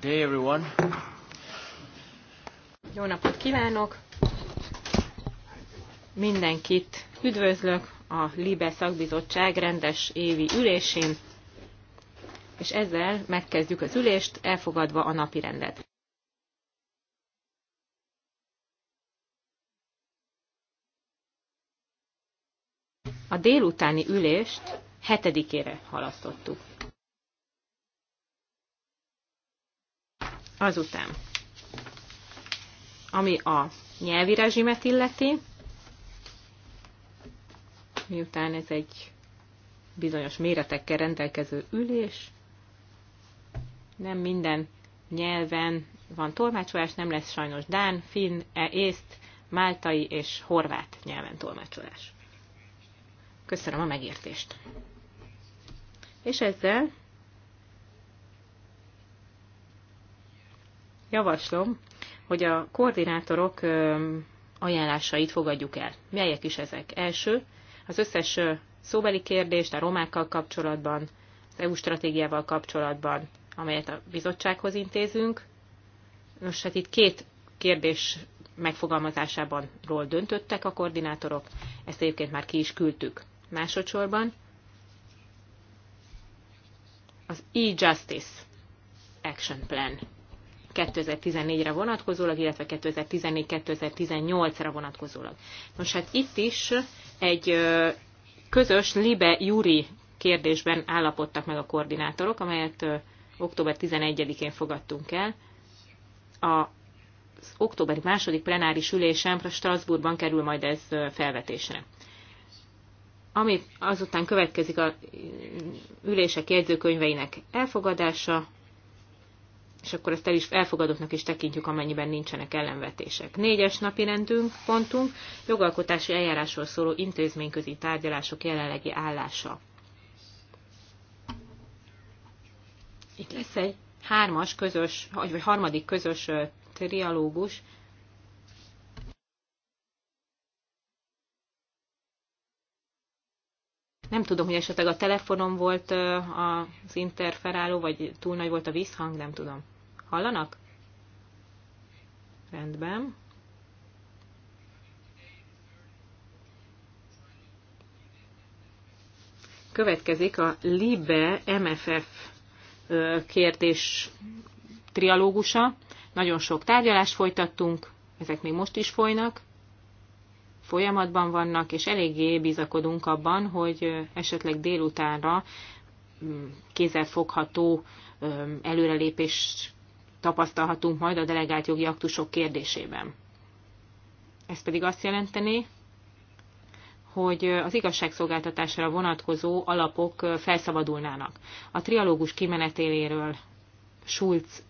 Good day, everyone. Jó napot kívánok! Mindenkit üdvözlök a LIBE szakbizottság rendes évi ülésén, és ezzel megkezdjük az ülést, elfogadva a napi rendet. A délutáni ülést hetedikére halasztottuk. Azután, ami a nyelvi rezsimet illeti, miután ez egy bizonyos méretekkel rendelkező ülés, nem minden nyelven van tolmácsolás, nem lesz sajnos dán, finn, e, észt, máltai és horvát nyelven tolmácsolás. Köszönöm a megértést. És ezzel javaslom, hogy a koordinátorok ajánlásait fogadjuk el. Melyek is ezek? Első, az összes szóbeli kérdést a romákkal kapcsolatban, az EU stratégiával kapcsolatban, amelyet a bizottsághoz intézünk. Nos, hát itt két kérdés megfogalmazásában ról döntöttek a koordinátorok, ezt egyébként már ki is küldtük. Másodszorban az e-justice action plan 2014-re vonatkozólag, illetve 2014-2018-ra vonatkozólag. Nos, hát itt is egy közös Libe-Juri kérdésben állapodtak meg a koordinátorok, amelyet október 11-én fogadtunk el. A az októberi második plenáris ülésen Strasbourgban kerül majd ez felvetésre. Ami azután következik a ülések jegyzőkönyveinek elfogadása, és akkor ezt el is elfogadottnak is tekintjük, amennyiben nincsenek ellenvetések. Négyes napi rendünk, pontunk, jogalkotási eljárásról szóló intézményközi tárgyalások jelenlegi állása. Itt lesz egy hármas közös, vagy harmadik közös trialógus, Nem tudom, hogy esetleg a telefonom volt az interferáló, vagy túl nagy volt a visszhang, nem tudom. Hallanak? Rendben. Következik a LIBE MFF kérdés trialógusa. Nagyon sok tárgyalást folytattunk, ezek még most is folynak, folyamatban vannak, és eléggé bizakodunk abban, hogy esetleg délutánra mm, kézzelfogható előrelépés tapasztalhatunk majd a delegált jogi aktusok kérdésében. Ez pedig azt jelenteni, hogy az igazságszolgáltatásra vonatkozó alapok felszabadulnának. A trialógus kimenetéléről Schulz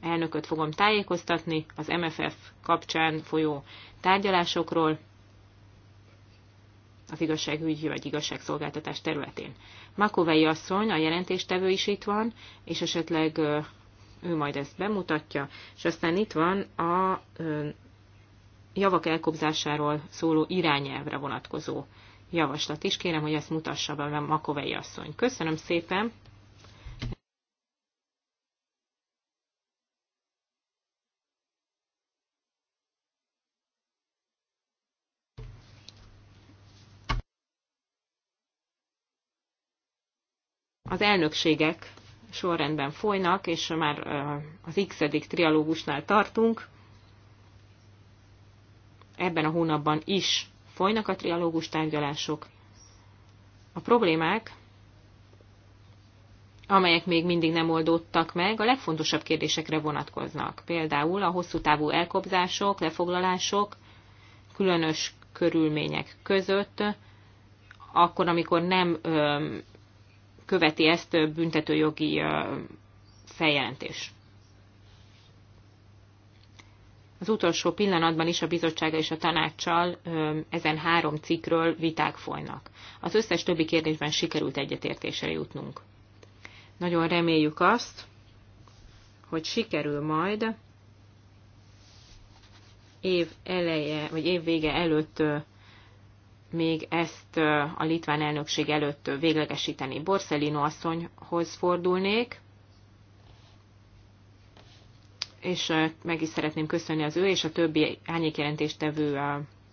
elnököt fogom tájékoztatni az MFF kapcsán folyó tárgyalásokról az igazságügyi vagy igazságszolgáltatás területén. Makovei asszony, a jelentéstevő is itt van, és esetleg ő majd ezt bemutatja, és aztán itt van a javak elkobzásáról szóló irányelvre vonatkozó javaslat is. Kérem, hogy ezt mutassa be Makovei asszony. Köszönöm szépen! Az elnökségek sorrendben folynak, és már az x trialógusnál tartunk. Ebben a hónapban is folynak a trialógus tárgyalások. A problémák, amelyek még mindig nem oldódtak meg, a legfontosabb kérdésekre vonatkoznak. Például a hosszú távú elkobzások, lefoglalások, különös körülmények között, akkor, amikor nem követi ezt büntetőjogi feljelentés. Az utolsó pillanatban is a bizottsága és a tanácssal ezen három cikkről viták folynak. Az összes többi kérdésben sikerült egyetértésre jutnunk. Nagyon reméljük azt, hogy sikerül majd év eleje, vagy év vége előtt még ezt a litván elnökség előtt véglegesíteni. Borszelino asszonyhoz fordulnék, és meg is szeretném köszönni az ő és a többi árnyékjelentéstevő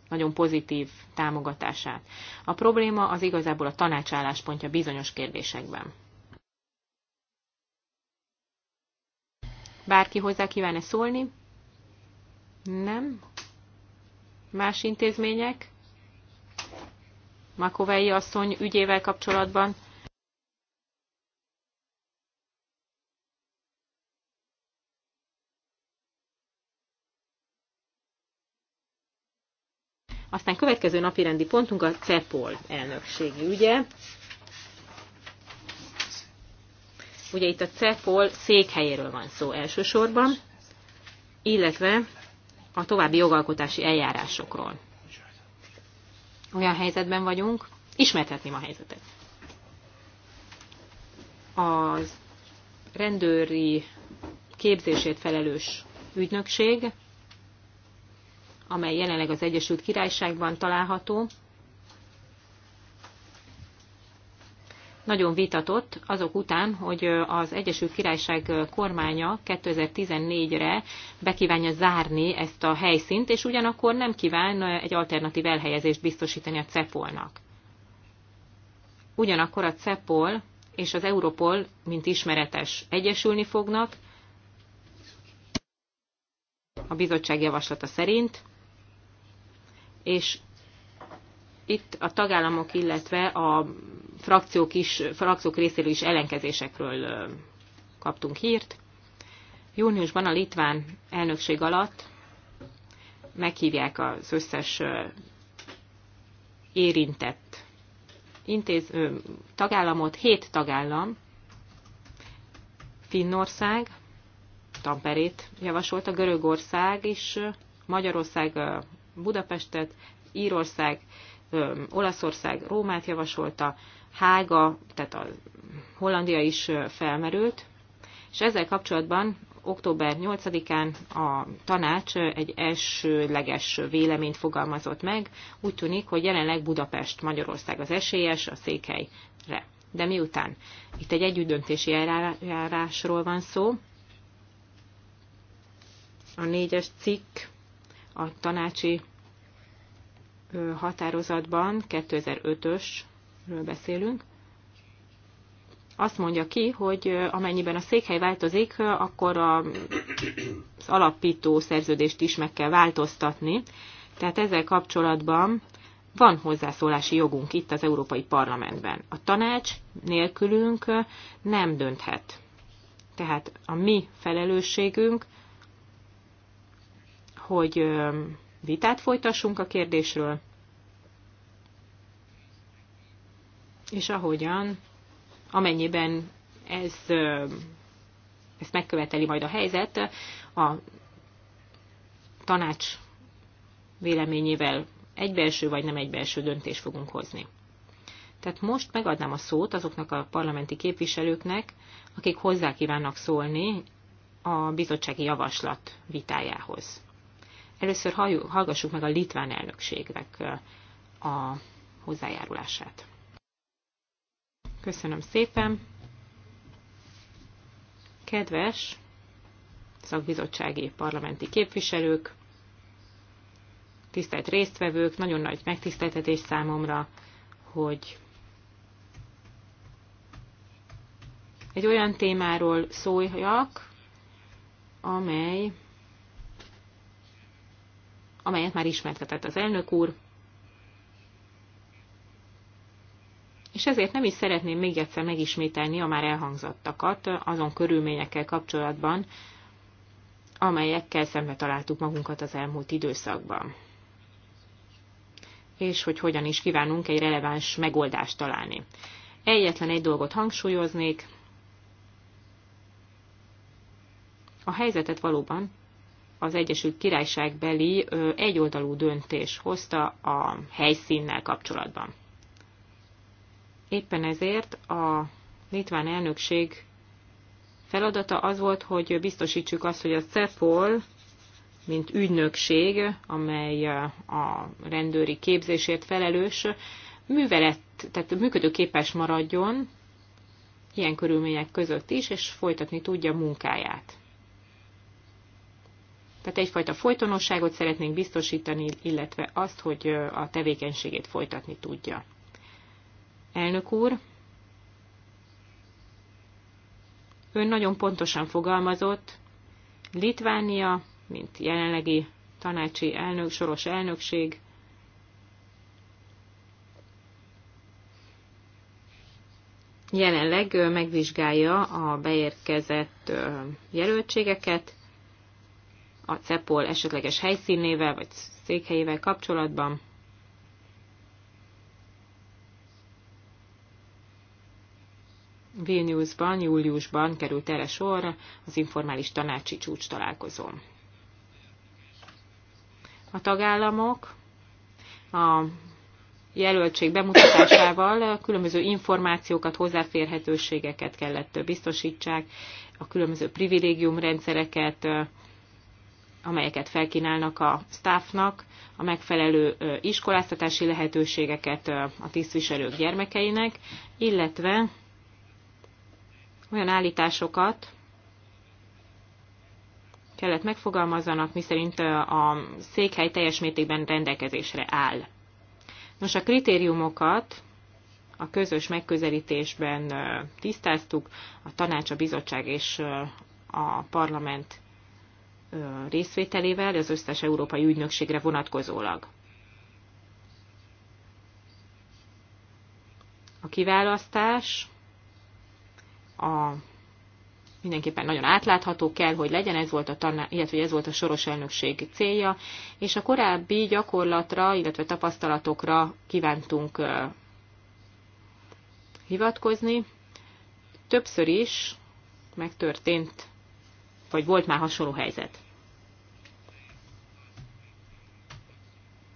nagyon pozitív támogatását. A probléma az igazából a tanácsálláspontja bizonyos kérdésekben. Bárki hozzá kíván-e szólni? Nem. Más intézmények? Makovei asszony ügyével kapcsolatban. Aztán következő napi rendi pontunk a CEPOL elnökségi ügye. Ugye itt a CEPOL székhelyéről van szó elsősorban, illetve a további jogalkotási eljárásokról olyan helyzetben vagyunk, ismerhetném a helyzetet. Az rendőri képzését felelős ügynökség, amely jelenleg az Egyesült Királyságban található, nagyon vitatott azok után, hogy az Egyesült Királyság kormánya 2014-re bekívánja zárni ezt a helyszínt, és ugyanakkor nem kíván egy alternatív elhelyezést biztosítani a CEPOL-nak. Ugyanakkor a CEPOL és az Europol, mint ismeretes, egyesülni fognak, a bizottság javaslata szerint, és itt a tagállamok, illetve a frakciók, is, frakciók részéről is ellenkezésekről kaptunk hírt. Júniusban a litván elnökség alatt meghívják az összes érintett intéz, tagállamot, hét tagállam, Finnország, Tamperét javasolta, Görögország is, Magyarország, Budapestet, Írország Olaszország Rómát javasolta, Hága, tehát a Hollandia is felmerült, és ezzel kapcsolatban október 8-án a tanács egy elsőleges véleményt fogalmazott meg. Úgy tűnik, hogy jelenleg Budapest Magyarország az esélyes a székhelyre. De miután itt egy együttdöntési eljárásról van szó, a négyes cikk a tanácsi határozatban, 2005-ösről beszélünk, azt mondja ki, hogy amennyiben a székhely változik, akkor az alapító szerződést is meg kell változtatni. Tehát ezzel kapcsolatban van hozzászólási jogunk itt az Európai Parlamentben. A tanács nélkülünk nem dönthet. Tehát a mi felelősségünk, hogy vitát folytassunk a kérdésről, és ahogyan, amennyiben ez, ezt megköveteli majd a helyzet, a tanács véleményével egybelső vagy nem egybelső döntést fogunk hozni. Tehát most megadnám a szót azoknak a parlamenti képviselőknek, akik hozzá kívánnak szólni a bizottsági javaslat vitájához. Először hallgassuk meg a litván elnökségnek a hozzájárulását. Köszönöm szépen! Kedves szakbizottsági parlamenti képviselők, tisztelt résztvevők, nagyon nagy megtiszteltetés számomra, hogy egy olyan témáról szóljak, amely amelyet már ismertetett az elnök úr. És ezért nem is szeretném még egyszer megismételni a már elhangzottakat azon körülményekkel kapcsolatban, amelyekkel szembe találtuk magunkat az elmúlt időszakban. És hogy hogyan is kívánunk egy releváns megoldást találni. Egyetlen egy dolgot hangsúlyoznék, a helyzetet valóban az Egyesült Királyság beli egyoldalú döntés hozta a helyszínnel kapcsolatban. Éppen ezért a litván elnökség feladata az volt, hogy biztosítsuk azt, hogy a CEPOL, mint ügynökség, amely a rendőri képzésért felelős, művelet, tehát működőképes maradjon ilyen körülmények között is, és folytatni tudja munkáját. Tehát egyfajta folytonosságot szeretnénk biztosítani, illetve azt, hogy a tevékenységét folytatni tudja. Elnök úr, ön nagyon pontosan fogalmazott, Litvánia, mint jelenlegi tanácsi elnök, soros elnökség, jelenleg megvizsgálja a beérkezett jelöltségeket, a CEPOL esetleges helyszínével vagy székhelyével kapcsolatban. Vilniusban, júliusban került erre sor az informális tanácsi csúcs találkozón. A tagállamok a jelöltség bemutatásával különböző információkat, hozzáférhetőségeket kellett biztosítsák, a különböző privilégiumrendszereket amelyeket felkínálnak a staffnak, a megfelelő iskoláztatási lehetőségeket a tisztviselők gyermekeinek, illetve olyan állításokat kellett megfogalmazzanak, miszerint a székhely teljes mértékben rendelkezésre áll. Nos, a kritériumokat a közös megközelítésben tisztáztuk, a tanács, a bizottság és a parlament részvételével az összes európai ügynökségre vonatkozólag. A kiválasztás a mindenképpen nagyon átlátható kell, hogy legyen, ez volt a taná, illetve ez volt a soros elnökség célja, és a korábbi gyakorlatra, illetve tapasztalatokra kívántunk hivatkozni. Többször is megtörtént vagy volt már hasonló helyzet.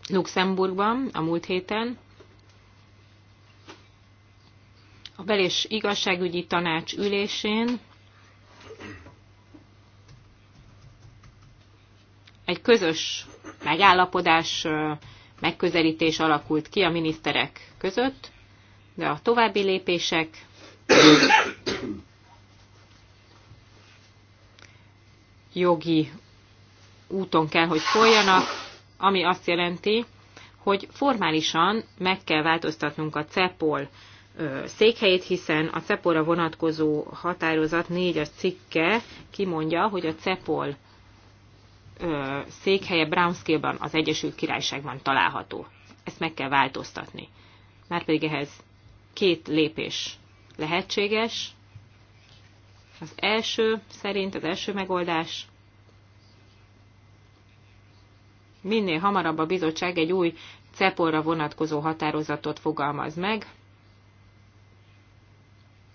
Luxemburgban a múlt héten a bel- és igazságügyi tanács ülésén egy közös megállapodás, megközelítés alakult ki a miniszterek között, de a további lépések jogi úton kell, hogy folyjanak, ami azt jelenti, hogy formálisan meg kell változtatnunk a CEPOL székhelyét, hiszen a CEPOL-ra vonatkozó határozat 4-as cikke kimondja, hogy a CEPOL székhelye Brownscale-ban az Egyesült Királyságban található. Ezt meg kell változtatni. Márpedig ehhez két lépés lehetséges, az első, szerint az első megoldás minél hamarabb a bizottság egy új cepolra vonatkozó határozatot fogalmaz meg,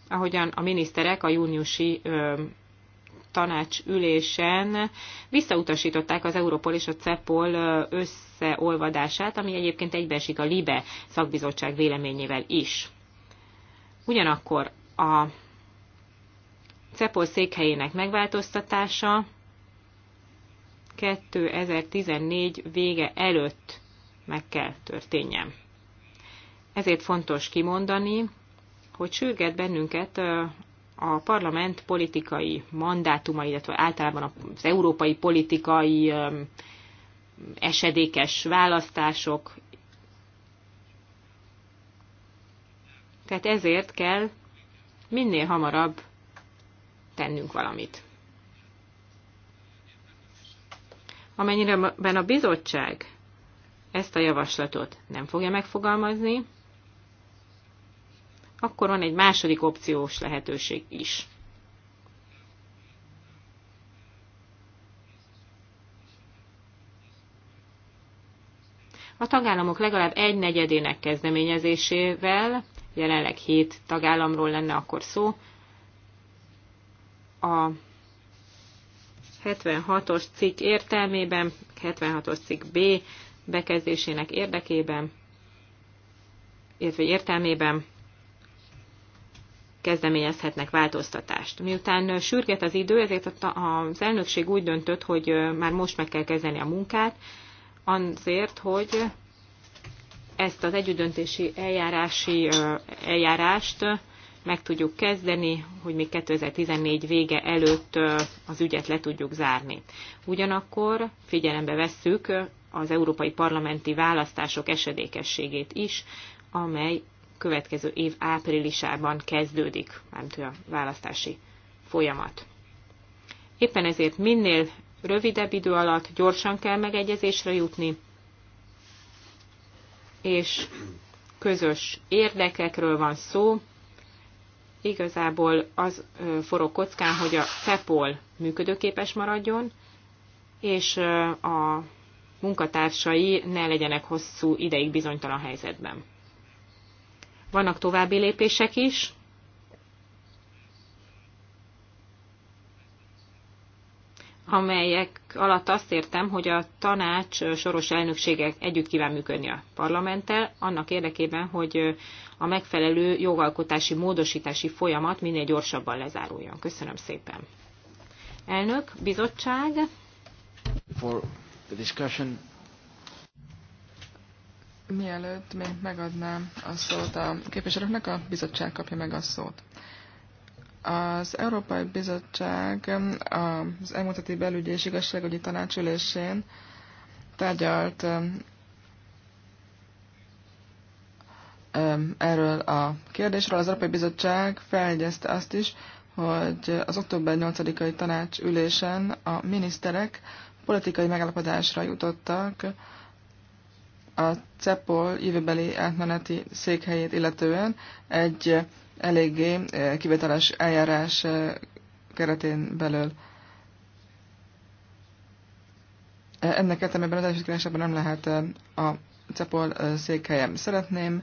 ahogyan a miniszterek a júniusi ö, tanács ülésen visszautasították az Európol és a CEPOL összeolvadását, ami egyébként egybeesik a LIBE szakbizottság véleményével is. Ugyanakkor a CEPOL székhelyének megváltoztatása 2014 vége előtt meg kell történjen. Ezért fontos kimondani, hogy sürget bennünket a parlament politikai mandátuma, illetve általában az európai politikai esedékes választások. Tehát ezért kell minél hamarabb tennünk valamit. Amennyire a bizottság ezt a javaslatot nem fogja megfogalmazni, akkor van egy második opciós lehetőség is. A tagállamok legalább egy negyedének kezdeményezésével, jelenleg hét tagállamról lenne akkor szó, a 76-os cikk értelmében, 76-os cikk B bekezdésének érdekében, illetve értelmében kezdeményezhetnek változtatást. Miután sürget az idő, ezért az elnökség úgy döntött, hogy már most meg kell kezdeni a munkát, azért, hogy ezt az együttdöntési eljárási eljárást meg tudjuk kezdeni, hogy még 2014 vége előtt az ügyet le tudjuk zárni. Ugyanakkor figyelembe vesszük az európai parlamenti választások esedékességét is, amely következő év áprilisában kezdődik, nem a választási folyamat. Éppen ezért minél rövidebb idő alatt gyorsan kell megegyezésre jutni, és közös érdekekről van szó, igazából az forog kockán, hogy a FEPOL működőképes maradjon, és a munkatársai ne legyenek hosszú ideig bizonytalan helyzetben. Vannak további lépések is, amelyek alatt azt értem, hogy a tanács soros elnökségek együtt kíván működni a parlamenttel, annak érdekében, hogy a megfelelő jogalkotási módosítási folyamat minél gyorsabban lezáruljon. Köszönöm szépen. Elnök, bizottság. For the discussion. Mielőtt még megadnám a szót a képviselőknek, a bizottság kapja meg a szót. Az Európai Bizottság az elmúlt belügyi és igazságügyi tanácsülésén tárgyalt erről a kérdésről. Az Európai Bizottság feljegyezte azt is, hogy az október 8-ai tanácsülésen a miniszterek politikai megállapodásra jutottak a CEPOL jövőbeli átmeneti székhelyét illetően egy eléggé eh, kivételes eljárás eh, keretén belül. Eh, ennek értelmében az első nem lehet a CEPOL székhelyem. Szeretném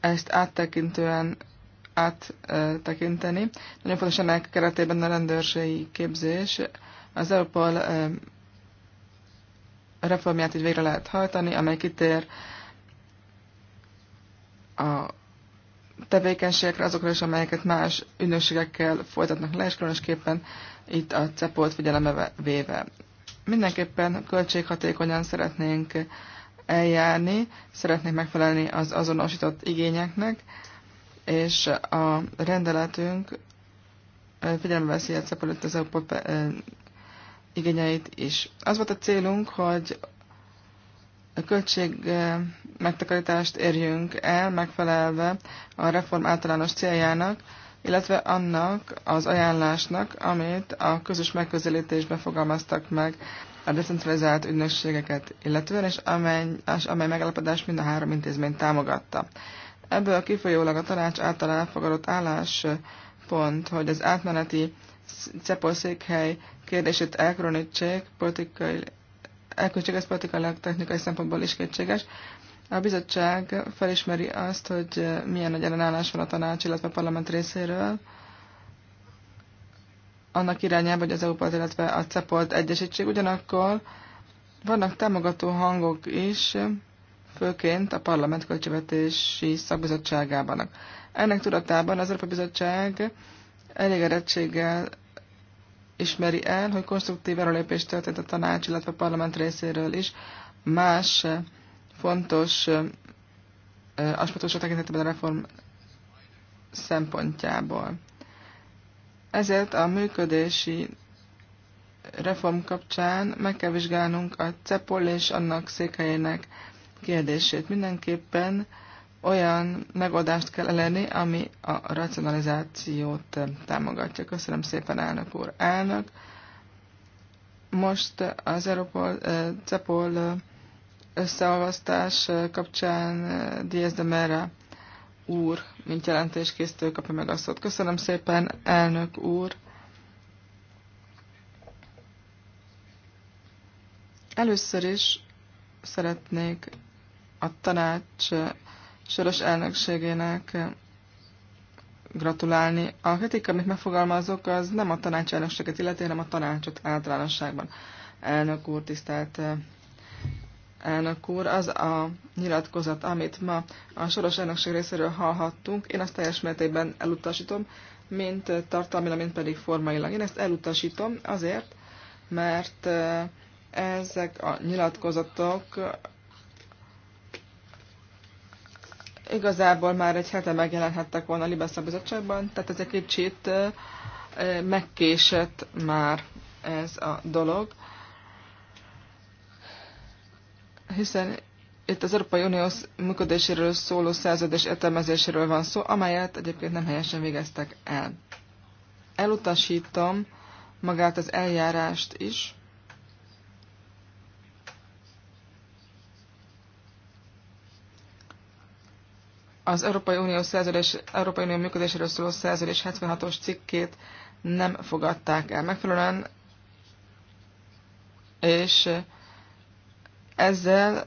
ezt áttekintően áttekinteni. Nagyon fontos ennek keretében a rendőrségi képzés. Az Európol reformját így végre lehet hajtani, amely kitér a tevékenységekre, azokra is, amelyeket más ünnökségekkel folytatnak le, és különösképpen itt a CEPOlt figyelembe véve. Mindenképpen költséghatékonyan szeretnénk eljárni, szeretnénk megfelelni az azonosított igényeknek, és a rendeletünk figyelembe veszi a cepolt az igényeit is. Az volt a célunk, hogy a költség megtakarítást érjünk el, megfelelve a reform általános céljának, illetve annak az ajánlásnak, amit a közös megközelítésben fogalmaztak meg a decentralizált ügynökségeket illetően, és amely, és amely megállapodás mind a három intézmény támogatta. Ebből a kifolyólag a tanács által elfogadott álláspont, hogy az átmeneti CEPOL székhely kérdését elkülönítsék politikai elköltséges politikailag technikai szempontból is kétséges. A bizottság felismeri azt, hogy milyen nagy ellenállás van a tanács, illetve a parlament részéről, annak irányába, hogy az EU-pat, illetve a CEPOLT egyesítség. Ugyanakkor vannak támogató hangok is, főként a parlament költségvetési szakbizottságában. Ennek tudatában az Európai Bizottság elégedettséggel ismeri el, hogy konstruktív erőlépést történt a tanács, illetve a parlament részéről is. Más fontos aspektusok tekintetében a reform szempontjából. Ezért a működési reform kapcsán meg kell vizsgálnunk a CEPOL és annak székhelyének kérdését. Mindenképpen olyan megoldást kell elérni, ami a racionalizációt támogatja. Köszönöm szépen, elnök úr. Elnök, most az Europol Cepol összeolvasztás kapcsán Diaz de Mera úr, mint jelentéskésztő kapja meg a szót. Köszönöm szépen, elnök úr. Először is szeretnék a tanács soros elnökségének gratulálni. A kritika, amit megfogalmazok, az nem a tanács elnökséget illeti, hanem a tanácsot általánosságban. Elnök úr, tisztelt eh, elnök úr, az a nyilatkozat, amit ma a soros elnökség részéről hallhattunk, én azt teljes mértékben elutasítom, mint eh, tartalmilag, mint pedig formailag. Én ezt elutasítom azért, mert eh, ezek a nyilatkozatok Igazából már egy hete megjelenhettek volna a Libesza bizottságban, tehát ez egy kicsit megkésett már ez a dolog. Hiszen itt az Európai Unió működéséről szóló szerződés értelmezéséről van szó, amelyet egyébként nem helyesen végeztek el. Elutasítom magát az eljárást is, az Európai Unió, szerződés, Európai Unió működéséről szóló szerződés 76-os cikkét nem fogadták el megfelelően, és ezzel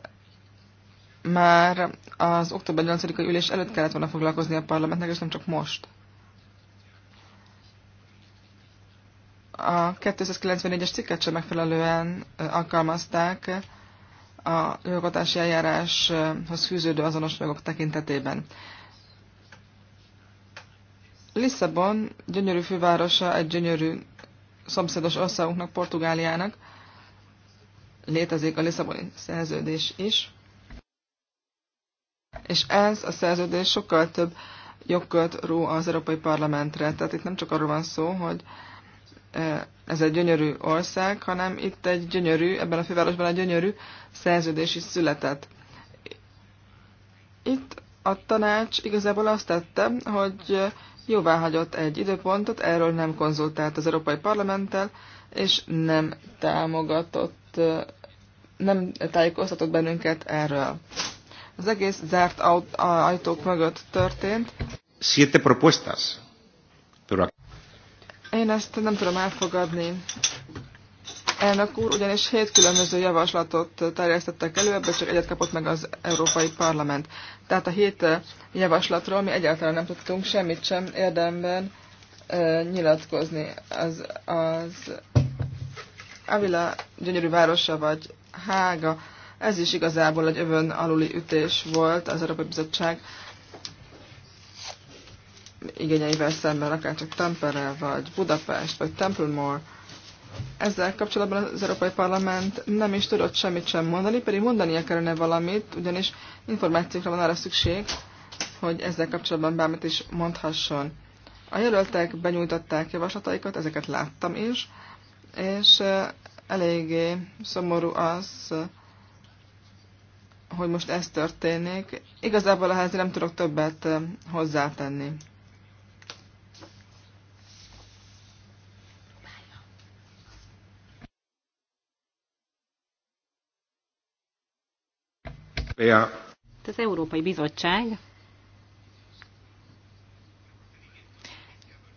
már az október 8-ai ülés előtt kellett volna foglalkozni a parlamentnek, és nem csak most. A 294-es cikket sem megfelelően alkalmazták, a jogotási eljáráshoz fűződő azonos jogok tekintetében. Lisszabon gyönyörű fővárosa egy gyönyörű szomszédos országunknak, Portugáliának. Létezik a Lisszaboni szerződés is. És ez a szerződés sokkal több jogkört ró az Európai Parlamentre. Tehát itt nem csak arról van szó, hogy ez egy gyönyörű ország, hanem itt egy gyönyörű, ebben a fővárosban egy gyönyörű szerződés is született. Itt a tanács igazából azt tette, hogy jóvá hagyott egy időpontot, erről nem konzultált az Európai Parlamenttel, és nem támogatott, nem tájékoztatott bennünket erről. Az egész zárt ajtók mögött történt. Siete propuestas én ezt nem tudom elfogadni. Elnök úr, ugyanis hét különböző javaslatot terjesztettek elő, ebből csak egyet kapott meg az Európai Parlament. Tehát a hét eh, javaslatról mi egyáltalán nem tudtunk semmit sem érdemben e, nyilatkozni. Az, az Avila gyönyörű városa vagy Hága, ez is igazából egy övön aluli ütés volt az Európai Bizottság igényeivel szemben, akár csak Tampere, vagy Budapest, vagy Templemore. Ezzel kapcsolatban az Európai Parlament nem is tudott semmit sem mondani, pedig mondania kellene valamit, ugyanis információkra van arra szükség, hogy ezzel kapcsolatban bármit is mondhasson. A jelöltek benyújtották javaslataikat, ezeket láttam is, és eléggé szomorú az, hogy most ez történik. Igazából a házi nem tudok többet hozzátenni. Yeah. Hát az Európai Bizottság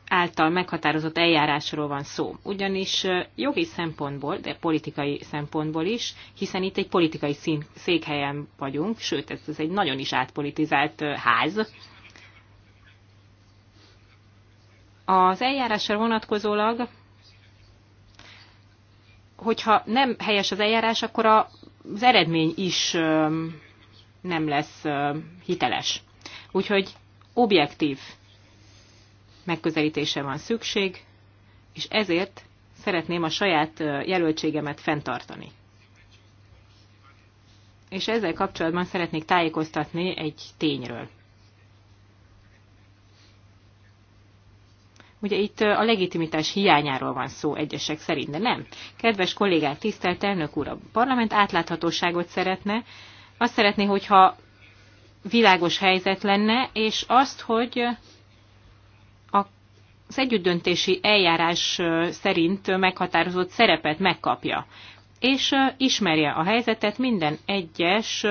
által meghatározott eljárásról van szó. Ugyanis jogi szempontból, de politikai szempontból is, hiszen itt egy politikai szín, székhelyen vagyunk, sőt, ez, ez egy nagyon is átpolitizált ház. Az eljárásra vonatkozólag, hogyha nem helyes az eljárás, akkor a, az eredmény is nem lesz hiteles. Úgyhogy objektív megközelítése van szükség, és ezért szeretném a saját jelöltségemet fenntartani. És ezzel kapcsolatban szeretnék tájékoztatni egy tényről. Ugye itt a legitimitás hiányáról van szó egyesek szerint, de nem. Kedves kollégák, tisztelt elnök úr, a parlament átláthatóságot szeretne, azt szeretné, hogyha világos helyzet lenne, és azt, hogy az együttdöntési eljárás szerint meghatározott szerepet megkapja, és ismerje a helyzetet minden egyes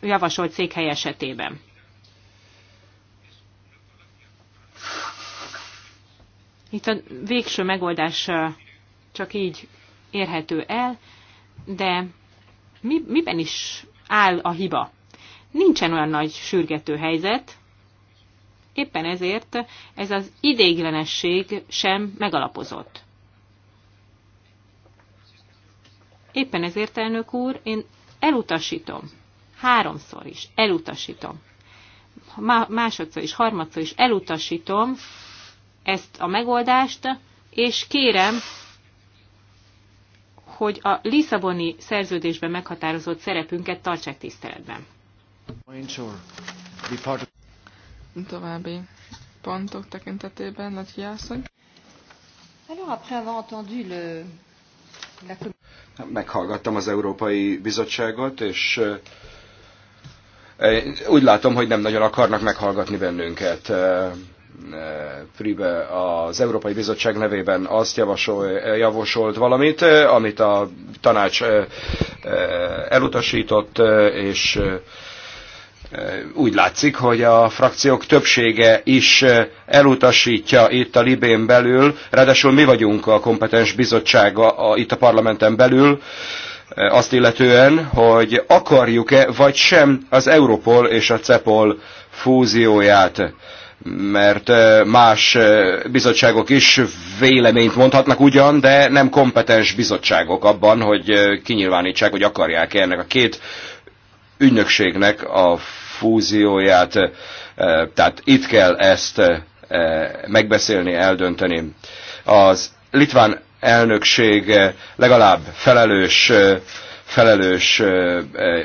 javasolt székhely esetében. Itt a végső megoldás csak így érhető el, de mi, miben is áll a hiba? Nincsen olyan nagy sürgető helyzet, éppen ezért ez az idéglenesség sem megalapozott. Éppen ezért, elnök úr, én elutasítom, háromszor is elutasítom, másodszor is, harmadszor is elutasítom ezt a megoldást, és kérem, hogy a Lisszaboni szerződésben meghatározott szerepünket tartsák tiszteletben. További pontok tekintetében, nagy hiászony. Meghallgattam az Európai Bizottságot, és eh, úgy látom, hogy nem nagyon akarnak meghallgatni bennünket. Eh, az Európai Bizottság nevében azt javasol, javasolt valamit, eh, amit a tanács eh, eh, elutasított, és úgy látszik, hogy a frakciók többsége is elutasítja itt a Libén belül, ráadásul mi vagyunk a kompetens bizottsága a, itt a parlamenten belül, azt illetően, hogy akarjuk-e vagy sem az Európol és a CEPOL fúzióját mert más bizottságok is véleményt mondhatnak ugyan, de nem kompetens bizottságok abban, hogy kinyilvánítsák, hogy akarják-e ennek a két ügynökségnek a fúzióját. Tehát itt kell ezt megbeszélni, eldönteni. Az litván elnökség legalább felelős felelős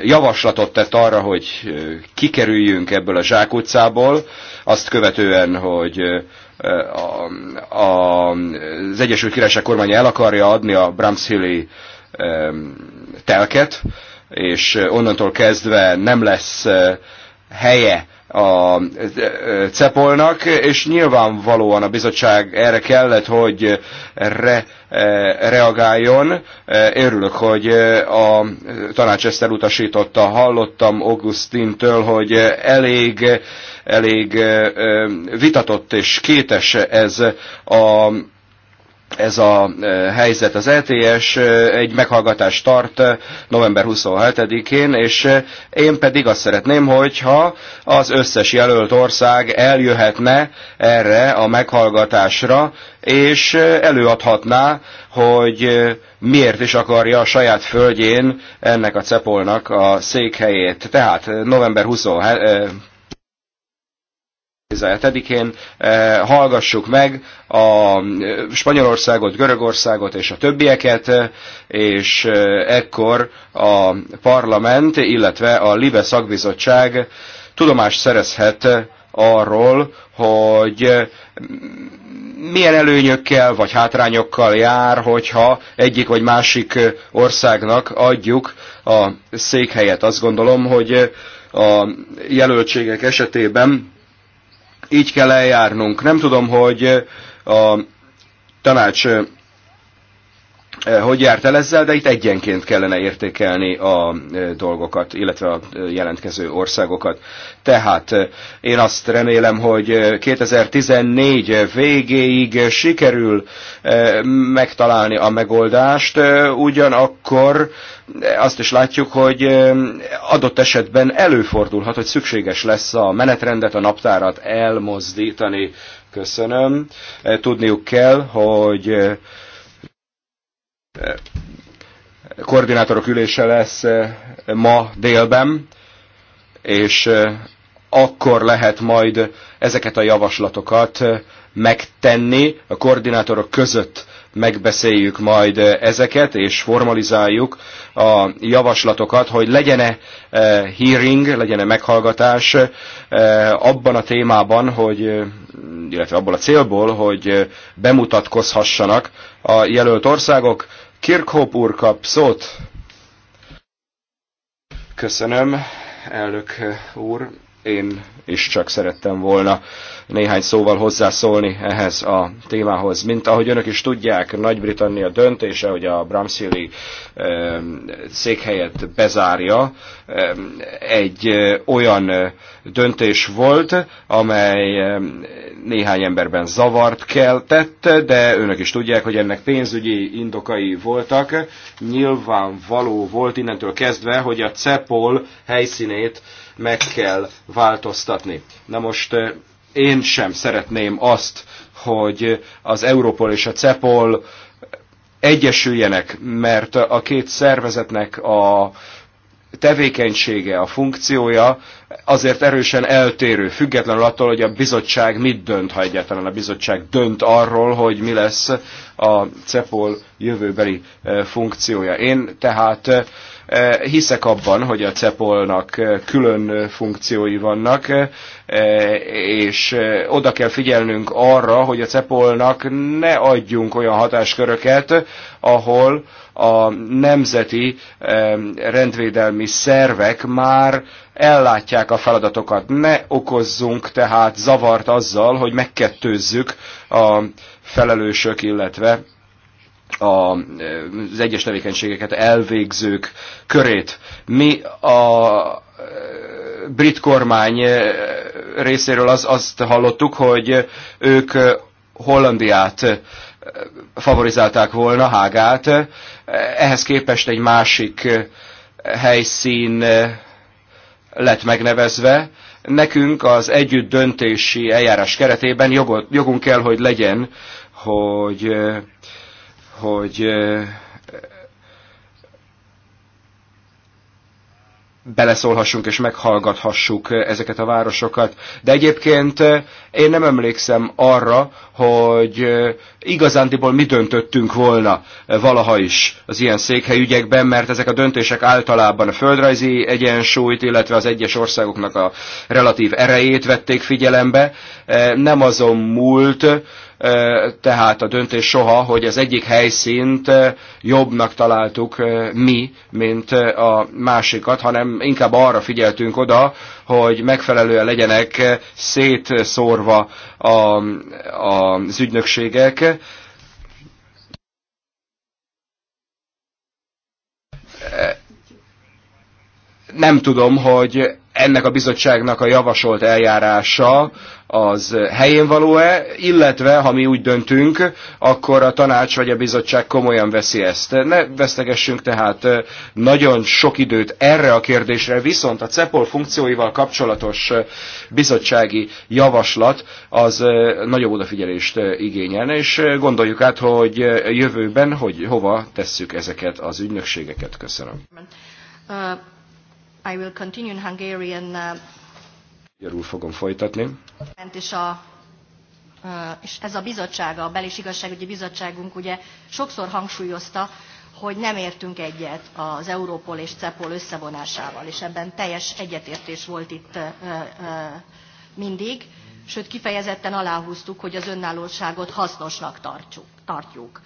javaslatot tett arra, hogy kikerüljünk ebből a zsákutcából, azt követően, hogy a, a, az Egyesült Királyság kormánya el akarja adni a Bramshilly telket, és onnantól kezdve nem lesz helye a e, e, Cepolnak, és nyilvánvalóan a bizottság erre kellett, hogy re, e, reagáljon. Örülök, hogy a tanács ezt elutasította. Hallottam Augustintől, hogy elég, elég vitatott és kétes ez a ez a e, helyzet. Az LTS e, egy meghallgatást tart e, november 27-én, és én pedig azt szeretném, hogyha az összes jelölt ország eljöhetne erre a meghallgatásra, és előadhatná, hogy miért is akarja a saját földjén ennek a cepolnak a székhelyét. Tehát november 27 17-én eh, hallgassuk meg a eh, Spanyolországot, Görögországot és a többieket, eh, és ekkor a parlament, illetve a Libe szakbizottság tudomást szerezhet arról, hogy milyen előnyökkel vagy hátrányokkal jár, hogyha egyik vagy másik országnak adjuk a székhelyet. Azt gondolom, hogy a jelöltségek esetében így kell eljárnunk. Nem tudom, hogy a tanács Eh, hogy járt el ezzel, de itt egyenként kellene értékelni a eh, dolgokat, illetve a eh, jelentkező országokat. Tehát én azt remélem, hogy 2014 végéig sikerül megtalálni a megoldást, ugyanakkor azt is látjuk, hogy adott esetben előfordulhat, hogy szükséges lesz a menetrendet, a naptárat elmozdítani. Köszönöm. Tudniuk kell, hogy koordinátorok ülése lesz eh, ma délben, és eh, akkor lehet majd ezeket a javaslatokat eh, megtenni. A koordinátorok között megbeszéljük majd ezeket, és formalizáljuk a javaslatokat, hogy legyen-e hearing, legyen-e meghallgatás abban a témában, hogy, illetve abból a célból, hogy bemutatkozhassanak a jelölt országok, Kirkhope úr kap szót. Köszönöm, elnök úr. Én is csak szerettem volna néhány szóval hozzászólni ehhez a témához. Mint ahogy önök is tudják, Nagy-Britannia döntése, hogy a Bramsili székhelyet bezárja, egy olyan döntés volt, amely néhány emberben zavart keltett, de önök is tudják, hogy ennek pénzügyi indokai voltak. Nyilvánvaló volt innentől kezdve, hogy a CEPOL helyszínét meg kell változtatni. Na most én sem szeretném azt, hogy az Európol és a CEPOL egyesüljenek, mert a két szervezetnek a tevékenysége, a funkciója azért erősen eltérő, függetlenül attól, hogy a bizottság mit dönt, ha egyáltalán a bizottság dönt arról, hogy mi lesz a CEPOL jövőbeli funkciója. Én tehát Eh, hiszek abban, hogy a cepolnak eh, külön eh, funkciói vannak, és oda kell figyelnünk arra, hogy a cepolnak ne adjunk olyan hatásköröket, ahol a nemzeti rendvédelmi szervek már ellátják a feladatokat. Ne okozzunk tehát zavart azzal, hogy megkettőzzük a felelősök, illetve az egyes tevékenységeket elvégzők körét. Mi a brit kormány részéről az, azt hallottuk, hogy ők Hollandiát favorizálták volna, Hágát. Ehhez képest egy másik helyszín lett megnevezve. Nekünk az együtt döntési eljárás keretében jogunk kell, hogy legyen, hogy hogy beleszólhassunk és meghallgathassuk ezeket a városokat. De egyébként én nem emlékszem arra, hogy igazándiból mi döntöttünk volna valaha is az ilyen székhelyügyekben, mert ezek a döntések általában a földrajzi egyensúlyt, illetve az egyes országoknak a relatív erejét vették figyelembe. Nem azon múlt, tehát a döntés soha, hogy az egyik helyszínt jobbnak találtuk mi, mint a másikat, hanem inkább arra figyeltünk oda, hogy megfelelően legyenek szétszórva a, a, az ügynökségek, nem tudom, hogy ennek a bizottságnak a javasolt eljárása az helyén való-e, illetve ha mi úgy döntünk, akkor a tanács vagy a bizottság komolyan veszi ezt. Ne vesztegessünk tehát nagyon sok időt erre a kérdésre, viszont a CEPOL funkcióival kapcsolatos bizottsági javaslat az nagyobb odafigyelést igényelne, és gondoljuk át, hogy jövőben, hogy hova tesszük ezeket az ügynökségeket. Köszönöm. I will continue in Hungarian. Uh, Magyarul fogom folytatni. És, a, uh, és ez a bizottság, a belis igazság, Igazságügyi Bizottságunk ugye sokszor hangsúlyozta, hogy nem értünk egyet az Európol és CEPOL összevonásával, és ebben teljes egyetértés volt itt uh, mindig, sőt kifejezetten aláhúztuk, hogy az önállóságot hasznosnak tartjuk.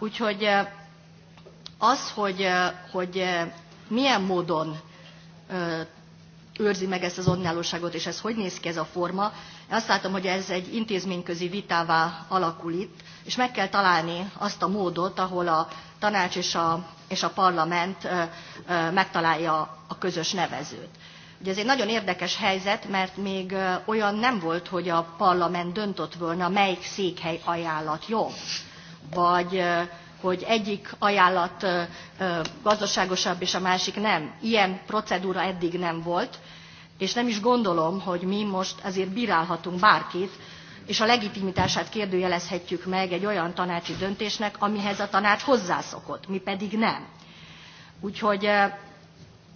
úgyhogy az, hogy, hogy milyen módon őrzi meg ezt az önállóságot, és ez hogy néz ki ez a forma. Én azt látom, hogy ez egy intézményközi vitává alakul itt, és meg kell találni azt a módot, ahol a tanács és a, és a parlament megtalálja a közös nevezőt. Ugye ez egy nagyon érdekes helyzet, mert még olyan nem volt, hogy a parlament döntött volna, melyik székhely ajánlat jobb, vagy hogy egyik ajánlat gazdaságosabb és a másik nem. Ilyen procedúra eddig nem volt, és nem is gondolom, hogy mi most ezért bírálhatunk bárkit, és a legitimitását kérdőjelezhetjük meg egy olyan tanácsi döntésnek, amihez a tanács hozzászokott, mi pedig nem. Úgyhogy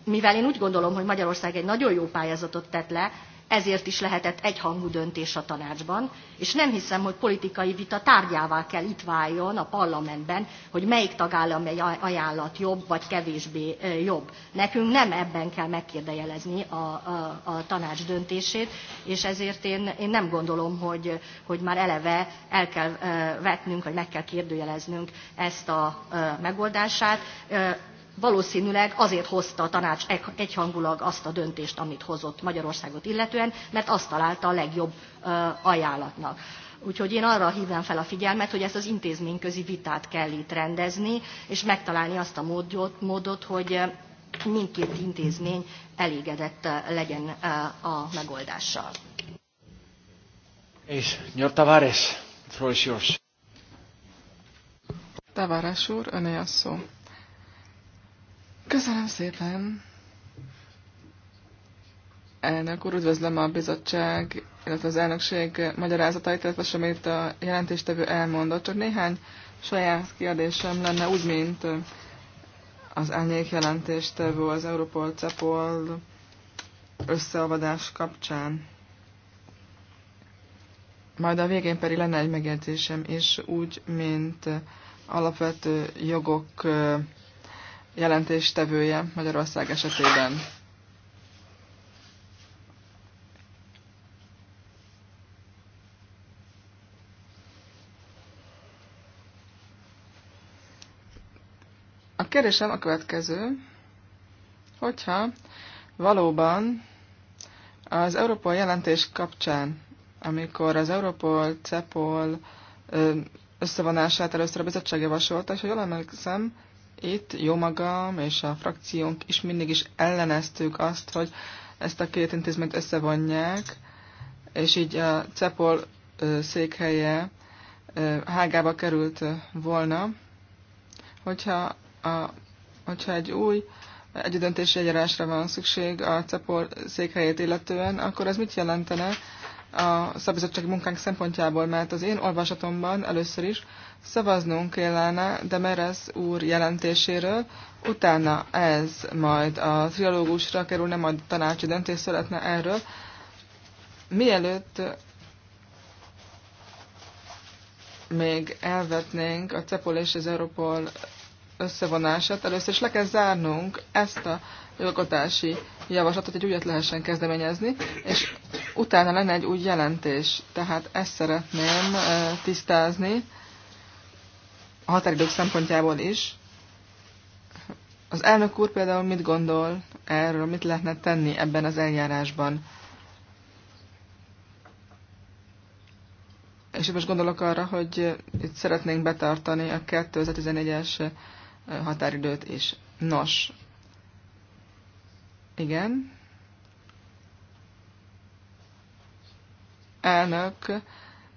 mivel én úgy gondolom, hogy Magyarország egy nagyon jó pályázatot tett le, ezért is lehetett egyhangú döntés a tanácsban, és nem hiszem, hogy politikai vita tárgyává kell itt váljon a parlamentben, hogy melyik tagállami ajánlat jobb vagy kevésbé jobb. Nekünk nem ebben kell megkérdejelezni a, a, a tanács döntését, és ezért én, én nem gondolom, hogy, hogy már eleve el kell vetnünk, vagy meg kell kérdőjeleznünk ezt a megoldását valószínűleg azért hozta a tanács egyhangulag azt a döntést, amit hozott Magyarországot illetően, mert azt találta a legjobb ajánlatnak. Úgyhogy én arra hívnám fel a figyelmet, hogy ezt az intézményközi vitát kell itt rendezni, és megtalálni azt a módot, módot hogy mindkét intézmény elégedett legyen a megoldással. És Nyar Tavares, Tavares úr, öné a szó. Köszönöm szépen. Elnök úr, üdvözlöm a bizottság, illetve az elnökség magyarázatait, illetve semmit a jelentéstevő elmondott. Csak néhány saját kérdésem lenne, úgy, mint az elnyék jelentéstevő az Europol Cepol összeolvadás kapcsán. Majd a végén pedig lenne egy megjegyzésem is, úgy, mint alapvető jogok jelentéstevője Magyarország esetében. A kérdésem a következő, hogyha valóban az Európol jelentés kapcsán, amikor az Európol, CEPOL összevonását először a bizottság javasolta, és ha jól emlékszem, itt, jó magam és a frakciónk is mindig is elleneztük azt, hogy ezt a két intézményt összevonják, és így a CEPOL székhelye hágába került volna, hogyha, a, hogyha egy új egyedöntési eljárásra van szükség a CEPOL székhelyét illetően, akkor ez mit jelentene? a szabizottsági munkánk szempontjából, mert az én olvasatomban először is szavaznunk kellene Demeres úr jelentéséről, utána ez majd a trialógusra kerülne, majd tanácsi döntés születne erről. Mielőtt még elvetnénk a CEPOL és az Europol összevonását, először is le kell zárnunk ezt a jogotási javaslatot, hogy újat lehessen kezdeményezni, és utána lenne egy új jelentés. Tehát ezt szeretném tisztázni a határidők szempontjából is. Az elnök úr például mit gondol erről, mit lehetne tenni ebben az eljárásban? És most gondolok arra, hogy itt szeretnénk betartani a 2014-es határidőt is. Nos, igen. elnök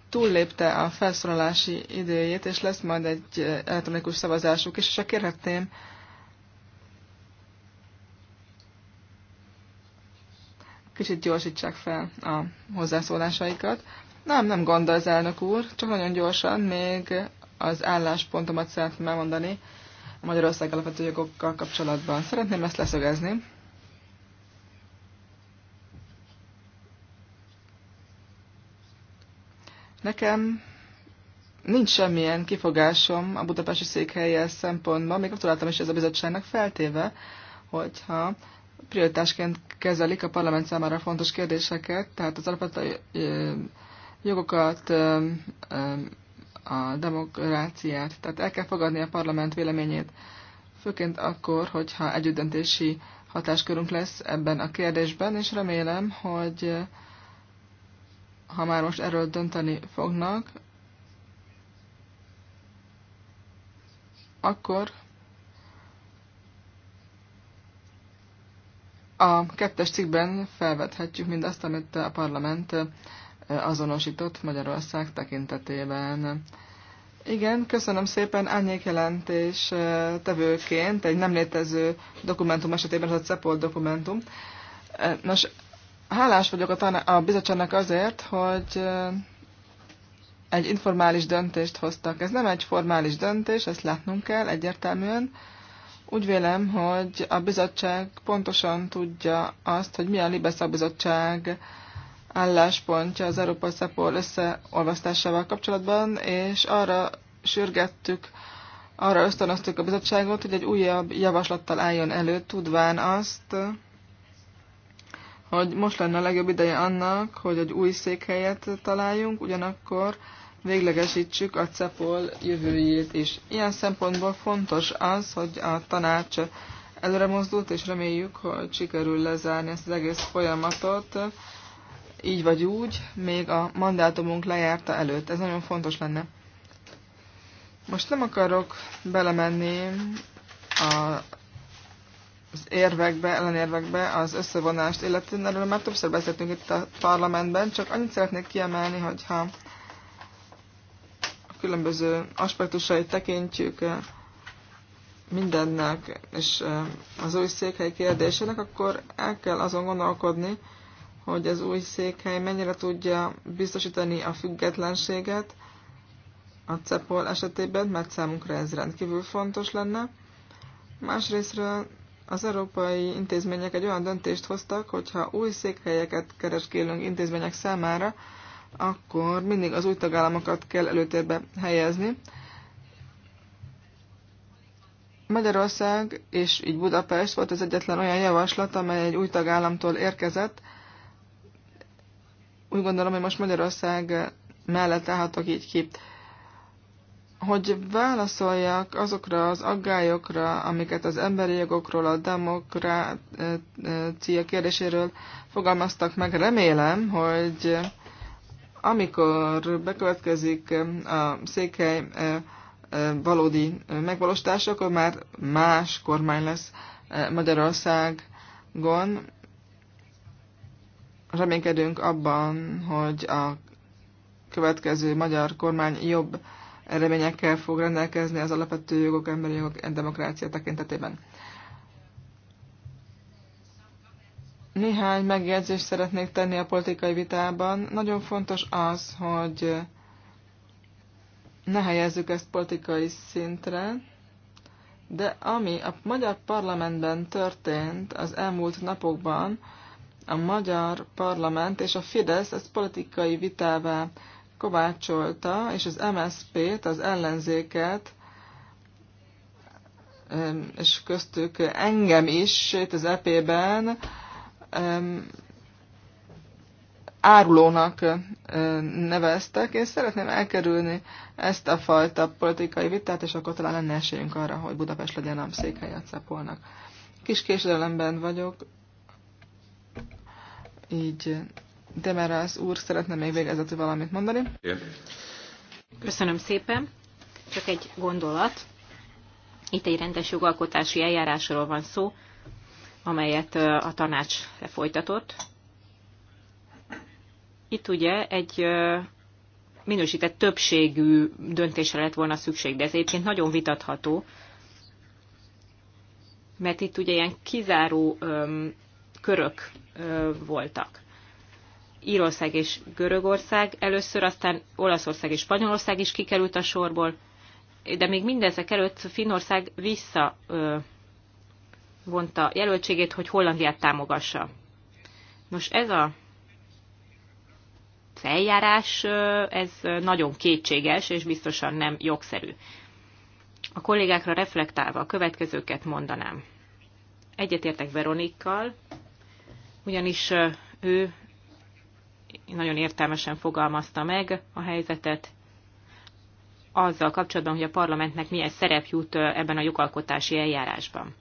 túllépte a felszólalási időjét, és lesz majd egy eh, elektronikus szavazásuk is, és ha kérhetném, kicsit gyorsítsák fel a hozzászólásaikat. Nem, nem gond az elnök úr, csak nagyon gyorsan még az álláspontomat szeretném elmondani a Magyarország alapvető jogokkal kapcsolatban. Szeretném ezt leszögezni. Nekem nincs semmilyen kifogásom a budapesti székhelyel szempontban, még találtam is ez a bizottságnak feltéve, hogyha prioritásként kezelik a parlament számára fontos kérdéseket, tehát az alapvető jogokat, a demokráciát, tehát el kell fogadni a parlament véleményét, főként akkor, hogyha együttdöntési hatáskörünk lesz ebben a kérdésben, és remélem, hogy ha már most erről dönteni fognak, akkor a kettes cikkben felvethetjük mindazt, amit a parlament azonosított Magyarország tekintetében. Igen, köszönöm szépen. annyi jelentés tevőként egy nem létező dokumentum esetében, az a CEPOL dokumentum. Nos, Hálás vagyok a, taná- a bizottságnak azért, hogy egy informális döntést hoztak. Ez nem egy formális döntés, ezt látnunk kell egyértelműen. Úgy vélem, hogy a bizottság pontosan tudja azt, hogy milyen Libesza bizottság álláspontja az Európai Szepol összeolvasztásával kapcsolatban, és arra sürgettük, arra ösztönöztük a bizottságot, hogy egy újabb javaslattal álljon elő, tudván azt, hogy most lenne a legjobb ideje annak, hogy egy új székhelyet találjunk, ugyanakkor véglegesítsük a CEPOL jövőjét is. Ilyen szempontból fontos az, hogy a tanács előre mozdult, és reméljük, hogy sikerül lezárni ezt az egész folyamatot, így vagy úgy, még a mandátumunk lejárta előtt. Ez nagyon fontos lenne. Most nem akarok belemenni a az érvekbe, ellenérvekbe az összevonást illetően, erről már többször beszéltünk itt a parlamentben, csak annyit szeretnék kiemelni, hogyha a különböző aspektusait tekintjük eh, mindennek és eh, az új székhely kérdésének, akkor el kell azon gondolkodni, hogy az új székhely mennyire tudja biztosítani a függetlenséget a CEPOL esetében, mert számunkra ez rendkívül fontos lenne. Másrésztről az európai intézmények egy olyan döntést hoztak, hogyha új székhelyeket kereskélünk intézmények számára, akkor mindig az új tagállamokat kell előtérbe helyezni. Magyarország és így Budapest volt az egyetlen olyan javaslat, amely egy új tagállamtól érkezett. Úgy gondolom, hogy most Magyarország mellett állhatok így ki hogy válaszoljak azokra az aggályokra, amiket az emberi jogokról, a demokrácia kérdéséről fogalmaztak meg. Remélem, hogy amikor bekövetkezik a székhely e, e, valódi megvalósítása, akkor már más kormány lesz e, Magyarországon. Reménykedünk abban, hogy a következő magyar kormány jobb eredményekkel fog rendelkezni az alapvető jogok, emberi jogok, demokrácia tekintetében. Néhány megjegyzést szeretnék tenni a politikai vitában. Nagyon fontos az, hogy ne helyezzük ezt politikai szintre, de ami a magyar parlamentben történt az elmúlt napokban, a magyar parlament és a Fidesz ezt politikai vitává kovácsolta, és az MSZP-t, az ellenzéket, és köztük engem is itt az EP-ben árulónak neveztek. Én szeretném elkerülni ezt a fajta politikai vitát, és akkor talán lenne esélyünk arra, hogy Budapest legyen a székhelye a Cepolnak. Kis késedelemben vagyok, így Demere az úr szeretne még végezetül valamit mondani. Köszönöm szépen. Csak egy gondolat. Itt egy rendes jogalkotási eljárásról van szó, amelyet a tanács folytatott. Itt ugye egy minősített többségű döntésre lett volna szükség, de ez egyébként nagyon vitatható, mert itt ugye ilyen kizáró öm, körök ö, voltak. Írország és Görögország először, aztán Olaszország és Spanyolország is kikerült a sorból, de még mindezek előtt Finnország vissza jelöltségét, hogy Hollandiát támogassa. Nos, ez a feljárás, ez nagyon kétséges, és biztosan nem jogszerű. A kollégákra reflektálva a következőket mondanám. Egyetértek Veronikkal, ugyanis ő nagyon értelmesen fogalmazta meg a helyzetet, azzal kapcsolatban, hogy a parlamentnek milyen szerep jut ebben a jogalkotási eljárásban.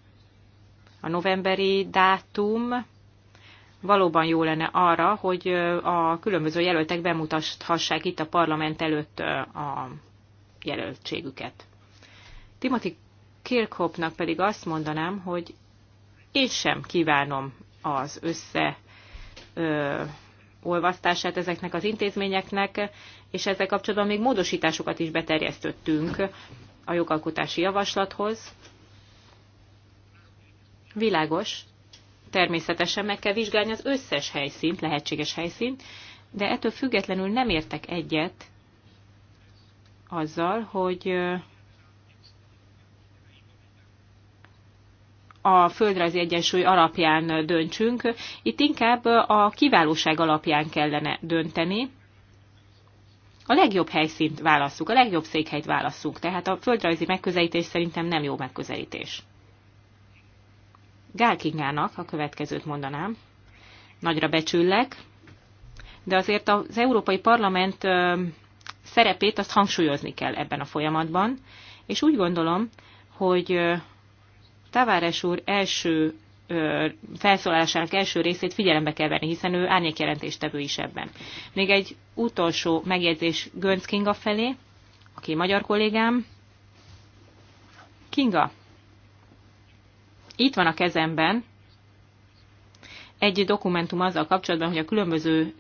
A novemberi dátum valóban jó lenne arra, hogy a különböző jelöltek bemutathassák itt a parlament előtt a jelöltségüket. Timothy Kirkhopnak pedig azt mondanám, hogy én sem kívánom az össze olvasztását ezeknek az intézményeknek, és ezzel kapcsolatban még módosításokat is beterjesztettünk a jogalkotási javaslathoz. Világos, természetesen meg kell vizsgálni az összes helyszínt, lehetséges helyszínt, de ettől függetlenül nem értek egyet azzal, hogy a földrajzi egyensúly alapján döntsünk, itt inkább a kiválóság alapján kellene dönteni. A legjobb helyszínt válasszuk, a legjobb székhelyt válasszuk, tehát a földrajzi megközelítés szerintem nem jó megközelítés. Gálkingának a következőt mondanám. Nagyra becsüllek, de azért az Európai Parlament szerepét azt hangsúlyozni kell ebben a folyamatban, és úgy gondolom, hogy Taváres úr első felszólalásának első részét figyelembe kell venni, hiszen ő árnyékjelentéstevő is ebben. Még egy utolsó megjegyzés Gönc Kinga felé, aki magyar kollégám. Kinga, itt van a kezemben egy dokumentum azzal kapcsolatban, hogy a különböző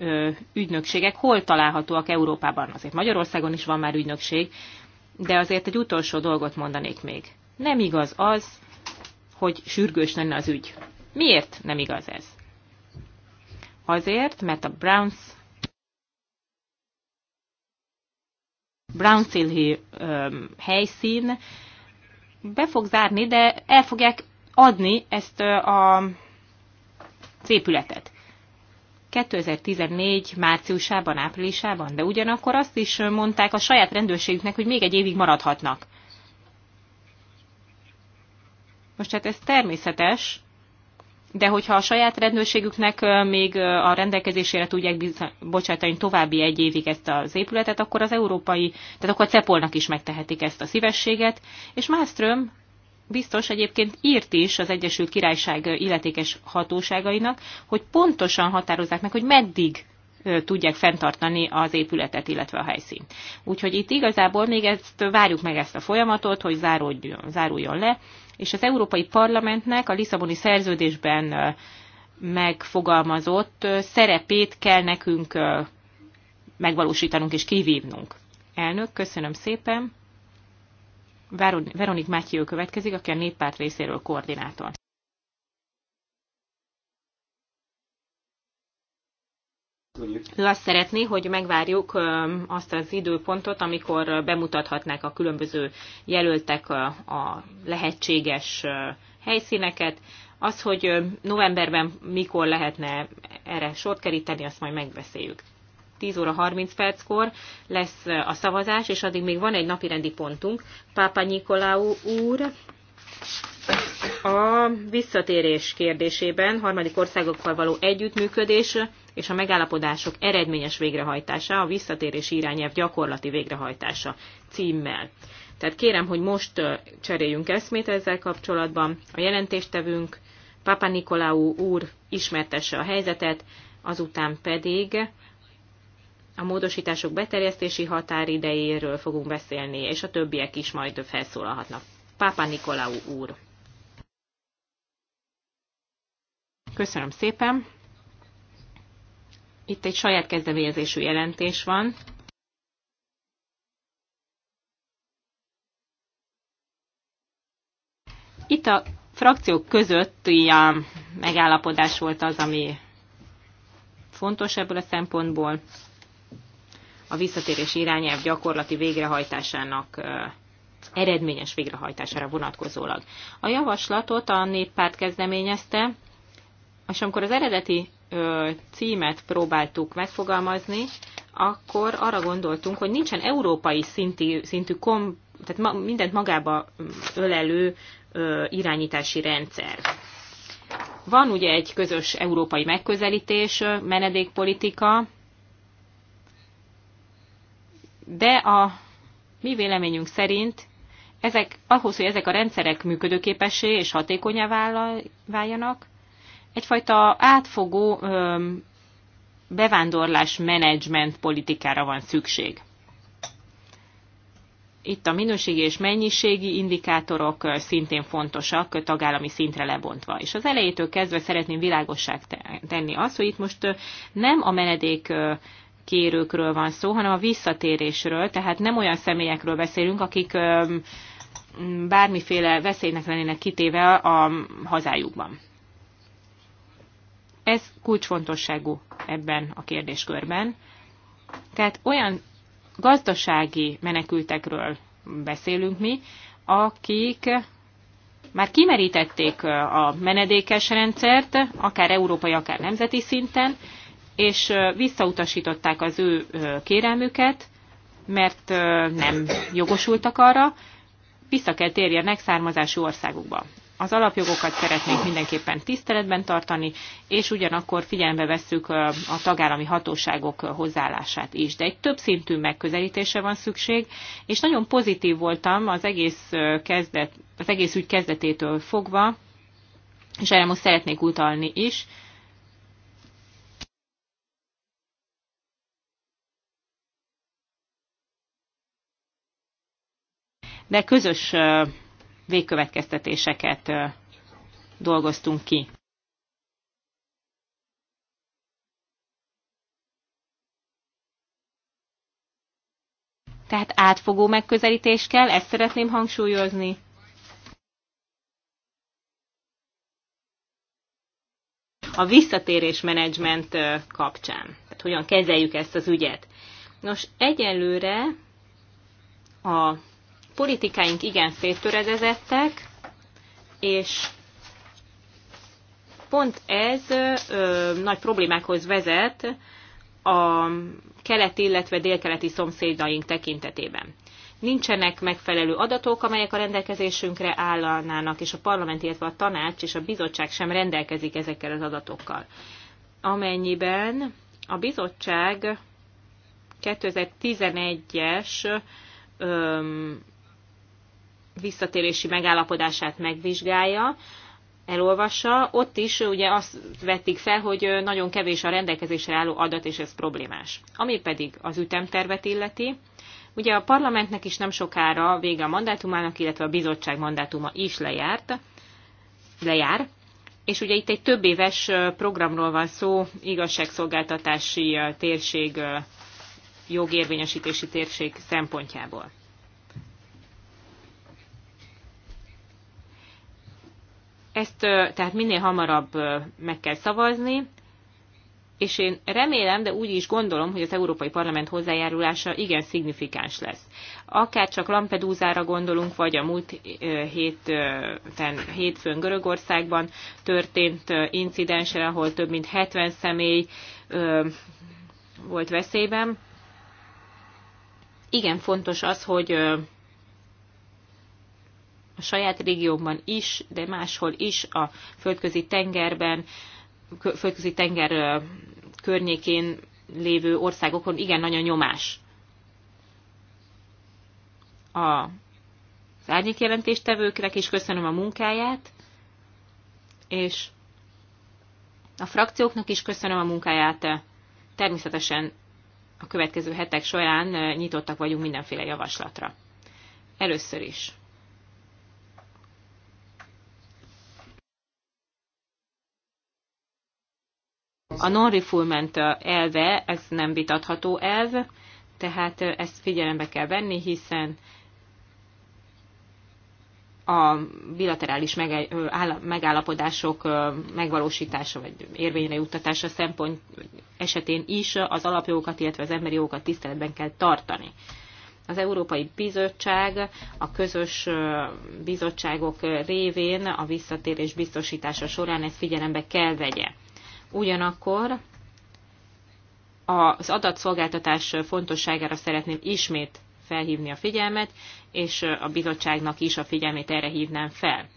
ügynökségek hol találhatóak Európában. Azért Magyarországon is van már ügynökség, de azért egy utolsó dolgot mondanék még. Nem igaz az, hogy sürgős lenne az ügy. Miért nem igaz ez? Azért, mert a Browns Brownsill helyszín be fog zárni, de el fogják adni ezt a épületet. 2014 márciusában, áprilisában, de ugyanakkor azt is mondták a saját rendőrségüknek, hogy még egy évig maradhatnak. Most hát ez természetes, de hogyha a saját rendőrségüknek még a rendelkezésére tudják bocsátani további egy évig ezt az épületet, akkor az európai, tehát akkor a Cepolnak is megtehetik ezt a szívességet, és Máström biztos egyébként írt is az Egyesült Királyság illetékes hatóságainak, hogy pontosan határozzák meg, hogy meddig tudják fenntartani az épületet, illetve a helyszínt. Úgyhogy itt igazából még ezt várjuk meg ezt a folyamatot, hogy záruljon, záruljon le, és az Európai Parlamentnek a Lisszaboni szerződésben megfogalmazott szerepét kell nekünk megvalósítanunk és kivívnunk. Elnök, köszönöm szépen. Veronik Mátyő következik, aki a néppárt részéről koordinátor. ő azt szeretné, hogy megvárjuk azt az időpontot, amikor bemutathatnák a különböző jelöltek a lehetséges helyszíneket. Az, hogy novemberben mikor lehetne erre sort keríteni, azt majd megbeszéljük. 10 óra 30 perckor lesz a szavazás, és addig még van egy napirendi pontunk. Pápa Nikolau úr a visszatérés kérdésében, harmadik országokkal való együttműködés és a megállapodások eredményes végrehajtása, a visszatérési irányelv gyakorlati végrehajtása címmel. Tehát kérem, hogy most cseréljünk eszmét ezzel kapcsolatban. A jelentéstevünk Papa Nikolaou úr ismertesse a helyzetet, azután pedig a módosítások beterjesztési határidejéről fogunk beszélni, és a többiek is majd felszólalhatnak. Pápa Nikolaou úr. Köszönöm szépen! Itt egy saját kezdeményezésű jelentés van. Itt a frakciók közötti a megállapodás volt az, ami fontos ebből a szempontból. A visszatérés irányelv gyakorlati végrehajtásának eredményes végrehajtására vonatkozólag. A javaslatot a néppárt kezdeményezte, és amikor az eredeti címet próbáltuk megfogalmazni, akkor arra gondoltunk, hogy nincsen európai szinti, szintű, kom, tehát ma, mindent magába ölelő ö, irányítási rendszer. Van ugye egy közös európai megközelítés, menedékpolitika, de a mi véleményünk szerint ezek, ahhoz, hogy ezek a rendszerek működőképessé és hatékonyá váljanak, egyfajta átfogó bevándorlás menedzsment politikára van szükség. Itt a minőségi és mennyiségi indikátorok szintén fontosak, tagállami szintre lebontva. És az elejétől kezdve szeretném világosság tenni azt, hogy itt most nem a menedék kérőkről van szó, hanem a visszatérésről, tehát nem olyan személyekről beszélünk, akik bármiféle veszélynek lennének kitéve a hazájukban. Ez kulcsfontosságú ebben a kérdéskörben. Tehát olyan gazdasági menekültekről beszélünk mi, akik már kimerítették a menedékes rendszert, akár európai, akár nemzeti szinten, és visszautasították az ő kérelmüket, mert nem jogosultak arra, vissza kell térjenek származási országukba az alapjogokat szeretnénk mindenképpen tiszteletben tartani, és ugyanakkor figyelembe vesszük a tagállami hatóságok hozzáállását is. De egy többszintű megközelítése van szükség, és nagyon pozitív voltam az egész, kezdet, az egész ügy kezdetétől fogva, és erre most szeretnék utalni is, de közös végkövetkeztetéseket dolgoztunk ki. Tehát átfogó megközelítés kell, ezt szeretném hangsúlyozni. A visszatérés menedzsment kapcsán. Tehát hogyan kezeljük ezt az ügyet. Nos, egyelőre a politikáink igen széttöredezettek, és pont ez ö, nagy problémákhoz vezet a keleti, illetve délkeleti szomszédaink tekintetében. Nincsenek megfelelő adatok, amelyek a rendelkezésünkre állnának, és a parlament, illetve a tanács és a bizottság sem rendelkezik ezekkel az adatokkal. Amennyiben a bizottság 2011-es visszatérési megállapodását megvizsgálja, elolvassa, ott is ugye azt vették fel, hogy nagyon kevés a rendelkezésre álló adat, és ez problémás. Ami pedig az ütemtervet illeti, ugye a parlamentnek is nem sokára vége a mandátumának, illetve a bizottság mandátuma is lejárt, lejár, és ugye itt egy több éves programról van szó, igazságszolgáltatási térség, jogérvényesítési térség szempontjából. Ezt tehát minél hamarabb meg kell szavazni, és én remélem, de úgy is gondolom, hogy az Európai Parlament hozzájárulása igen szignifikáns lesz. Akár csak Lampedúzára gondolunk, vagy a múlt héten, hétfőn Görögországban történt incidensre, ahol több mint 70 személy volt veszélyben. Igen fontos az, hogy a saját régióban is, de máshol is a földközi tengerben, földközi tenger környékén lévő országokon igen nagy a nyomás. A, az jelentéstevőknek is köszönöm a munkáját, és a frakcióknak is köszönöm a munkáját. Természetesen a következő hetek során nyitottak vagyunk mindenféle javaslatra. Először is A non-refoulement elve, ez nem vitatható elv, tehát ezt figyelembe kell venni, hiszen a bilaterális megállapodások megvalósítása vagy érvényre juttatása szempont esetén is az alapjogokat, illetve az emberi jogokat tiszteletben kell tartani. Az Európai Bizottság a közös bizottságok révén a visszatérés biztosítása során ezt figyelembe kell vegye. Ugyanakkor az adatszolgáltatás fontosságára szeretném ismét felhívni a figyelmet, és a bizottságnak is a figyelmét erre hívnám fel.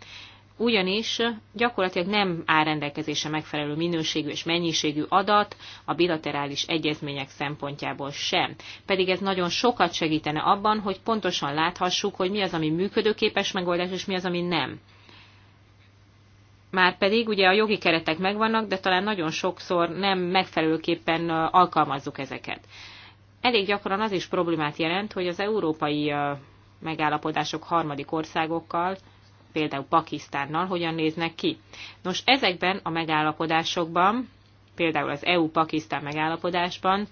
Ugyanis gyakorlatilag nem áll rendelkezése megfelelő minőségű és mennyiségű adat a bilaterális egyezmények szempontjából sem. Pedig ez nagyon sokat segítene abban, hogy pontosan láthassuk, hogy mi az, ami működőképes megoldás, és mi az, ami nem. Már pedig ugye a jogi keretek megvannak, de talán nagyon sokszor nem megfelelőképpen alkalmazzuk ezeket. Elég gyakran az is problémát jelent, hogy az európai megállapodások harmadik országokkal, például Pakisztánnal hogyan néznek ki. Nos, ezekben a megállapodásokban, például az EU-Pakisztán megállapodásban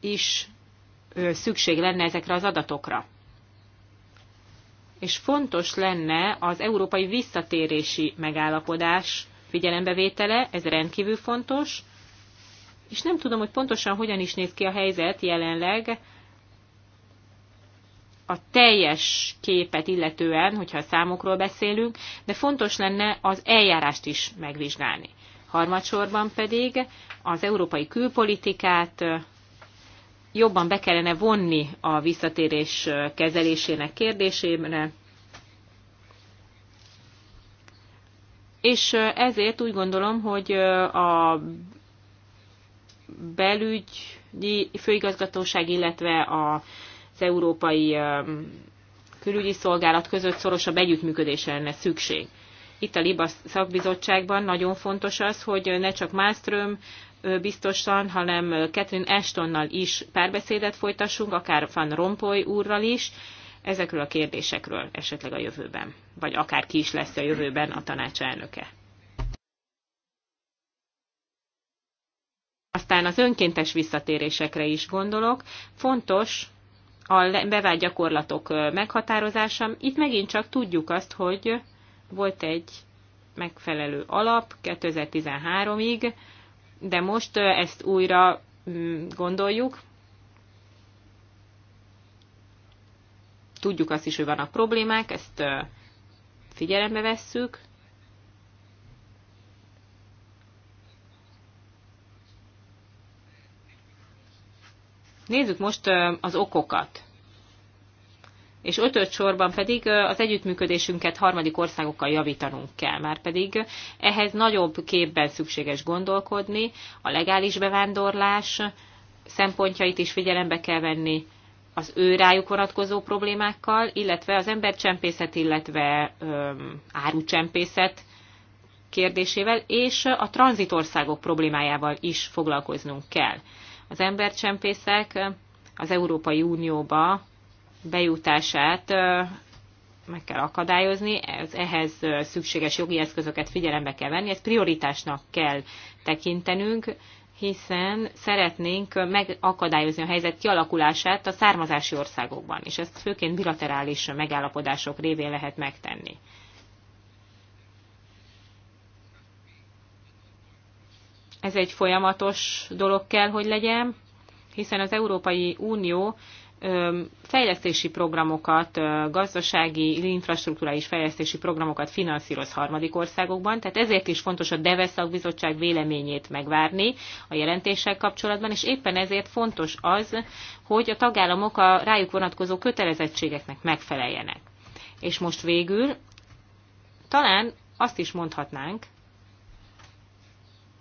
is szükség lenne ezekre az adatokra és fontos lenne az európai visszatérési megállapodás figyelembevétele, ez rendkívül fontos, és nem tudom, hogy pontosan hogyan is néz ki a helyzet jelenleg a teljes képet illetően, hogyha a számokról beszélünk, de fontos lenne az eljárást is megvizsgálni. Harmadsorban pedig az európai külpolitikát jobban be kellene vonni a visszatérés kezelésének kérdésére, és ezért úgy gondolom, hogy a belügyi főigazgatóság, illetve az Európai Külügyi Szolgálat között szorosabb együttműködésre lenne szükség. Itt a LIBA szakbizottságban nagyon fontos az, hogy ne csak Máström biztosan, hanem Catherine Ashtonnal is párbeszédet folytassunk, akár Van Rompuy úrral is, ezekről a kérdésekről esetleg a jövőben, vagy akár ki is lesz a jövőben a tanács elnöke. Aztán az önkéntes visszatérésekre is gondolok. Fontos a bevált gyakorlatok meghatározása. Itt megint csak tudjuk azt, hogy volt egy megfelelő alap 2013-ig, de most ezt újra mm, gondoljuk. Tudjuk azt is, hogy vannak problémák, ezt figyelembe vesszük. Nézzük most az okokat és ötöd sorban pedig az együttműködésünket harmadik országokkal javítanunk kell, már pedig ehhez nagyobb képben szükséges gondolkodni, a legális bevándorlás szempontjait is figyelembe kell venni, az ő rájuk vonatkozó problémákkal, illetve az embercsempészet, illetve öm, árucsempészet kérdésével, és a tranzitországok problémájával is foglalkoznunk kell. Az embercsempészek az Európai Unióba bejutását meg kell akadályozni, ez, ehhez szükséges jogi eszközöket figyelembe kell venni, ezt prioritásnak kell tekintenünk, hiszen szeretnénk megakadályozni a helyzet kialakulását a származási országokban, és ezt főként bilaterális megállapodások révén lehet megtenni. Ez egy folyamatos dolog kell, hogy legyen, hiszen az Európai Unió fejlesztési programokat, gazdasági, infrastruktúrális fejlesztési programokat finanszíroz harmadik országokban, tehát ezért is fontos a DEVE szakbizottság véleményét megvárni a jelentéssel kapcsolatban, és éppen ezért fontos az, hogy a tagállamok a rájuk vonatkozó kötelezettségeknek megfeleljenek. És most végül talán azt is mondhatnánk,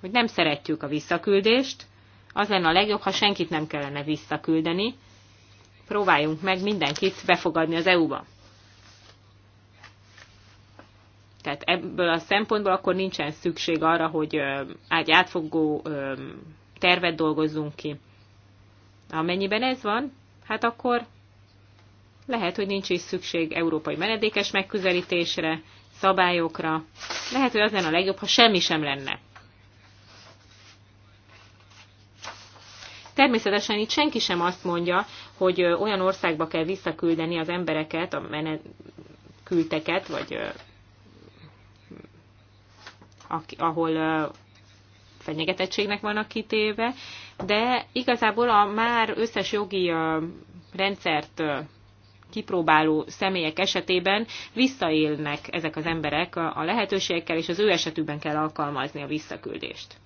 hogy nem szeretjük a visszaküldést, az lenne a legjobb, ha senkit nem kellene visszaküldeni, próbáljunk meg mindenkit befogadni az EU-ba. Tehát ebből a szempontból akkor nincsen szükség arra, hogy egy átfogó tervet dolgozzunk ki. Amennyiben ez van, hát akkor lehet, hogy nincs is szükség európai menedékes megközelítésre, szabályokra. Lehet, hogy az lenne a legjobb, ha semmi sem lenne. Természetesen itt senki sem azt mondja, hogy olyan országba kell visszaküldeni az embereket, a menekülteket, vagy ahol fenyegetettségnek vannak kitéve, de igazából a már összes jogi rendszert kipróbáló személyek esetében visszaélnek ezek az emberek a lehetőségekkel, és az ő esetükben kell alkalmazni a visszaküldést.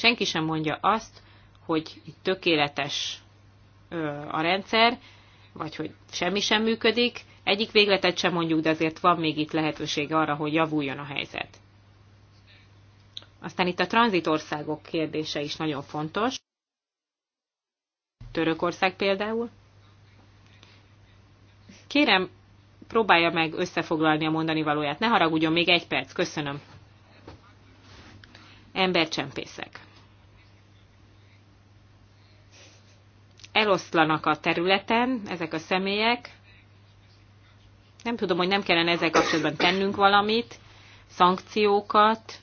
Senki sem mondja azt, hogy itt tökéletes a rendszer, vagy hogy semmi sem működik. Egyik végletet sem mondjuk, de azért van még itt lehetőség arra, hogy javuljon a helyzet. Aztán itt a tranzitországok kérdése is nagyon fontos. Törökország például. Kérem, próbálja meg összefoglalni a mondani valóját. Ne haragudjon, még egy perc, köszönöm. Embercsempészek. eloszlanak a területen ezek a személyek. Nem tudom, hogy nem kellene ezzel kapcsolatban tennünk valamit, szankciókat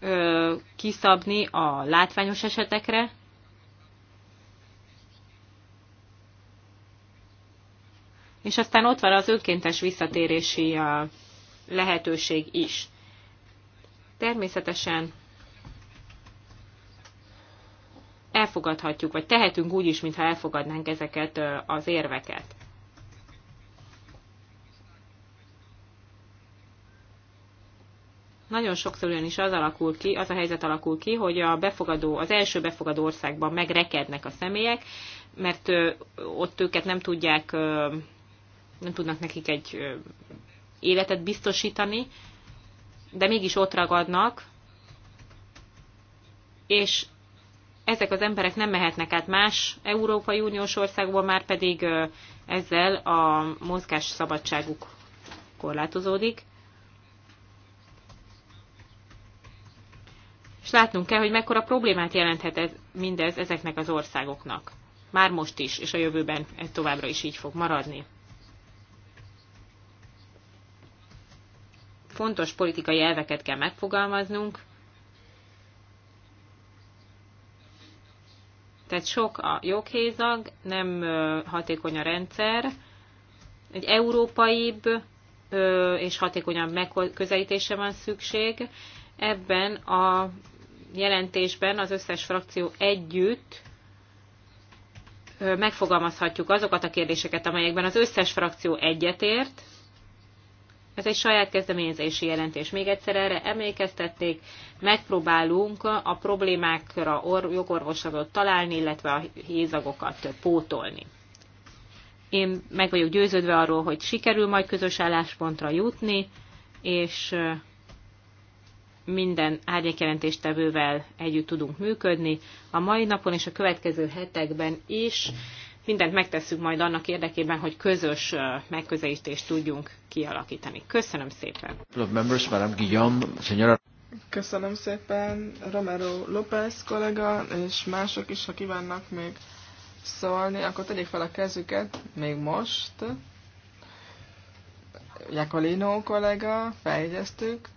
ö, kiszabni a látványos esetekre. És aztán ott van az önkéntes visszatérési lehetőség is. Természetesen elfogadhatjuk, vagy tehetünk úgy is, mintha elfogadnánk ezeket az érveket. Nagyon sokszor is az alakul ki, az a helyzet alakul ki, hogy a befogadó, az első befogadó országban megrekednek a személyek, mert ott őket nem tudják, nem tudnak nekik egy életet biztosítani, de mégis ott ragadnak, és ezek az emberek nem mehetnek át más Európai Uniós országba, már pedig ezzel a mozgás szabadságuk korlátozódik. És látnunk kell, hogy mekkora problémát jelenthet ez, mindez ezeknek az országoknak. Már most is, és a jövőben ez továbbra is így fog maradni. Fontos politikai elveket kell megfogalmaznunk, Tehát sok a joghézag, nem hatékony a rendszer. Egy európaibb és hatékonyabb megközelítése van szükség. Ebben a jelentésben az összes frakció együtt megfogalmazhatjuk azokat a kérdéseket, amelyekben az összes frakció egyetért, ez egy saját kezdeményezési jelentés. Még egyszer erre emlékeztették, megpróbálunk a problémákra or- találni, illetve a hézagokat pótolni. Én meg vagyok győződve arról, hogy sikerül majd közös álláspontra jutni, és minden árnyékjelentéstevővel együtt tudunk működni. A mai napon és a következő hetekben is mindent megtesszük majd annak érdekében, hogy közös megközelítést tudjunk kialakítani. Köszönöm szépen! Köszönöm szépen Romero López kollega és mások is, ha kívánnak még szólni, akkor tegyék fel a kezüket, még most. Jakolino kollega, fejegyeztük,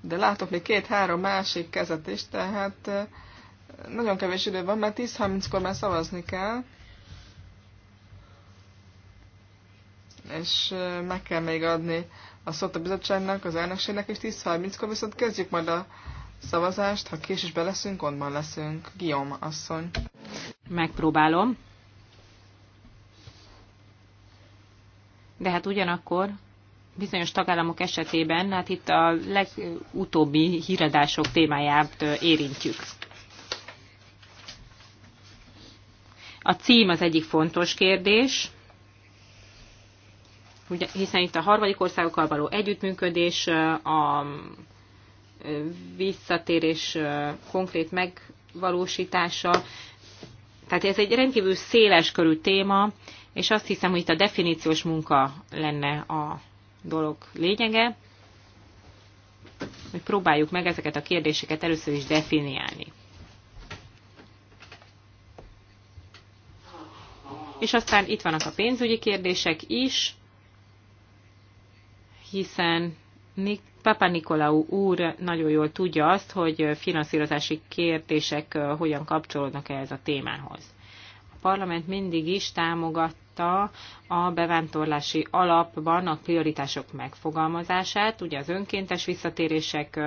de látok még két-három másik kezet is, tehát nagyon kevés idő van, mert 10-30-kor már szavazni kell. és meg kell még adni a szót a bizottságnak, az elnökségnek, is 10.30-kor viszont kezdjük majd a szavazást, ha késésben leszünk, onnan leszünk. Giom asszony. Megpróbálom. De hát ugyanakkor bizonyos tagállamok esetében, hát itt a legutóbbi híradások témáját érintjük. A cím az egyik fontos kérdés hiszen itt a harmadik országokkal való együttműködés, a visszatérés konkrét megvalósítása. Tehát ez egy rendkívül széles körű téma, és azt hiszem, hogy itt a definíciós munka lenne a dolog lényege, hogy próbáljuk meg ezeket a kérdéseket először is definiálni. És aztán itt vannak a pénzügyi kérdések is, hiszen Papa Nikolau úr nagyon jól tudja azt, hogy finanszírozási kérdések hogyan kapcsolódnak ehhez a témához. A parlament mindig is támogatta a bevándorlási alapban a prioritások megfogalmazását, ugye az önkéntes visszatérések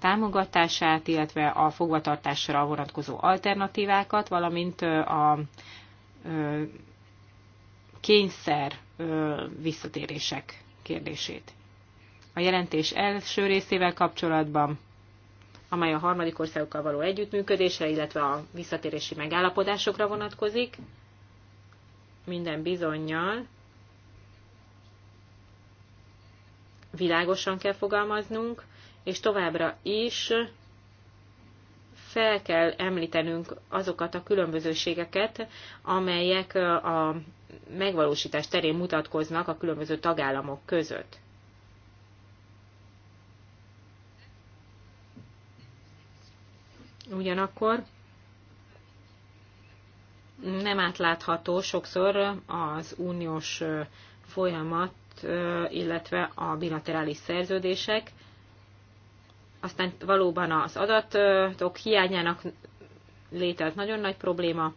támogatását, illetve a fogvatartásra vonatkozó alternatívákat, valamint a kényszer visszatérések kérdését. A jelentés első részével kapcsolatban, amely a harmadik országokkal való együttműködésre, illetve a visszatérési megállapodásokra vonatkozik, minden bizonyal világosan kell fogalmaznunk, és továbbra is fel kell említenünk azokat a különbözőségeket, amelyek a megvalósítás terén mutatkoznak a különböző tagállamok között. Ugyanakkor nem átlátható sokszor az uniós folyamat, illetve a bilaterális szerződések. Aztán valóban az adatok hiányának létezett nagyon nagy probléma,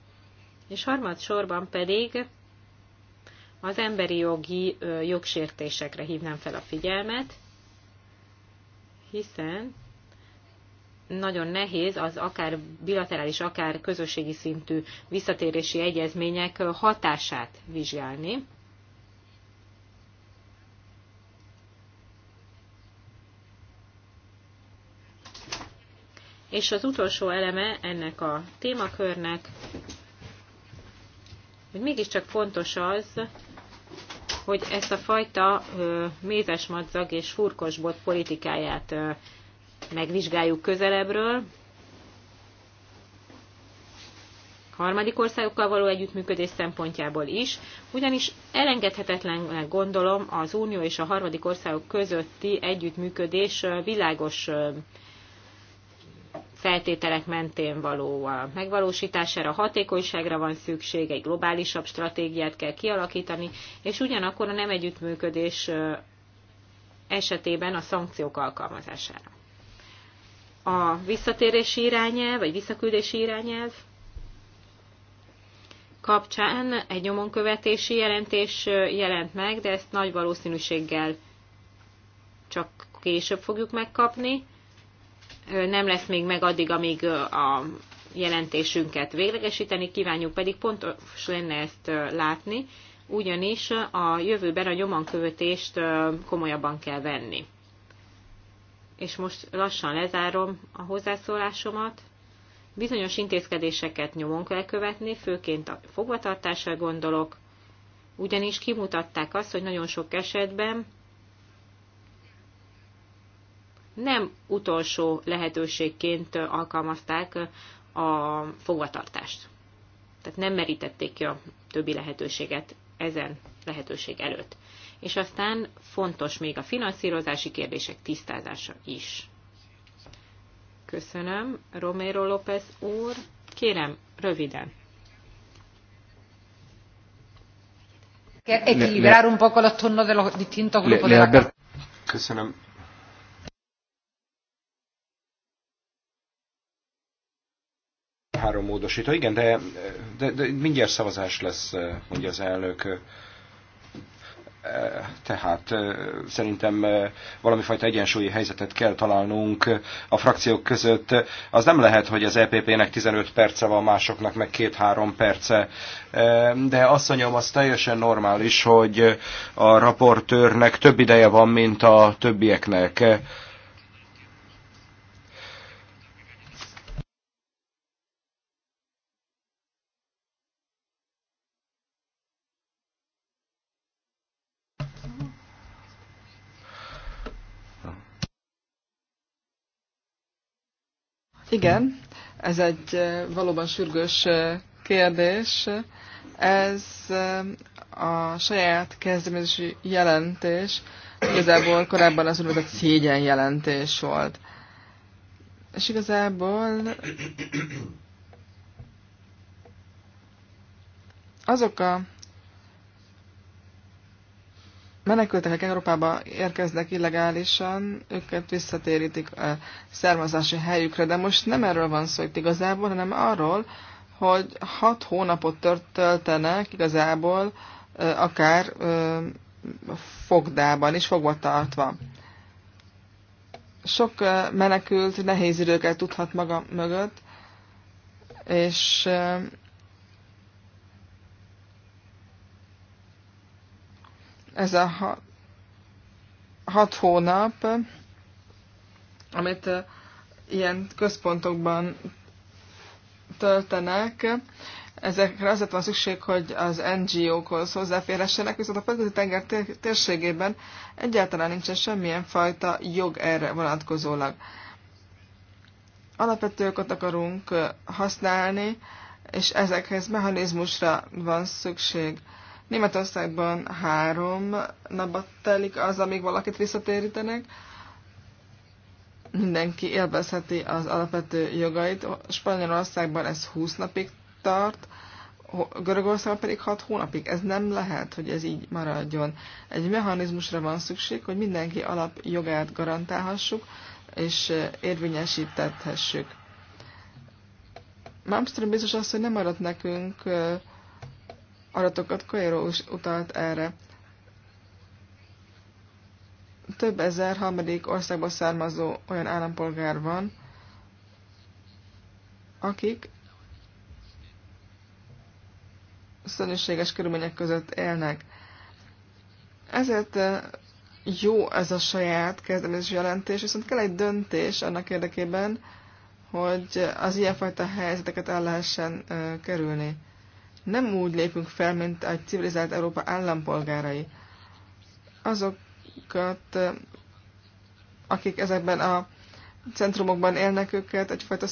és harmadsorban pedig az emberi jogi jogsértésekre hívnám fel a figyelmet, hiszen nagyon nehéz az akár bilaterális, akár közösségi szintű visszatérési egyezmények hatását vizsgálni. És az utolsó eleme ennek a témakörnek, hogy mégiscsak fontos az, hogy ezt a fajta ö, madzag és furkosbot politikáját ö, megvizsgáljuk közelebbről. Harmadik országokkal való együttműködés szempontjából is, ugyanis elengedhetetlen gondolom az Unió és a harmadik országok közötti együttműködés világos feltételek mentén való a megvalósítására, hatékonyságra van szükség, egy globálisabb stratégiát kell kialakítani, és ugyanakkor a nem együttműködés esetében a szankciók alkalmazására. A visszatérési irányelv, vagy visszaküldési irányelv kapcsán egy nyomonkövetési jelentés jelent meg, de ezt nagy valószínűséggel csak később fogjuk megkapni nem lesz még meg addig, amíg a jelentésünket véglegesíteni kívánjuk, pedig pontos lenne ezt látni, ugyanis a jövőben a nyomankövetést komolyabban kell venni. És most lassan lezárom a hozzászólásomat. Bizonyos intézkedéseket nyomon kell követni, főként a fogvatartásra gondolok, ugyanis kimutatták azt, hogy nagyon sok esetben nem utolsó lehetőségként alkalmazták a fogvatartást. Tehát nem merítették ki a többi lehetőséget ezen lehetőség előtt. És aztán fontos még a finanszírozási kérdések tisztázása is. Köszönöm, Romero López úr. Kérem, röviden. Equilibrar un poco los turnos de los distintos grupos de la Köszönöm Három módosító. Igen, de, de, de mindjárt szavazás lesz, eh, mondja az elnök. Eh, tehát eh, szerintem valami fajta egyensúlyi helyzetet kell találnunk a frakciók között. Az nem lehet, hogy az EPP-nek 15 perce van, másoknak meg 2-3 perce. De asszonyom, az teljesen normális, hogy a raportőrnek több ideje van, mint a többieknek Igen, ez egy valóban sürgős kérdés. Ez a saját kezdeményezési jelentés, igazából korábban az úgynevezett szégyen jelentés volt. És igazából azok a menekültek, akik Európába érkeznek illegálisan, őket visszatérítik a származási helyükre, de most nem erről van szó itt igazából, hanem arról, hogy hat hónapot töltenek igazából akár fogdában is fogva tartva. Sok menekült nehéz időket tudhat maga mögött, és ez a hat hónap, amit ilyen központokban töltenek, ezekre azért van szükség, hogy az NGO-khoz hozzáférhessenek, viszont a földközi tenger térségében egyáltalán nincsen semmilyen fajta jog erre vonatkozólag. Alapvetőkot akarunk használni, és ezekhez mechanizmusra van szükség. Németországban három napot telik az, amíg valakit visszatérítenek. Mindenki élvezheti az alapvető jogait. Spanyolországban ez 20 napig tart, Görögországban pedig 6 hónapig. Ez nem lehet, hogy ez így maradjon. Egy mechanizmusra van szükség, hogy mindenki alapjogát garantálhassuk, és érvényesítethessük. Malmström biztos azt, hogy nem maradt nekünk uh, adatokat Koyero utalt erre. Több ezer harmadik országból származó olyan állampolgár van, akik szörnyűséges körülmények között élnek. Ezért eh, jó ez a saját kezdeményezési jelentés, viszont kell egy döntés annak érdekében, hogy az ilyenfajta helyzeteket el lehessen eh, kerülni nem úgy lépünk fel, mint egy civilizált Európa állampolgárai. Azokat, akik ezekben a centrumokban élnek őket, egyfajta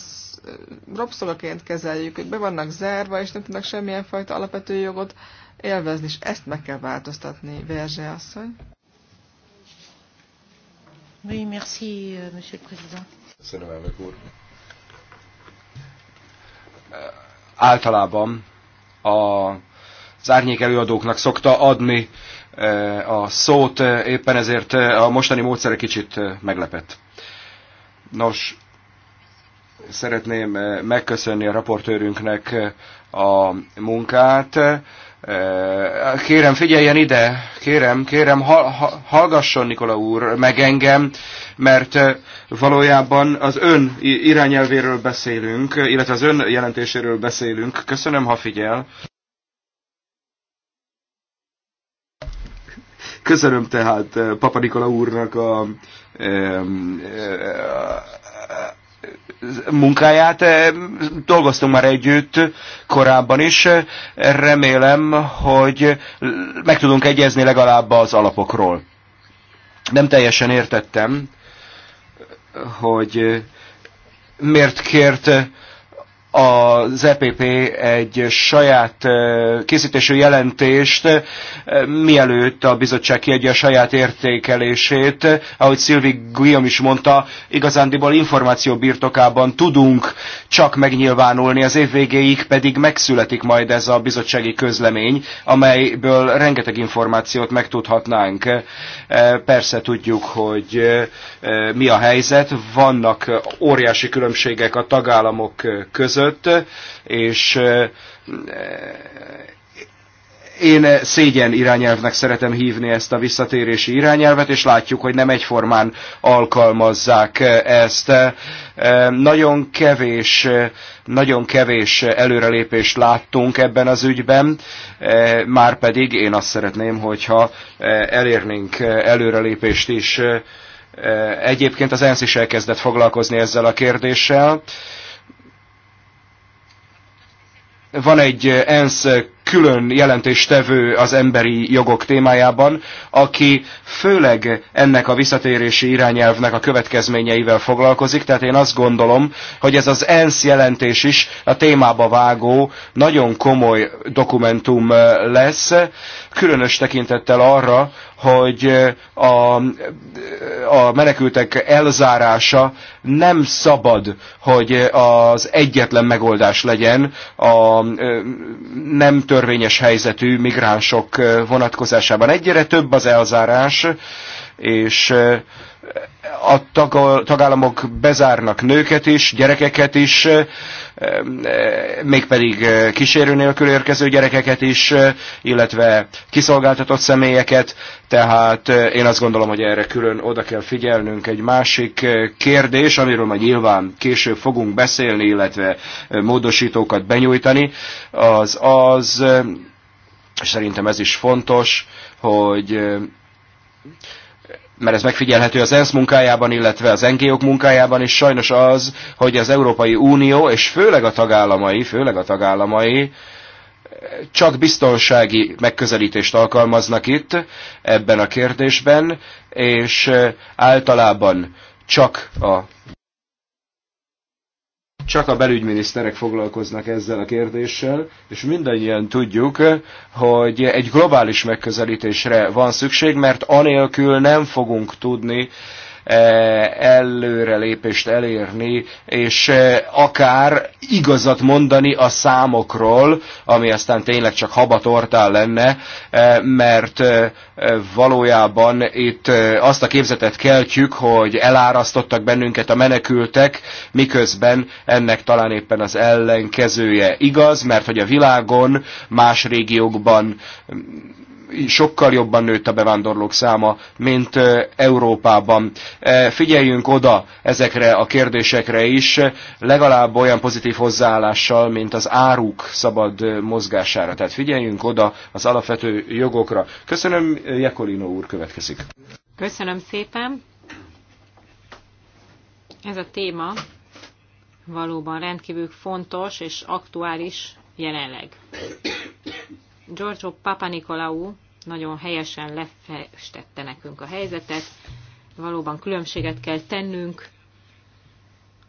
rabszolgaként kezeljük, hogy be vannak zárva, és nem tudnak semmilyen fajta alapvető jogot élvezni, és ezt meg kell változtatni, Verzse asszony. Oui, merci, euh, monsieur le président. Köszönöm, elnök úr. Általában a az árnyék előadóknak szokta adni e, a szót, e, éppen ezért e, a mostani módszere kicsit meglepett. Nos, szeretném megköszönni a raportőrünknek a munkát. Eh, kérem, figyeljen ide, kérem, kérem, hallgasson Nikola úr meg engem, mert eh, valójában az ön irányelvéről beszélünk, illetve az ön jelentéséről beszélünk. Köszönöm, ha figyel. Köszönöm tehát eh, Papa Nikola úrnak a, munkáját. Dolgoztunk már együtt korábban is. Remélem, hogy meg tudunk egyezni legalább az alapokról. Nem teljesen értettem, hogy miért kért az EPP egy saját készítésű jelentést, mielőtt a bizottság kiadja a saját értékelését. Ahogy Szilvi Guillaume is mondta, igazándiból információ birtokában tudunk csak megnyilvánulni, az év végéig pedig megszületik majd ez a bizottsági közlemény, amelyből rengeteg információt megtudhatnánk. Persze tudjuk, hogy mi a helyzet, vannak óriási különbségek a tagállamok között, között, és eh, én szégyen irányelvnek szeretem hívni ezt a visszatérési irányelvet, és látjuk, hogy nem egyformán alkalmazzák eh, ezt. Eh, nagyon kevés, nagyon kevés előrelépést láttunk ebben az ügyben, már pedig én azt szeretném, hogyha elérnénk előrelépést is. Egyébként az ENSZ is elkezdett foglalkozni ezzel a kérdéssel van egy ENSZ külön jelentéstevő az emberi jogok témájában, aki főleg ennek a visszatérési irányelvnek a következményeivel foglalkozik, tehát én azt gondolom, hogy ez az ENSZ jelentés is a témába vágó, nagyon komoly dokumentum lesz, különös tekintettel arra, hogy a, a menekültek elzárása nem szabad, hogy az egyetlen megoldás legyen a nem tört törvényes helyzetű migránsok vonatkozásában. Egyre több az elzárás, és a tagállamok bezárnak nőket is, gyerekeket is, mégpedig kísérő nélkül érkező gyerekeket is, illetve kiszolgáltatott személyeket, tehát én azt gondolom, hogy erre külön oda kell figyelnünk. Egy másik kérdés, amiről majd nyilván később fogunk beszélni, illetve módosítókat benyújtani, az az, szerintem ez is fontos, hogy mert ez megfigyelhető az ENSZ munkájában, illetve az ngo munkájában is sajnos az, hogy az Európai Unió, és főleg a tagállamai, főleg a tagállamai, csak biztonsági megközelítést alkalmaznak itt ebben a kérdésben, és eh, általában csak a csak a belügyminiszterek foglalkoznak ezzel a kérdéssel, és mindannyian tudjuk, hogy egy globális megközelítésre van szükség, mert anélkül nem fogunk tudni E, előrelépést elérni, és e, akár igazat mondani a számokról, ami aztán tényleg csak habatortál lenne, e, mert valójában itt azt a képzetet keltjük, hogy elárasztottak bennünket a menekültek, miközben ennek talán éppen az ellenkezője igaz, mert hogy a világon más régiókban sokkal jobban nőtt a bevándorlók száma, mint Európában. Figyeljünk oda ezekre a kérdésekre is, legalább olyan pozitív hozzáállással, mint az áruk szabad mozgására. Tehát figyeljünk oda az alapvető jogokra. Köszönöm, Jekolino úr következik. Köszönöm szépen. Ez a téma valóban rendkívül fontos és aktuális jelenleg. Giorgio Papanikolaou nagyon helyesen lefestette nekünk a helyzetet. Valóban különbséget kell tennünk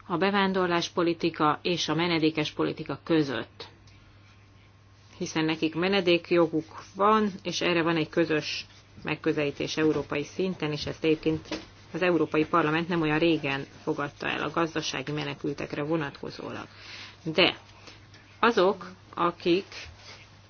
a politika és a menedékes politika között. Hiszen nekik menedékjoguk van, és erre van egy közös megközelítés európai szinten, és ezt egyébként az Európai Parlament nem olyan régen fogadta el a gazdasági menekültekre vonatkozólag. De azok, akik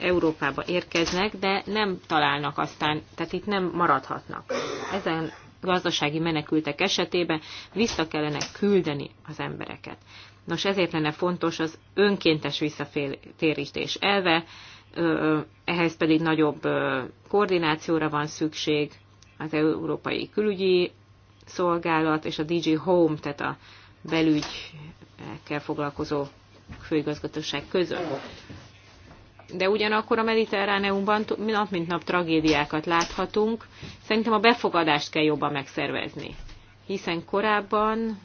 Európába érkeznek, de nem találnak aztán, tehát itt nem maradhatnak. Ezen gazdasági menekültek esetében vissza kellene küldeni az embereket. Nos, ezért lenne fontos az önkéntes visszatérítés elve, ehhez pedig nagyobb koordinációra van szükség az Európai Külügyi Szolgálat és a DG Home, tehát a belügyekkel foglalkozó főigazgatóság között de ugyanakkor a Mediterráneumban nap mint nap tragédiákat láthatunk. Szerintem a befogadást kell jobban megszervezni, hiszen korábban,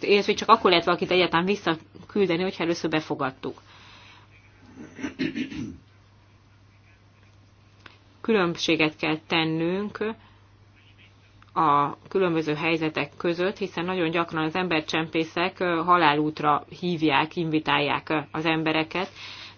illetve csak akkor lehet valakit egyáltalán visszaküldeni, hogyha először befogadtuk. Különbséget kell tennünk a különböző helyzetek között, hiszen nagyon gyakran az embercsempészek halálútra hívják, invitálják az embereket,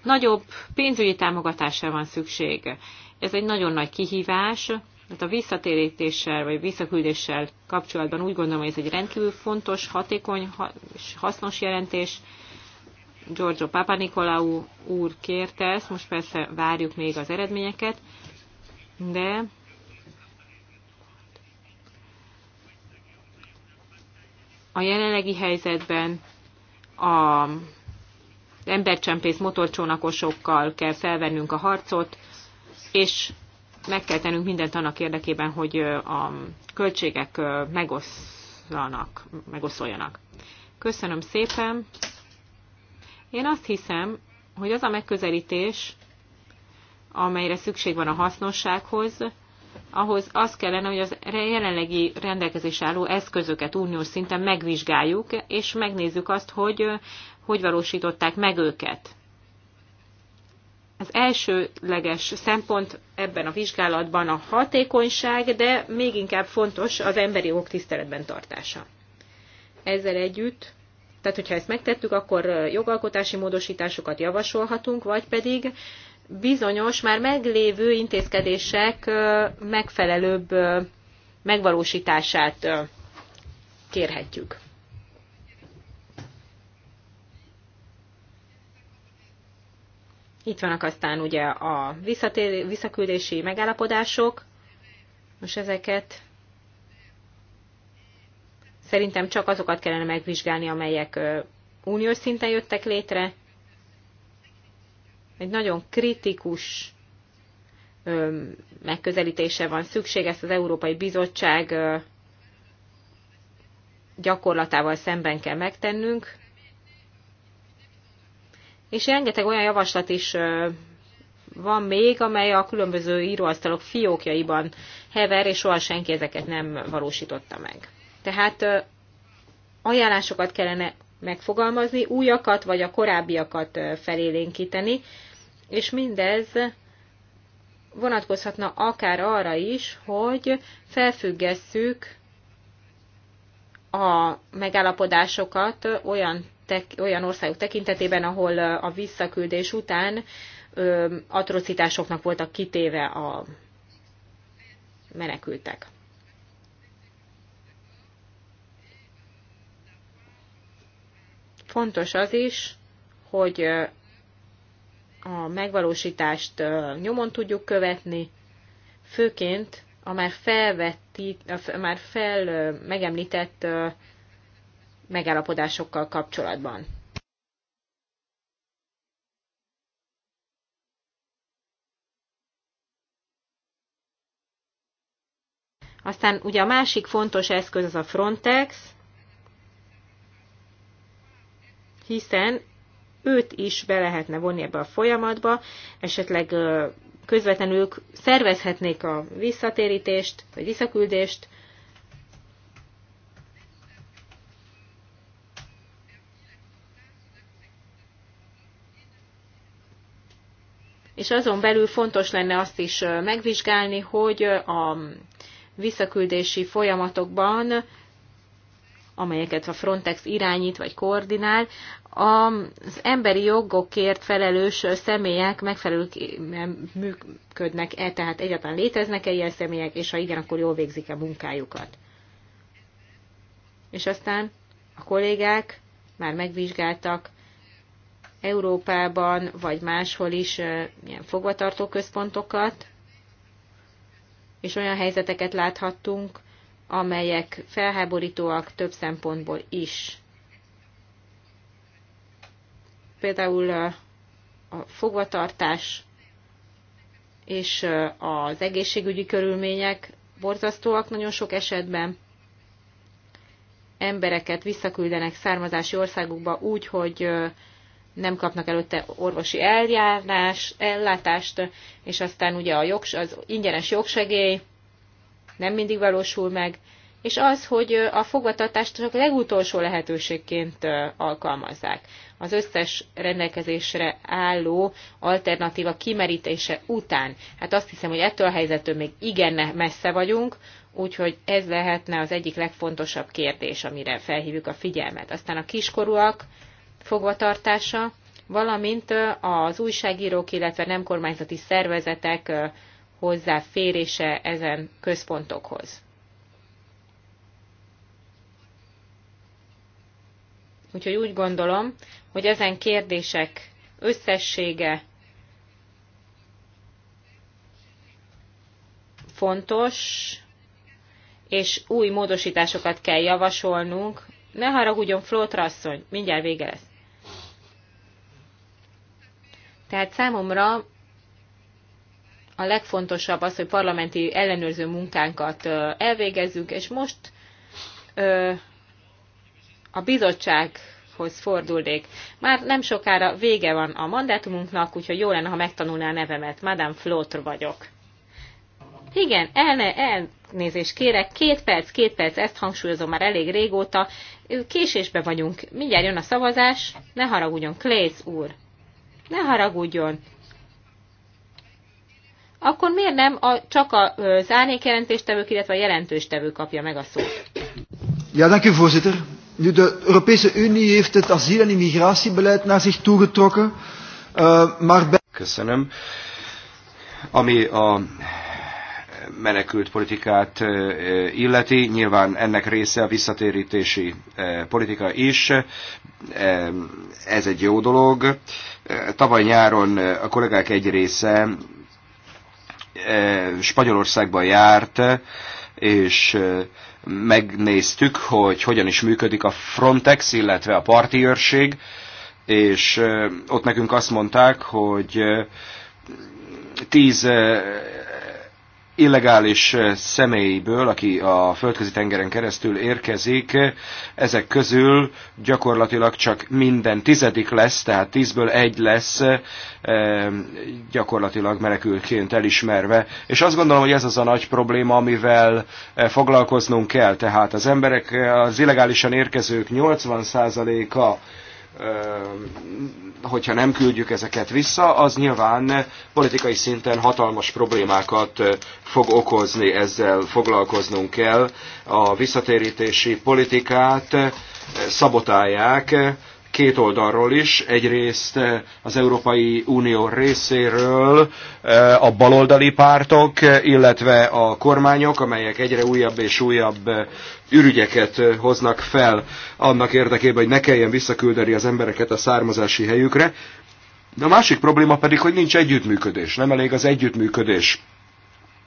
nagyobb pénzügyi támogatásra van szükség. Ez egy nagyon nagy kihívás, mert hát a visszatérítéssel vagy visszaküldéssel kapcsolatban úgy gondolom, hogy ez egy rendkívül fontos, hatékony és hasznos jelentés. Giorgio Papanikolaou úr kérte ezt, most persze várjuk még az eredményeket, de a jelenlegi helyzetben a embercsempész motorcsónakosokkal kell felvennünk a harcot, és meg kell tennünk mindent annak érdekében, hogy a költségek megoszlanak, megoszoljanak. Köszönöm szépen. Én azt hiszem, hogy az a megközelítés, amelyre szükség van a hasznossághoz, ahhoz az kellene, hogy az jelenlegi rendelkezés álló eszközöket uniós szinten megvizsgáljuk, és megnézzük azt, hogy hogy valósították meg őket. Az elsőleges szempont ebben a vizsgálatban a hatékonyság, de még inkább fontos az emberi jogok tiszteletben tartása. Ezzel együtt, tehát hogyha ezt megtettük, akkor jogalkotási módosításokat javasolhatunk, vagy pedig bizonyos már meglévő intézkedések megfelelőbb megvalósítását kérhetjük. Itt vannak aztán ugye a visszatér, visszaküldési megállapodások. Most ezeket szerintem csak azokat kellene megvizsgálni, amelyek uniós szinten jöttek létre, egy nagyon kritikus megközelítése van szükség, ezt az Európai Bizottság gyakorlatával szemben kell megtennünk. És rengeteg olyan javaslat is van még, amely a különböző íróasztalok fiókjaiban hever, és soha senki ezeket nem valósította meg. Tehát ajánlásokat kellene megfogalmazni, újakat vagy a korábbiakat felélénkíteni, és mindez vonatkozhatna akár arra is, hogy felfüggesszük a megállapodásokat olyan, tek, olyan országok tekintetében, ahol a visszaküldés után ö, atrocitásoknak voltak kitéve a menekültek. Fontos az is, hogy a megvalósítást nyomon tudjuk követni, főként a már felvetti, a már fel megemlített megállapodásokkal kapcsolatban. Aztán ugye a másik fontos eszköz az a Frontex, hiszen őt is be lehetne vonni ebbe a folyamatba, esetleg közvetlenül szervezhetnék a visszatérítést, vagy visszaküldést, és azon belül fontos lenne azt is megvizsgálni, hogy a visszaküldési folyamatokban amelyeket a Frontex irányít vagy koordinál, az emberi jogokért felelős személyek megfelelően működnek-e, tehát egyáltalán léteznek-e ilyen személyek, és ha igen, akkor jól végzik a munkájukat. És aztán a kollégák már megvizsgáltak Európában vagy máshol is ilyen fogvatartó központokat, és olyan helyzeteket láthattunk, amelyek felháborítóak több szempontból is. Például a fogvatartás és az egészségügyi körülmények borzasztóak nagyon sok esetben. Embereket visszaküldenek származási országukba úgy, hogy nem kapnak előtte orvosi eljárás, ellátást, és aztán ugye a jogs, az ingyenes jogsegély, nem mindig valósul meg, és az, hogy a fogvatartást csak legutolsó lehetőségként alkalmazzák. Az összes rendelkezésre álló alternatíva kimerítése után. Hát azt hiszem, hogy ettől a helyzettől még igen messze vagyunk, úgyhogy ez lehetne az egyik legfontosabb kérdés, amire felhívjuk a figyelmet. Aztán a kiskorúak fogvatartása, valamint az újságírók, illetve nem kormányzati szervezetek hozzáférése ezen központokhoz. Úgyhogy úgy gondolom, hogy ezen kérdések összessége fontos, és új módosításokat kell javasolnunk. Ne haragudjon, Flótra asszony, mindjárt vége lesz. Tehát számomra a legfontosabb az, hogy parlamenti ellenőrző munkánkat elvégezzük, és most a bizottsághoz fordulnék. Már nem sokára vége van a mandátumunknak, úgyhogy jó lenne, ha megtanulná a nevemet. Madame Flotr vagyok. Igen, elne, elnézést kérek, két perc, két perc, ezt hangsúlyozom már elég régóta. Késésbe vagyunk, mindjárt jön a szavazás, ne haragudjon, Klész úr, ne haragudjon akkor miért nem a, csak a árnyékjelentéstevők, illetve a jelentőstevő kapja meg a szót? Ja, dank u voorzitter. Nu, de Europese Unie heeft het asiel- en immigratiebeleid naar zich toegetrokken, uh, maar bij... Köszönöm. Ami a menekült politikát eh, illeti. Nyilván ennek része a visszatérítési eh, politika is. Ez egy jó dolog. Tavaly nyáron a kollégák egy része Spanyolországban járt, és megnéztük, hogy hogyan is működik a Frontex, illetve a parti őrség, és ott nekünk azt mondták, hogy tíz illegális eh, személyből, aki a földközi tengeren keresztül érkezik, ezek közül gyakorlatilag csak minden tizedik lesz, tehát tízből egy lesz eh, gyakorlatilag menekülként elismerve. És azt gondolom, hogy ez az a nagy probléma, amivel eh, foglalkoznunk kell. Tehát az emberek, az illegálisan érkezők 80%-a hogyha nem küldjük ezeket vissza, az nyilván politikai szinten hatalmas problémákat fog okozni, ezzel foglalkoznunk kell. A visszatérítési politikát szabotálják két oldalról is. Egyrészt eh, az Európai Unió részéről eh, a baloldali pártok, eh, illetve a kormányok, amelyek egyre újabb és újabb ürügyeket hoznak fel annak érdekében, hogy ne kelljen visszaküldeni az embereket a származási helyükre. De a másik probléma pedig, hogy nincs együttműködés, nem elég az együttműködés.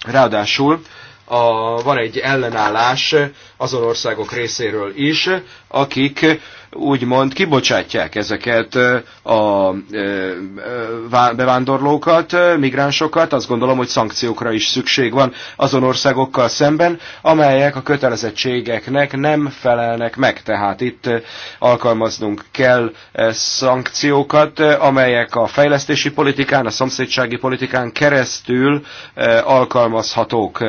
Ráadásul a, van egy ellenállás azon országok részéről is, akik úgymond kibocsátják ezeket a bevándorlókat, migránsokat. Azt gondolom, hogy szankciókra is szükség van azon országokkal szemben, amelyek a kötelezettségeknek nem felelnek meg. Tehát itt alkalmaznunk kell szankciókat, amelyek a fejlesztési politikán, a szomszédsági politikán keresztül alkalmazhatók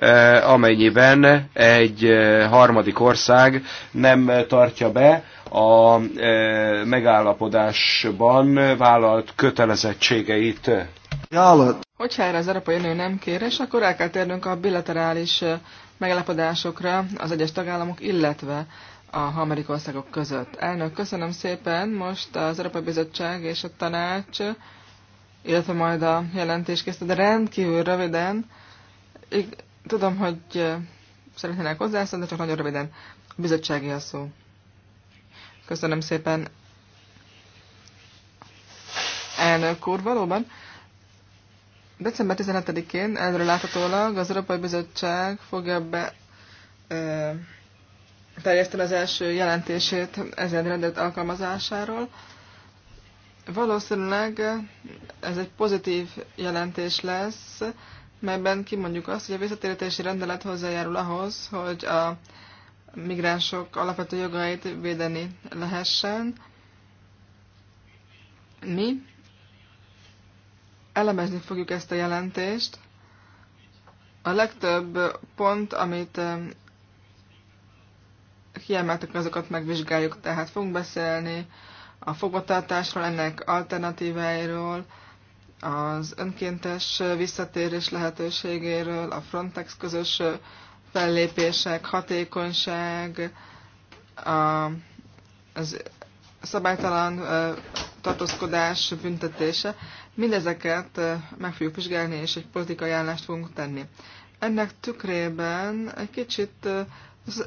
Eh, amennyiben egy eh, harmadik ország nem tartja be a eh, megállapodásban vállalt kötelezettségeit. Hogyha erre az Európai Unió nem kéres, akkor el kell térnünk a bilaterális megállapodásokra az egyes tagállamok, illetve a harmadik országok között. Elnök, köszönöm szépen. Most az Európai Bizottság és a tanács, illetve majd a jelentés készített, de rendkívül röviden Tudom, hogy szeretnének hozzászólni, de csak nagyon röviden. A bizottsági a szó. Köszönöm szépen. Elnök úr, valóban. December 17-én előre láthatólag az Európai Bizottság fogja be ö, terjeszteni az első jelentését ezen rendelt alkalmazásáról. Valószínűleg ez egy pozitív jelentés lesz, melyben kimondjuk azt, hogy a visszatérítési rendelet hozzájárul ahhoz, hogy a migránsok alapvető jogait védeni lehessen. Mi elemezni fogjuk ezt a jelentést. A legtöbb pont, amit eh, kiemeltek, azokat megvizsgáljuk, tehát fogunk beszélni a fogvatartásról, ennek alternatíváiról, az önkéntes visszatérés lehetőségéről, a Frontex közös fellépések, hatékonyság, a, az szabálytalan tartózkodás büntetése, mindezeket meg fogjuk vizsgálni, és egy politikai állást fogunk tenni. Ennek tükrében egy kicsit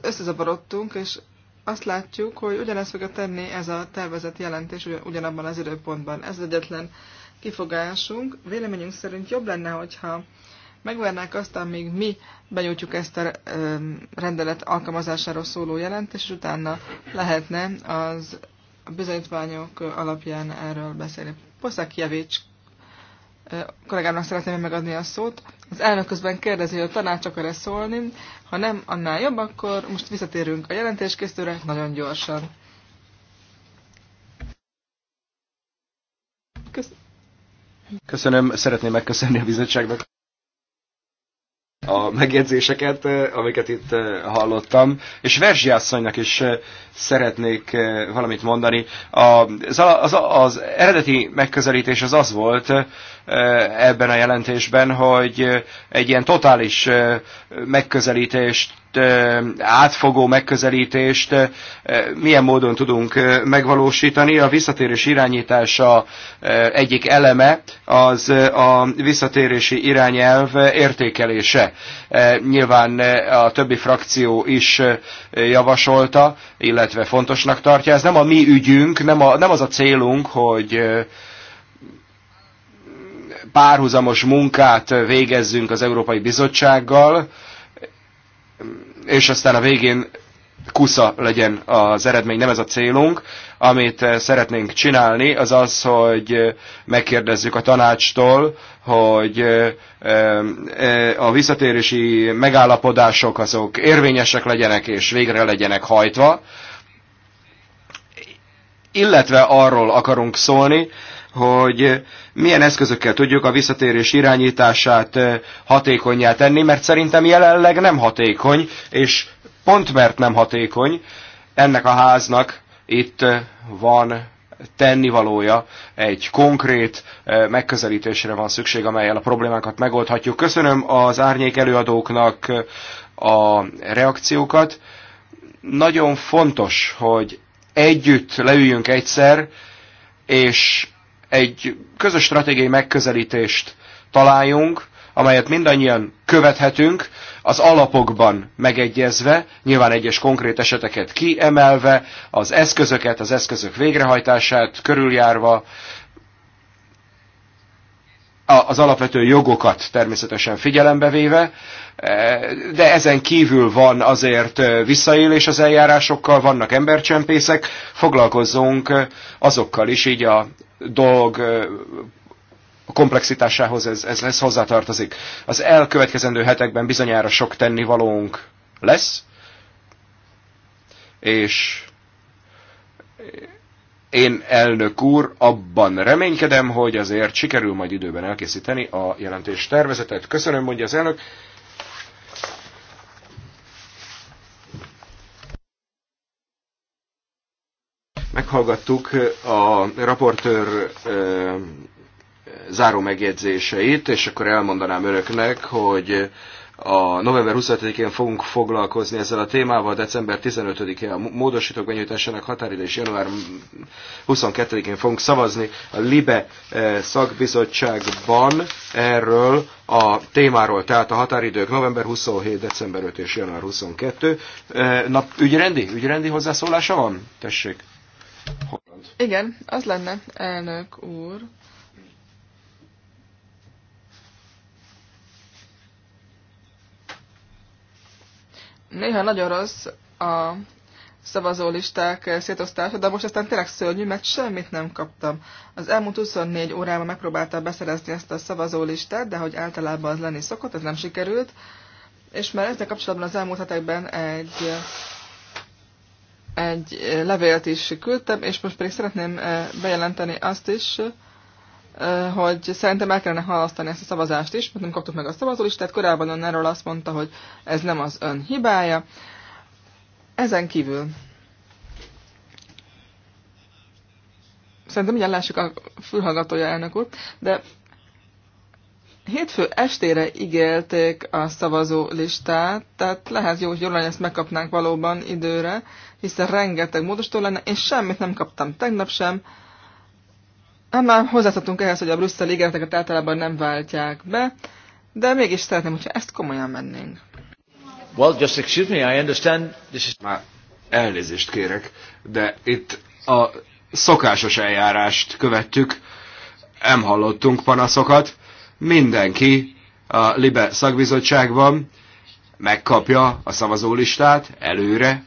összezavarodtunk, és azt látjuk, hogy ugyanezt fogja tenni ez a tervezett jelentés ugyanabban az időpontban. Ez egyetlen kifogásunk. Véleményünk szerint jobb lenne, hogyha megvernák azt, amíg mi benyújtjuk ezt a rendelet alkalmazásáról szóló jelentést, és utána lehetne az bizonyítványok alapján erről beszélni. Poszak Javics kollégámnak szeretném megadni a szót. Az elnök közben kérdezi, hogy a tanács akar-e szólni. Ha nem, annál jobb, akkor most visszatérünk a jelentéskészítőre nagyon gyorsan. Köszönöm, szeretném megköszönni a bizottságnak a megjegyzéseket, eh, amiket itt eh, hallottam. És Verzsi asszonynak is eh, szeretnék valamit mondani. Az, az, az eredeti megközelítés az az volt ebben a jelentésben, hogy egy ilyen totális megközelítést átfogó megközelítést milyen módon tudunk megvalósítani. A visszatérés irányítása egyik eleme az a visszatérési irányelv értékelése. Nyilván a többi frakció is javasolta, illetve fontosnak tartja. Ez nem a mi ügyünk, nem, a, nem az a célunk, hogy párhuzamos munkát végezzünk az Európai Bizottsággal, és aztán a végén kusza legyen az eredmény, nem ez a célunk. Amit eh, szeretnénk csinálni, az az, hogy eh, megkérdezzük a tanácstól, hogy eh, a visszatérési megállapodások azok érvényesek legyenek és végre legyenek hajtva, illetve arról akarunk szólni, hogy eh, milyen eszközökkel tudjuk a visszatérés irányítását eh, hatékonyá tenni, mert szerintem jelenleg nem hatékony, és pont mert nem hatékony, ennek a háznak itt eh, van tennivalója, egy konkrét megközelítésre van szükség, amelyel a problémákat megoldhatjuk. Köszönöm az árnyék előadóknak a reakciókat. Nagyon fontos, hogy együtt leüljünk egyszer, és egy közös stratégiai megközelítést találjunk, amelyet mindannyian követhetünk, az alapokban megegyezve, nyilván egyes konkrét eseteket kiemelve, az eszközöket, az eszközök végrehajtását körüljárva, az alapvető jogokat természetesen figyelembe véve, de ezen kívül van azért visszaélés az eljárásokkal, vannak embercsempészek, foglalkozzunk azokkal is, így a, dolog komplexitásához ez, ez, ez hozzátartozik. Az elkövetkezendő hetekben bizonyára sok tennivalónk lesz, és én, elnök úr, abban reménykedem, hogy azért sikerül majd időben elkészíteni a jelentés tervezetet. Köszönöm, mondja az elnök. Meghallgattuk a raportőr záró megjegyzéseit, és akkor elmondanám önöknek, hogy a november 25-én fogunk foglalkozni ezzel a témával, december 15 én a módosítók benyújtásának határidő, és január 22-én fogunk szavazni a LIBE szakbizottságban erről a témáról, tehát a határidők november 27, december 5 és január 22. Nap, ügyrendi? Ügyrendi hozzászólása van? Tessék. Holland. Igen, az lenne, elnök úr. Néha nagyon rossz a szavazólisták szétosztása, de most aztán tényleg szörnyű, mert semmit nem kaptam. Az elmúlt 24 órában megpróbáltam beszerezni ezt a szavazólistát, de hogy általában az lenni szokott, ez nem sikerült. És már ezzel kapcsolatban az elmúlt hetekben egy egy levélt is küldtem, és most pedig szeretném bejelenteni azt is, hogy szerintem el kellene halasztani ezt a szavazást is, mert nem kaptuk meg a szavazólistát. Korábban ön erről azt mondta, hogy ez nem az ön hibája. Ezen kívül szerintem ugyan lássuk a fülhallgatója elnök úr, de Hétfő estére ígérték a szavazó listát, tehát lehet jó, hogy jól ezt megkapnánk valóban időre, hiszen rengeteg módostól lenne, és semmit nem kaptam tegnap sem. Hát már hozzászoktunk ehhez, hogy a brüsszeli ígéreteket általában nem váltják be, de mégis szeretném, hogyha ezt komolyan mennénk. Well, just excuse me, I understand this is... Már elnézést kérek, de itt a szokásos eljárást követtük, nem hallottunk panaszokat, mindenki a LIBE szakbizottságban megkapja a szavazólistát előre,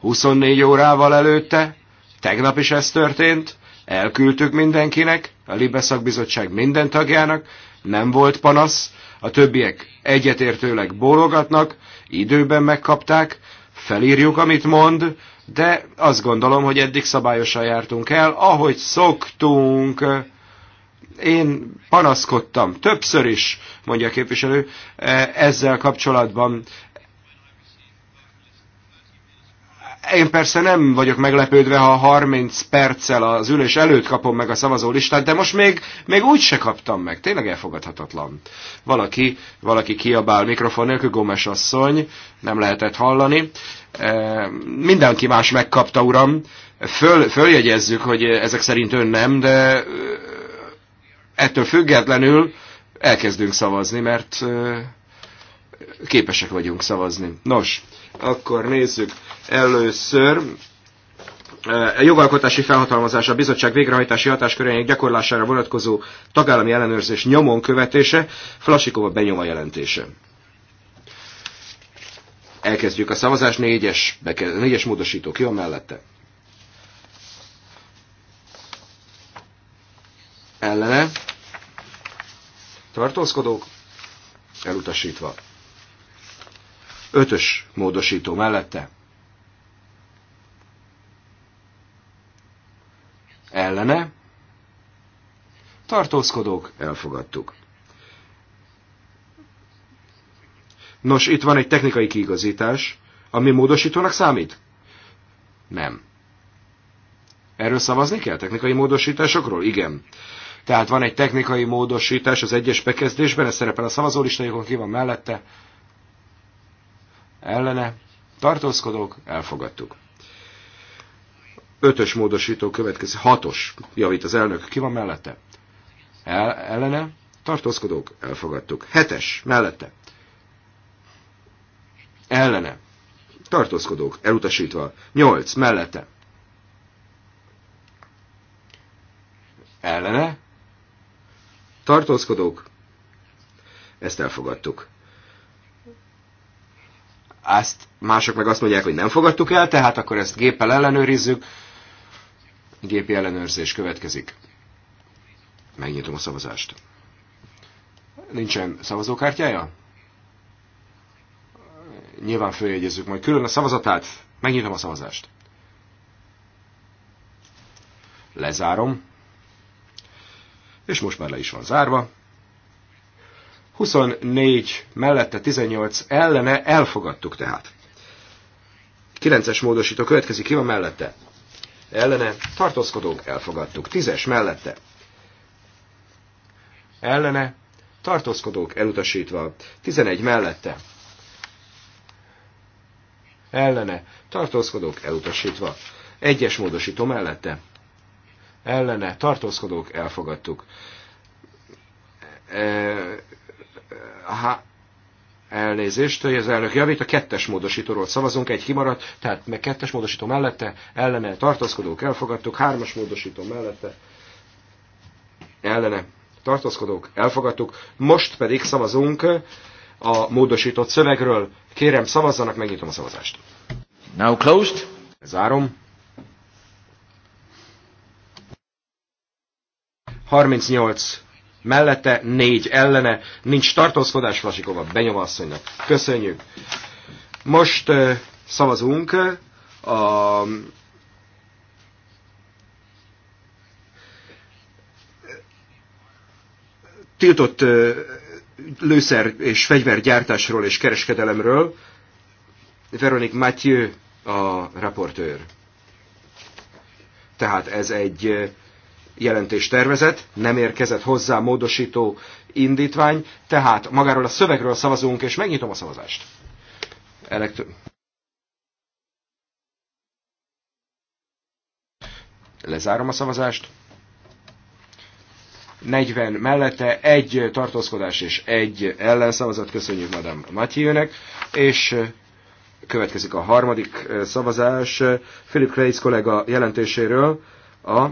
24 órával előtte, tegnap is ez történt, elküldtük mindenkinek, a LIBE szakbizottság minden tagjának, nem volt panasz, a többiek egyetértőleg bólogatnak, időben megkapták, felírjuk, amit mond, de azt gondolom, hogy eddig szabályosan jártunk el, ahogy szoktunk. Én panaszkodtam többször is, mondja a képviselő, e, ezzel kapcsolatban. Én persze nem vagyok meglepődve, ha 30 perccel az ülés előtt kapom meg a szavazó listát, de most még, még úgy se kaptam meg. Tényleg elfogadhatatlan. Valaki, valaki kiabál mikrofon nélkül, Gomes asszony, nem lehetett hallani. E, mindenki más megkapta, uram. Föl, följegyezzük, hogy ezek szerint ön nem, de ettől függetlenül elkezdünk szavazni, mert képesek vagyunk szavazni. Nos, akkor nézzük először a jogalkotási felhatalmazás a bizottság végrehajtási hatáskörének gyakorlására vonatkozó tagállami ellenőrzés nyomon követése, Flasikova benyoma jelentése. Elkezdjük a szavazást, négyes, négyes módosítók, jó mellette? ellene, tartózkodók, elutasítva. Ötös módosító mellette, ellene, tartózkodók, elfogadtuk. Nos, itt van egy technikai kiigazítás, ami módosítónak számít? Nem. Erről szavazni kell? Technikai módosításokról? Igen. Tehát van egy technikai módosítás az egyes bekezdésben, ez szerepel a szavazólistájukon, ki van mellette, ellene, tartózkodók, elfogadtuk. Ötös módosító következő, hatos, javít az elnök, ki van mellette? El, ellene, tartózkodók, elfogadtuk. Hetes, mellette, ellene, tartózkodók, elutasítva. Nyolc, mellette, ellene, tartózkodók, ezt elfogadtuk. Ezt mások meg azt mondják, hogy nem fogadtuk el, tehát akkor ezt géppel ellenőrizzük. Gépi ellenőrzés következik. Megnyitom a szavazást. Nincsen szavazókártyája? Nyilván följegyezzük majd külön a szavazatát. Megnyitom a szavazást. Lezárom és most már le is van zárva. 24 mellette 18 ellene elfogadtuk tehát. 9-es módosító következik, ki van mellette? Ellene tartózkodók elfogadtuk. 10-es mellette. Ellene tartózkodók elutasítva. 11 mellette. Ellene tartózkodók elutasítva. Egyes módosító mellette ellene tartózkodók elfogadtuk. E, Há, elnézést, hogy az elnök javít, a kettes módosítóról szavazunk, egy kimaradt, tehát meg kettes módosító mellette, ellene tartózkodók elfogadtuk, hármas módosító mellette, ellene tartózkodók elfogadtuk, most pedig szavazunk a módosított szövegről. Kérem, szavazzanak, megnyitom a szavazást. Now closed. Zárom. 38 mellette, 4 ellene, nincs tartózkodás Flasikova Benyova asszonynak. Köszönjük! Most szavazunk a tiltott lőszer és fegyvergyártásról és kereskedelemről. Veronik Mathieu a raportőr. Tehát ez egy jelentés tervezet, nem érkezett hozzá módosító indítvány, tehát magáról a szövegről szavazunk, és megnyitom a szavazást. Elektro... Lezárom a szavazást. 40 mellette, egy tartózkodás és egy ellenszavazat. Köszönjük Madame Matyőnek. És következik a harmadik szavazás Philip Clays kollega jelentéséről a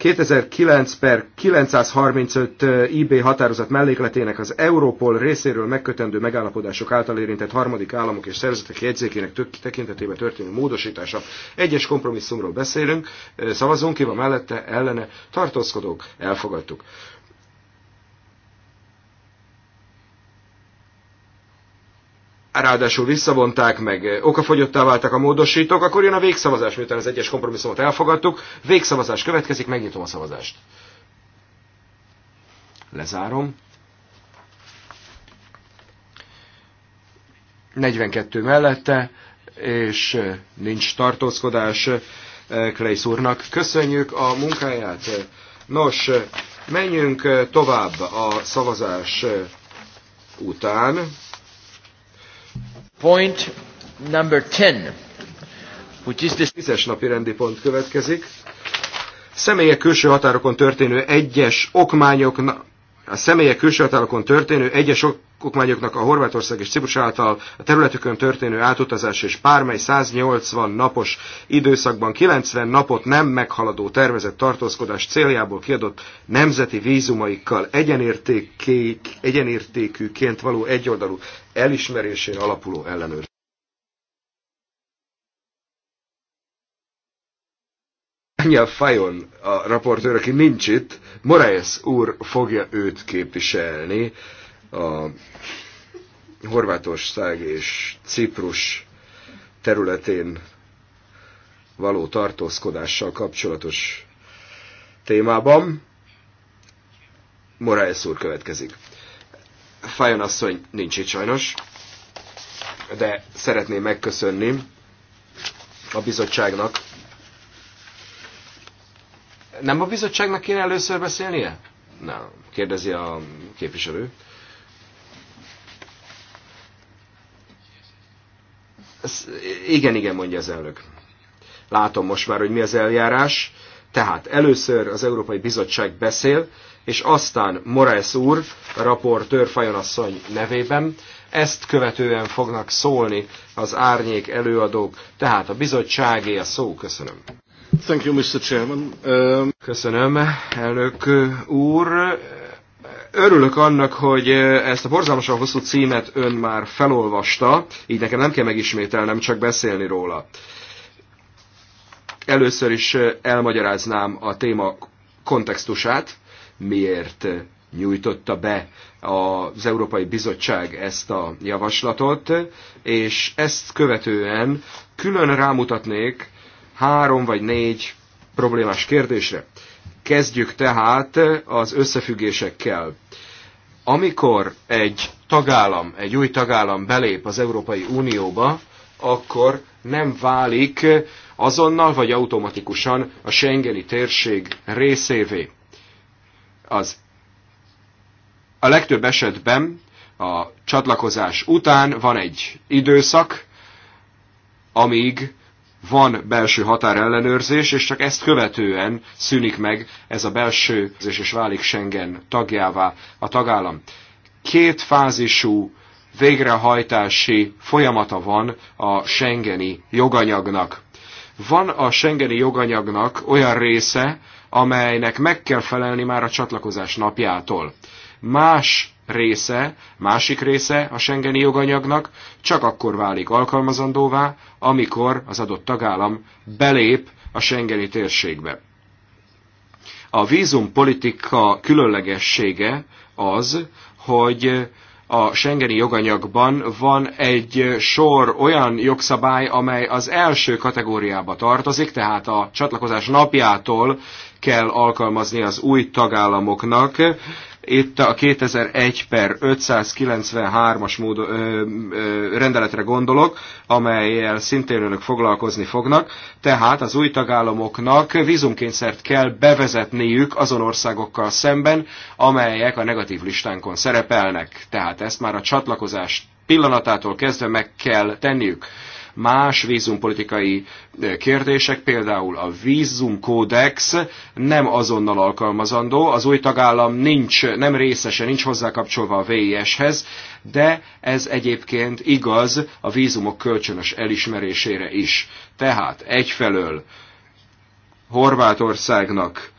2009 per 935 IB határozat mellékletének az Európol részéről megkötendő megállapodások által érintett harmadik államok és szervezetek jegyzékének tekintetében történő módosítása. Egyes kompromisszumról beszélünk, szavazunk ki, van mellette, ellene, tartózkodók, elfogadtuk. ráadásul visszavonták meg, eh, okafogyottá váltak a módosítók, akkor jön a végszavazás, miután az egyes kompromisszumot elfogadtuk, végszavazás következik, megnyitom a szavazást. Lezárom. 42 mellette, és eh, nincs tartózkodás eh, Klejsz úrnak. Köszönjük a munkáját. Nos, menjünk tovább a szavazás után. Point number ten, which is this... Tízes napi rendi pont következik. Személyek külső határokon történő egyes okmányok a személyek külső határokon történő egyes okmányoknak a Horvátország és Ciprus által a területükön történő átutazás és pármely 180 napos időszakban 90 napot nem meghaladó tervezett tartózkodás céljából kiadott nemzeti vízumaikkal egyenértékűként való egyoldalú elismerésén alapuló ellenőrzés. a Fajon, a raportőr, aki nincs itt, Moraes úr fogja őt képviselni a Horvátország és Ciprus területén való tartózkodással kapcsolatos témában. Moraes úr következik. Fajon asszony nincs itt sajnos, de szeretném megköszönni a bizottságnak. Nem a bizottságnak kéne először beszélnie? Nem, kérdezi a képviselő. Ez, igen, igen, mondja az elnök. Látom most már, hogy mi az eljárás. Tehát először az Európai Bizottság beszél, és aztán Moraes úr, a raportőr fajonasszony nevében, ezt követően fognak szólni az árnyék előadók, tehát a bizottságé a szó, köszönöm. Thank you, Mr. Chairman. Um... Köszönöm, elnök úr. Örülök annak, hogy ezt a borzalmasan hosszú címet ön már felolvasta, így nekem nem kell megismételnem, csak beszélni róla. Először is elmagyaráznám a téma kontextusát miért nyújtotta be az Európai Bizottság ezt a javaslatot, és ezt követően külön rámutatnék három vagy négy problémás kérdésre. Kezdjük tehát az összefüggésekkel. Amikor egy tagállam, egy új tagállam belép az Európai Unióba, akkor nem válik azonnal vagy automatikusan a Schengeni térség részévé. Az a legtöbb esetben a csatlakozás után van egy időszak, amíg van belső határellenőrzés, és csak ezt követően szűnik meg ez a belső, és válik Schengen tagjává a tagállam. Két fázisú végrehajtási folyamata van a Schengeni joganyagnak. Van a Schengeni joganyagnak olyan része, amelynek meg kell felelni már a csatlakozás napjától. Más része, másik része a Schengeni joganyagnak csak akkor válik alkalmazandóvá, amikor az adott tagállam belép a Schengeni térségbe. A vízumpolitika különlegessége az, hogy a Schengeni joganyagban van egy sor olyan jogszabály, amely az első kategóriába tartozik, tehát a csatlakozás napjától kell alkalmazni az új tagállamoknak. Itt a 2001 per 593-as mód, ö, ö, rendeletre gondolok, amelyel szintén önök foglalkozni fognak, tehát az új tagállamoknak vízumkényszert kell bevezetniük azon országokkal szemben, amelyek a negatív listánkon szerepelnek. Tehát ezt már a csatlakozás pillanatától kezdve meg kell tenniük. Más vízumpolitikai kérdések, például a vízumkódex nem azonnal alkalmazandó, az új tagállam nincs, nem részese, nincs hozzákapcsolva a VIS-hez, de ez egyébként igaz a vízumok kölcsönös elismerésére is. Tehát egyfelől Horvátországnak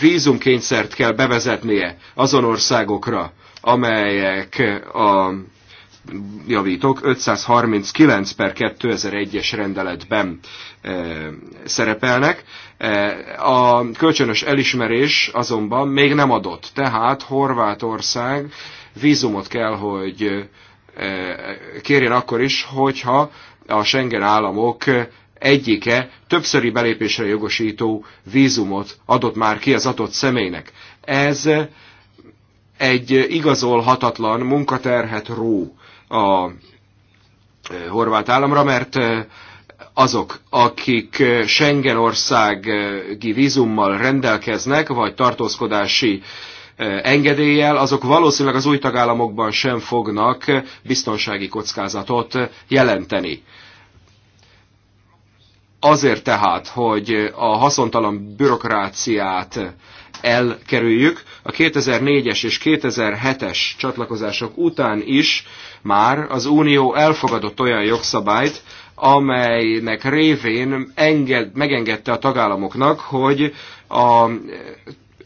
vízumkényszert kell bevezetnie azon országokra, amelyek a javítok, 539 per 2001-es rendeletben e, szerepelnek. E, a kölcsönös elismerés azonban még nem adott, tehát Horvátország vízumot kell, hogy e, kérjen akkor is, hogyha a Schengen államok egyike többszöri belépésre jogosító vízumot adott már ki az adott személynek. Ez egy igazolhatatlan munkaterhet ró a e, horvát államra, mert e, azok, akik e, Schengen országi vízummal rendelkeznek, vagy tartózkodási engedéllyel, azok valószínűleg az új tagállamokban sem fognak biztonsági kockázatot jelenteni. Azért tehát, hogy a haszontalan bürokráciát elkerüljük, a 2004-es és 2007-es csatlakozások után is már az Unió elfogadott olyan jogszabályt, amelynek révén enged, megengedte a tagállamoknak, hogy a e,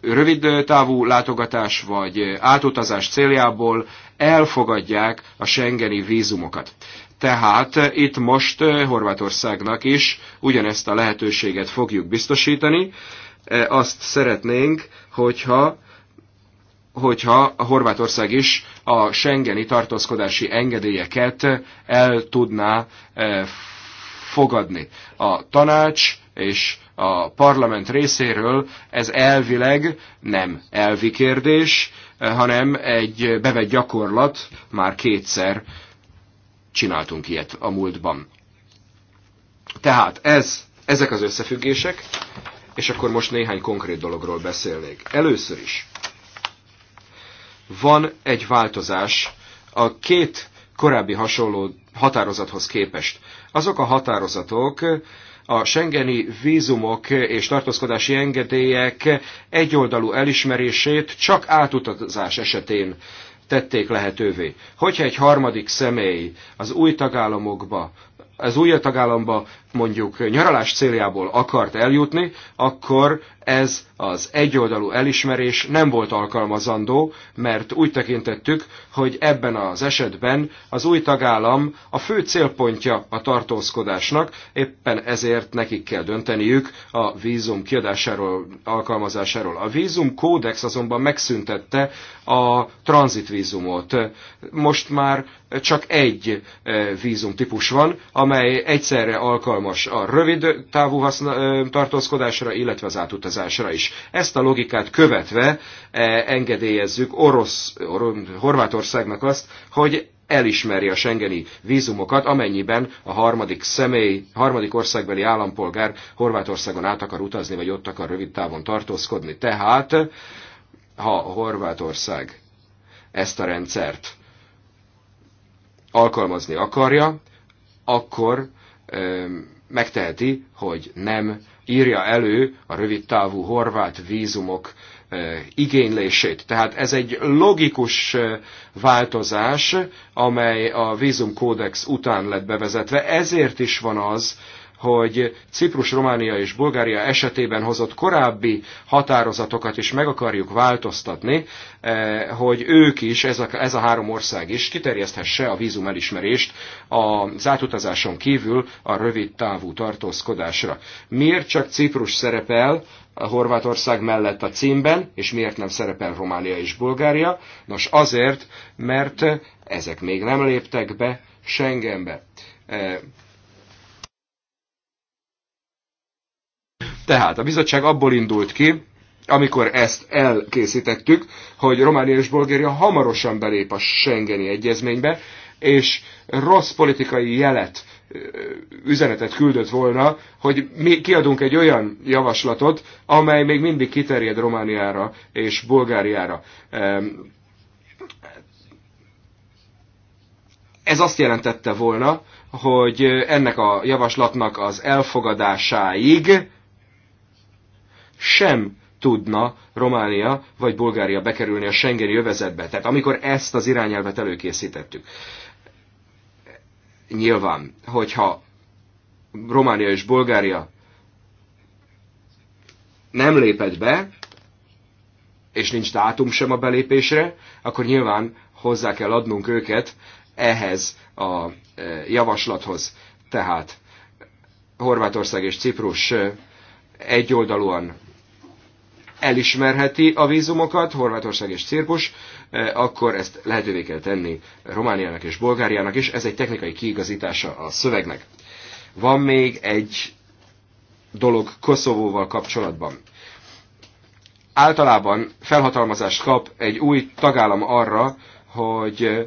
rövid távú látogatás vagy átutazás céljából elfogadják a Schengeni vízumokat. Tehát itt most e, Horvátországnak is ugyanezt a lehetőséget fogjuk biztosítani. E, azt szeretnénk, hogyha hogyha Horvátország is a Schengeni tartózkodási engedélyeket el tudná eh, fogadni. A tanács és a parlament részéről ez elvileg nem elvi kérdés, eh, hanem egy bevett gyakorlat, már kétszer csináltunk ilyet a múltban. Tehát ez, ezek az összefüggések, és akkor most néhány konkrét dologról beszélnék. Először is van egy változás a két korábbi hasonló határozathoz képest. Azok a határozatok, a Schengeni vízumok és tartózkodási engedélyek egyoldalú elismerését csak átutazás esetén tették lehetővé. Hogyha egy harmadik személy az új tagállamokba, az új tagállamba mondjuk nyaralás céljából akart eljutni, akkor ez az egyoldalú elismerés nem volt alkalmazandó, mert úgy tekintettük, hogy ebben az esetben az új tagállam a fő célpontja a tartózkodásnak, éppen ezért nekik kell dönteniük a vízum kiadásáról, alkalmazásáról. A vízum kódex azonban megszüntette a tranzitvízumot. Most már csak egy eh, vízum típus van, amely egyszerre alkalmazható alkalmas a rövid távú haszna, tartózkodásra, illetve az átutazásra is. Ezt a logikát követve e, engedélyezzük orosz, or, Horvátországnak azt, hogy elismeri a Schengeni vízumokat, amennyiben a harmadik személy, harmadik országbeli állampolgár Horvátországon át akar utazni, vagy ott akar rövid távon tartózkodni. Tehát, ha Horvátország ezt a rendszert alkalmazni akarja, akkor megteheti, hogy nem írja elő a rövidtávú horvát vízumok igénylését. Tehát ez egy logikus változás, amely a vízumkódex után lett bevezetve. Ezért is van az, hogy Ciprus, Románia és Bulgária esetében hozott korábbi határozatokat is meg akarjuk változtatni, eh, hogy ők is, ez a, ez a három ország is kiterjeszthesse a vízum elismerést az átutazáson kívül a rövid távú tartózkodásra. Miért csak Ciprus szerepel a Horvátország mellett a címben, és miért nem szerepel Románia és Bulgária? Nos, azért, mert ezek még nem léptek be Schengenbe eh, Tehát a bizottság abból indult ki, amikor ezt elkészítettük, hogy Románia és Bulgária hamarosan belép a Schengeni egyezménybe, és rossz politikai jelet, üzenetet küldött volna, hogy mi kiadunk egy olyan javaslatot, amely még mindig kiterjed Romániára és Bulgáriára. Ehm, ez azt jelentette volna, hogy ennek a javaslatnak az elfogadásáig sem tudna Románia vagy Bulgária bekerülni a Schengeni övezetbe. Tehát amikor ezt az irányelvet előkészítettük. Nyilván, hogyha Románia és Bulgária nem lépett be, és nincs dátum sem a belépésre, akkor nyilván hozzá kell adnunk őket ehhez a e, javaslathoz. Tehát Horvátország és Ciprus e, egyoldalúan elismerheti a vízumokat, Horvátország és Cirkus, eh, akkor ezt lehetővé kell tenni Romániának és Bulgáriának is. Ez egy technikai kiigazítása a szövegnek. Van még egy dolog Koszovóval kapcsolatban. Általában felhatalmazást kap egy új tagállam arra, hogy eh,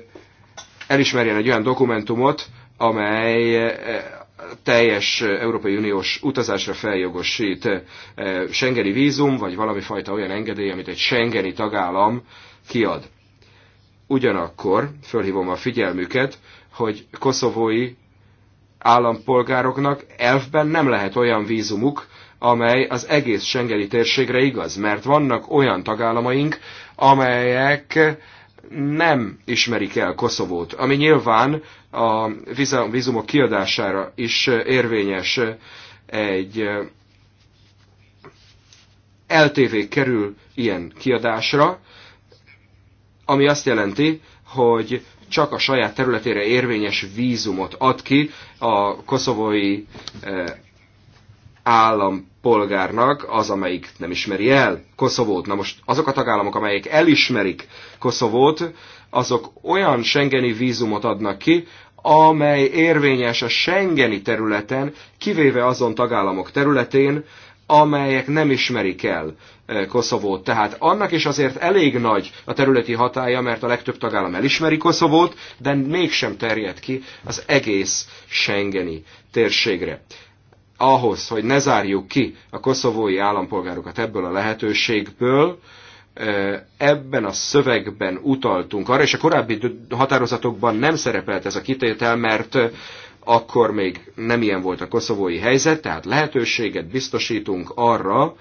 elismerjen egy olyan dokumentumot, amely eh, teljes Európai Uniós utazásra feljogosít eh, Schengeni vízum, vagy valami fajta olyan engedély, amit egy Schengeni tagállam kiad. Ugyanakkor fölhívom a figyelmüket, hogy koszovói állampolgároknak elfben nem lehet olyan vízumuk, amely az egész Schengeni térségre igaz, mert vannak olyan tagállamaink, amelyek nem ismerik el Koszovót, ami nyilván a vízumok kiadására is érvényes egy LTV kerül ilyen kiadásra, ami azt jelenti, hogy csak a saját területére érvényes vízumot ad ki a koszovói állam polgárnak az, amelyik nem ismeri el Koszovót. Na most azok a tagállamok, amelyek elismerik Koszovót, azok olyan Schengeni vízumot adnak ki, amely érvényes a Schengeni területen, kivéve azon tagállamok területén, amelyek nem ismerik el eh, Koszovót. Tehát annak is azért elég nagy a területi hatája, mert a legtöbb tagállam elismeri Koszovót, de mégsem terjed ki az egész Schengeni térségre ahhoz, hogy ne zárjuk ki a koszovói állampolgárokat ebből a lehetőségből, ebben a szövegben utaltunk arra, és a korábbi határozatokban nem szerepelt ez a kitétel, mert akkor még nem ilyen volt a koszovói helyzet, tehát lehetőséget biztosítunk arra,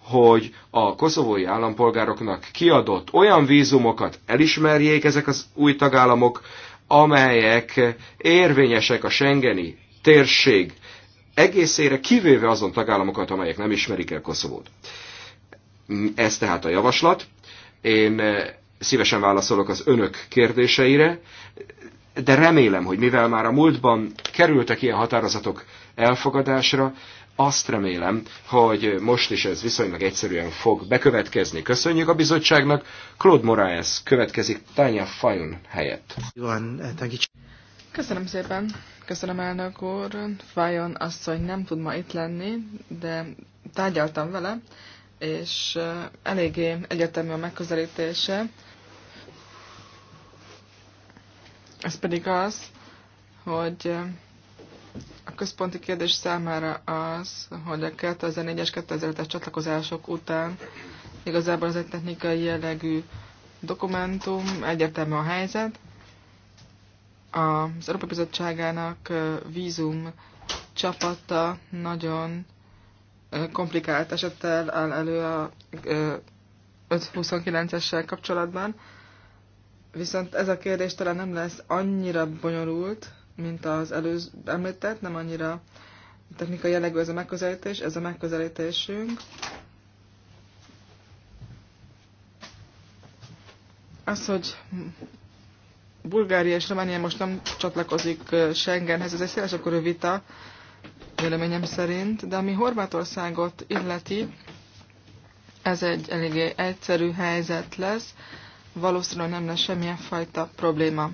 hogy a koszovói állampolgároknak kiadott olyan vízumokat elismerjék ezek az új tagállamok, amelyek érvényesek a Schengeni térség egészére, kivéve azon tagállamokat, amelyek nem ismerik el Koszovót. Mm, ez tehát a javaslat. Én eh, szívesen válaszolok az önök kérdéseire, de remélem, hogy mivel már a múltban kerültek ilyen határozatok elfogadásra, azt remélem, hogy most is ez viszonylag egyszerűen fog bekövetkezni. Köszönjük a bizottságnak. Claude Moraes következik Tanya Fajon helyett. Köszönöm szépen. Köszönöm elnök úr. Fájon azt, hogy nem tud ma itt lenni, de tárgyaltam vele, és eléggé egyetemű a megközelítése. Ez pedig az, hogy a központi kérdés számára az, hogy a 2004-es, 2005-es csatlakozások után igazából az egy technikai jellegű dokumentum, egyetemű a helyzet, az Európai Bizottságának vízum csapata nagyon komplikált esettel áll elő a 529-essel kapcsolatban, viszont ez a kérdés talán nem lesz annyira bonyolult, mint az előző említett, nem annyira technikai jellegű ez a megközelítés, ez a megközelítésünk. Az, hogy Bulgária és Románia most nem csatlakozik Schengenhez, ez egy szélesebb a vita, véleményem szerint, de ami Horvátországot illeti, ez egy eléggé egyszerű helyzet lesz, valószínűleg nem lesz semmilyen fajta probléma.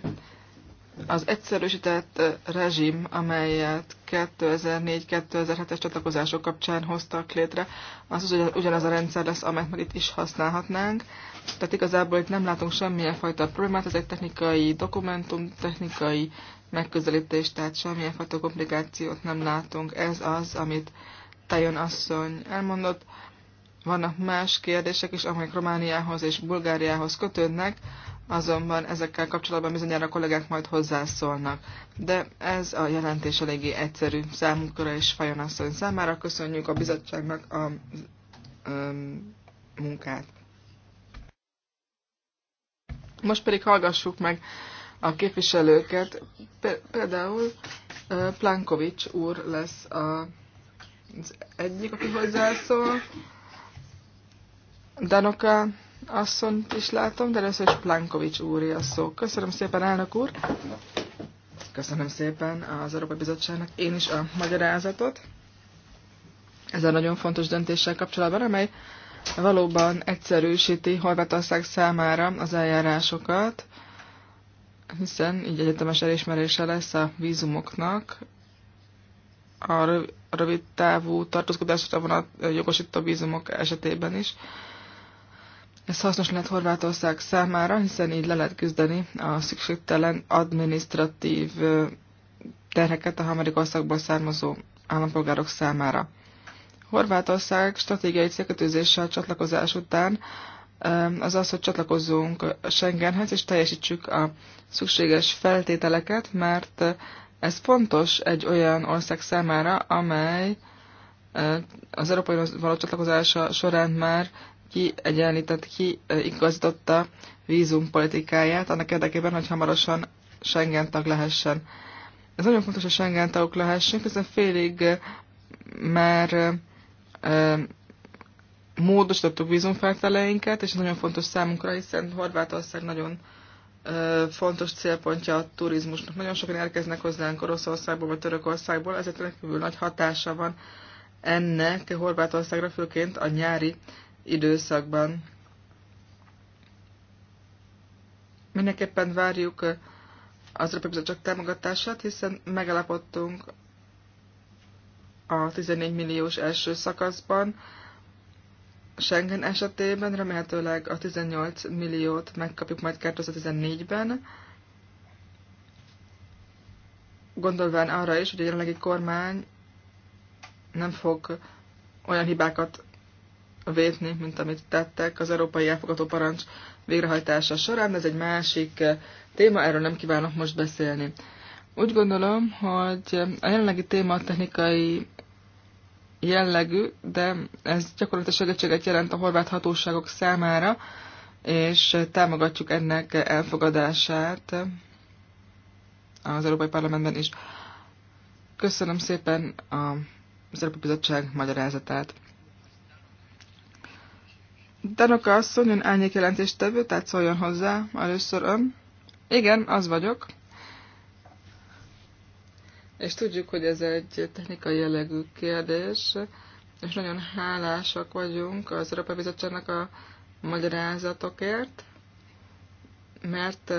Az egyszerűsített rezsim, amelyet 2004-2007-es csatlakozások kapcsán hoztak létre, az ugyanaz a rendszer lesz, amelyet meg itt is használhatnánk. Tehát igazából itt nem látunk semmilyen fajta problémát, ez egy technikai dokumentum, technikai megközelítés, tehát semmilyen fajta komplikációt nem látunk. Ez az, amit Tajon asszony elmondott. Vannak más kérdések is, amelyek Romániához és Bulgáriához kötődnek, azonban ezekkel kapcsolatban bizonyára a kollégák majd hozzászólnak. De ez a jelentés eléggé egyszerű számukra és fajonasszony számára. Köszönjük a bizottságnak a, a, a munkát. Most pedig hallgassuk meg a képviselőket. Például Plankovics úr lesz a, az egyik, aki hozzászól. Danoka asszonyt is látom, de először is Plankovics úri a szó. Köszönöm szépen, elnök úr! Köszönöm szépen az Európai Bizottságnak én is a magyarázatot a nagyon fontos döntéssel kapcsolatban, amely valóban egyszerűsíti Horvátország számára az eljárásokat, hiszen így egyetemes elismerése lesz a vízumoknak, a rövid távú tartózkodásra vonat jogosító vízumok esetében is. Ez hasznos lehet Horvátország számára, hiszen így le lehet küzdeni a szükségtelen administratív terheket a harmadik országból származó állampolgárok számára. Horvátország stratégiai célkötőzéssel csatlakozás után az az, hogy csatlakozzunk Schengenhez, és teljesítsük a szükséges feltételeket, mert ez fontos egy olyan ország számára, amely az európai való csatlakozása során már kiegyenlített, kiigazította vízumpolitikáját annak érdekében, hogy hamarosan Schengen tag lehessen. Ez nagyon fontos, hogy Schengen tagok lehessünk, hiszen félig már módosítottuk vízumfelteleinket, és nagyon fontos számunkra, hiszen Horvátország nagyon fontos célpontja a turizmusnak. Nagyon sokan érkeznek hozzánk Oroszországból vagy Törökországból, ezért rendkívül nagy hatása van ennek Horvátországra, főként a nyári időszakban. Mindenképpen várjuk az Európai Bizottság támogatását, hiszen megalapodtunk a 14 milliós első szakaszban, Schengen esetében remélhetőleg a 18 milliót megkapjuk majd 2014-ben, gondolván arra is, hogy a jelenlegi kormány nem fog olyan hibákat vétni, mint amit tettek az Európai Elfogató Parancs végrehajtása során, ez egy másik eh, téma, erről nem kívánok most beszélni. Úgy gondolom, hogy a jelenlegi téma technikai jellegű, de ez gyakorlatilag segítséget jelent a horvát hatóságok számára, és támogatjuk ennek elfogadását az Európai Parlamentben is. Köszönöm szépen az Európai Bizottság magyarázatát. Danoka asszony, ön elnyék tehát szóljon hozzá először ön. Igen, az vagyok. És tudjuk, hogy ez egy technikai jellegű kérdés, és nagyon hálásak vagyunk az Európai Bizottságnak a magyarázatokért, mert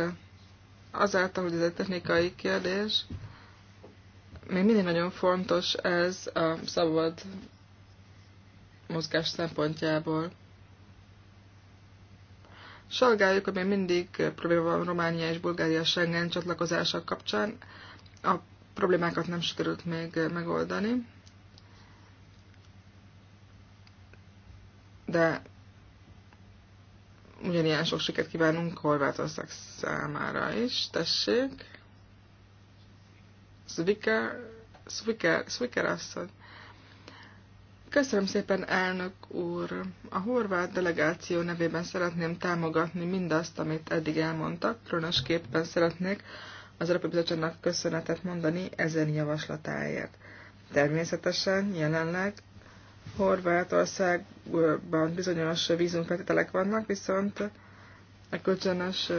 azáltal, hogy ez egy technikai kérdés, még mindig nagyon fontos ez a szabad mozgás szempontjából. Salgáljuk, ami mindig probléma van Románia és Bulgária Schengen csatlakozása kapcsán. A problémákat nem sikerült még megoldani. De ugyanilyen sok sikert kívánunk Horvátország számára is. Tessék! Sviker, Sviker, Sviker asszony. Köszönöm szépen, elnök úr! A horvát delegáció nevében szeretném támogatni mindazt, amit eddig elmondtak, különösképpen szeretnék az Európai Bizottságnak köszönetet mondani ezen javaslatáért. Természetesen jelenleg Horvátországban bizonyos vízumfeltételek vannak, viszont a kölcsönös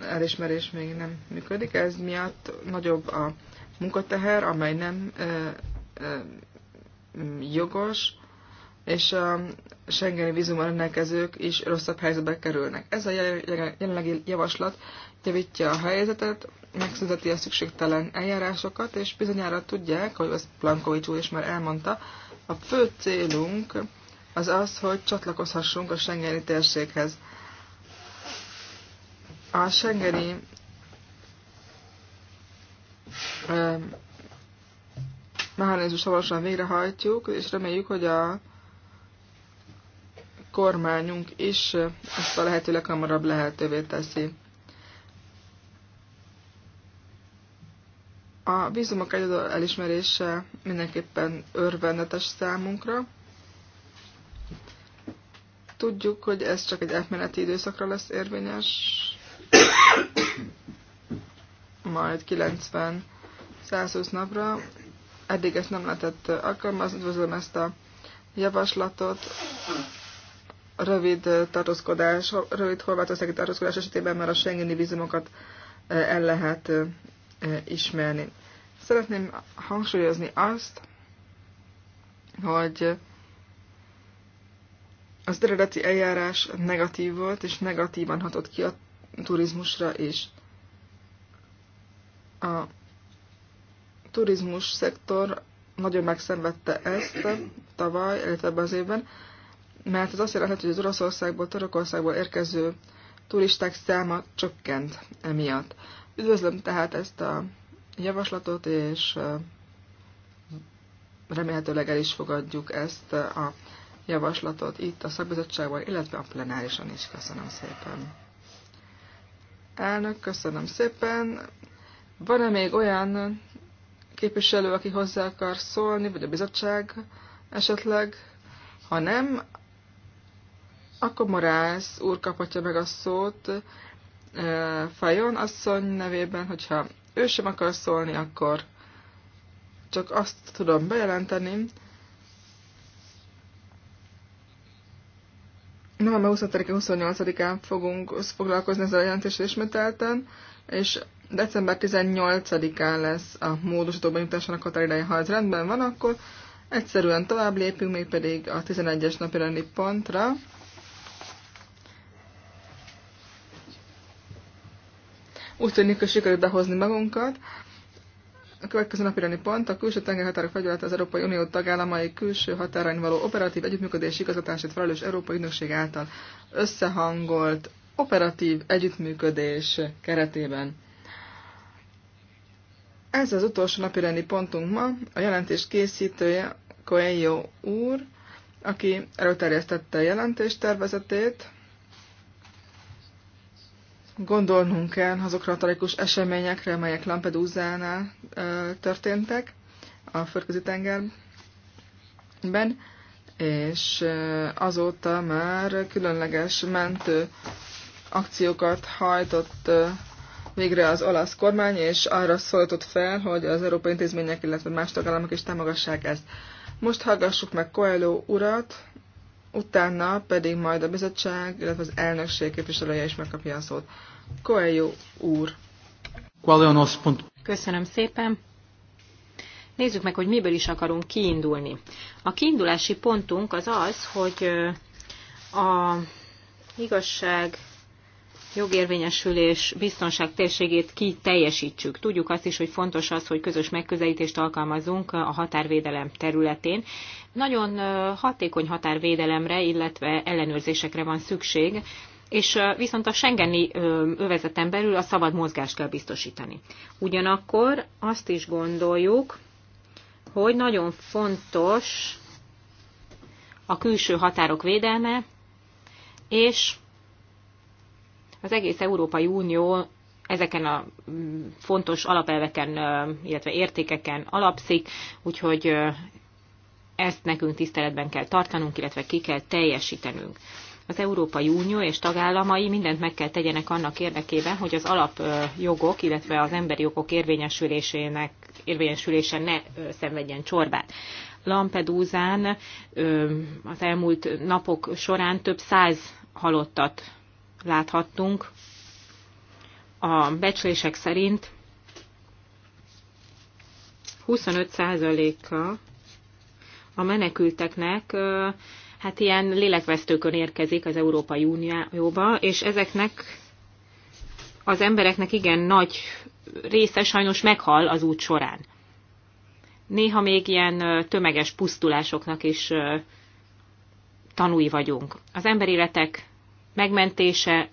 elismerés még nem működik. Ez miatt nagyobb a munkateher, amely nem jogos, és a Schengeni vízummal rendelkezők is rosszabb helyzetbe kerülnek. Ez a jelenlegi javaslat javítja a helyzetet, megszünteti a szükségtelen eljárásokat, és bizonyára tudják, hogy ezt Plankovics úr is már elmondta, a fő célunk az az, hogy csatlakozhassunk a Schengeni térséghez. A Schengeni mechanizmus hamarosan végrehajtjuk, és reméljük, hogy a kormányunk is ezt a lehető leghamarabb lehetővé teszi. A vízumok egyedül elismerése mindenképpen örvendetes számunkra. Tudjuk, hogy ez csak egy átmeneti időszakra lesz érvényes, majd 90 120 napra. Eddig ezt nem lehetett alkalmazni, üdvözlöm ezt a javaslatot rövid eh, tartózkodás, rövid horvátországi tartózkodás esetében már a Schengeni vízumokat eh, el lehet eh, ismerni. Szeretném hangsúlyozni azt, hogy az eredeti eljárás negatív volt, és negatívan hatott ki a turizmusra is. A turizmus szektor nagyon megszenvedte ezt tavaly, illetve az évben, mert ez azt jelenti, hogy az Oroszországból, Törökországból érkező turisták száma csökkent emiatt. Üdvözlöm tehát ezt a javaslatot, és remélhetőleg el is fogadjuk ezt a javaslatot itt a szakbizottságban, illetve a plenárisan is. Köszönöm szépen. Elnök, köszönöm szépen. Van-e még olyan képviselő, aki hozzá akar szólni, vagy a bizottság esetleg? Ha nem, akkor Morász úr kaphatja meg a szót Fajon asszony nevében, hogyha ő sem akar szólni, akkor csak azt tudom bejelenteni, november 27-28-án fogunk foglalkozni ezzel a jelentéssel ismételten, és december 18-án lesz a módosítóban jutásának határideje. Ha ez rendben van, akkor egyszerűen tovább lépünk, mégpedig a 11-es napi rendi pontra, Úgy tűnik, hogy sikerült behozni magunkat. A következő napi pont a külső tengerhatárok felügyelet az Európai Unió tagállamai külső határain való operatív együttműködés igazgatását felelős Európai Ügynökség által összehangolt operatív együttműködés keretében. Ez az utolsó napirendi pontunk ma. A jelentés készítője Coelho úr, aki előterjesztette a jelentés tervezetét, gondolnunk kell azokra a tragikus eseményekre, amelyek Lampedusánál történtek a földközi tengerben, és azóta már különleges mentő akciókat hajtott végre az olasz kormány, és arra szólított fel, hogy az európai intézmények, illetve más tagállamok is támogassák ezt. Most hallgassuk meg Coelho urat, utána pedig majd a bizottság, illetve az elnökség képviselője is megkapja a szót. Coelho úr. Köszönöm szépen. Nézzük meg, hogy miből is akarunk kiindulni. A kiindulási pontunk az az, hogy a igazság jogérvényesülés biztonság térségét ki teljesítsük. Tudjuk azt is, hogy fontos az, hogy közös megközelítést alkalmazunk a határvédelem területén. Nagyon hatékony határvédelemre, illetve ellenőrzésekre van szükség, és viszont a Schengeni övezeten belül a szabad mozgást kell biztosítani. Ugyanakkor azt is gondoljuk, hogy nagyon fontos a külső határok védelme, és az egész Európai Unió ezeken a mm, fontos alapelveken, illetve értékeken alapszik, úgyhogy ezt nekünk tiszteletben kell tartanunk, illetve ki kell teljesítenünk. Az Európai Unió és tagállamai mindent meg kell tegyenek annak érdekében, hogy az alapjogok, illetve az emberi jogok érvényesülésének, érvényesülése ne szenvedjen csorbát. Lampedúzán az elmúlt napok során több száz halottat láthattunk. A becslések szerint 25%-a a menekülteknek hát ilyen lélekvesztőkön érkezik az Európai Unióba, és ezeknek az embereknek igen nagy része sajnos meghal az út során. Néha még ilyen tömeges pusztulásoknak is tanúi vagyunk. Az emberéletek megmentése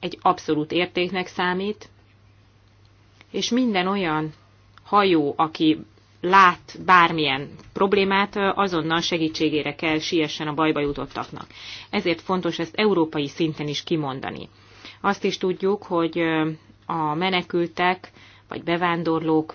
egy abszolút értéknek számít, és minden olyan hajó, aki lát bármilyen problémát, azonnal segítségére kell siessen a bajba jutottaknak. Ezért fontos ezt európai szinten is kimondani. Azt is tudjuk, hogy a menekültek vagy bevándorlók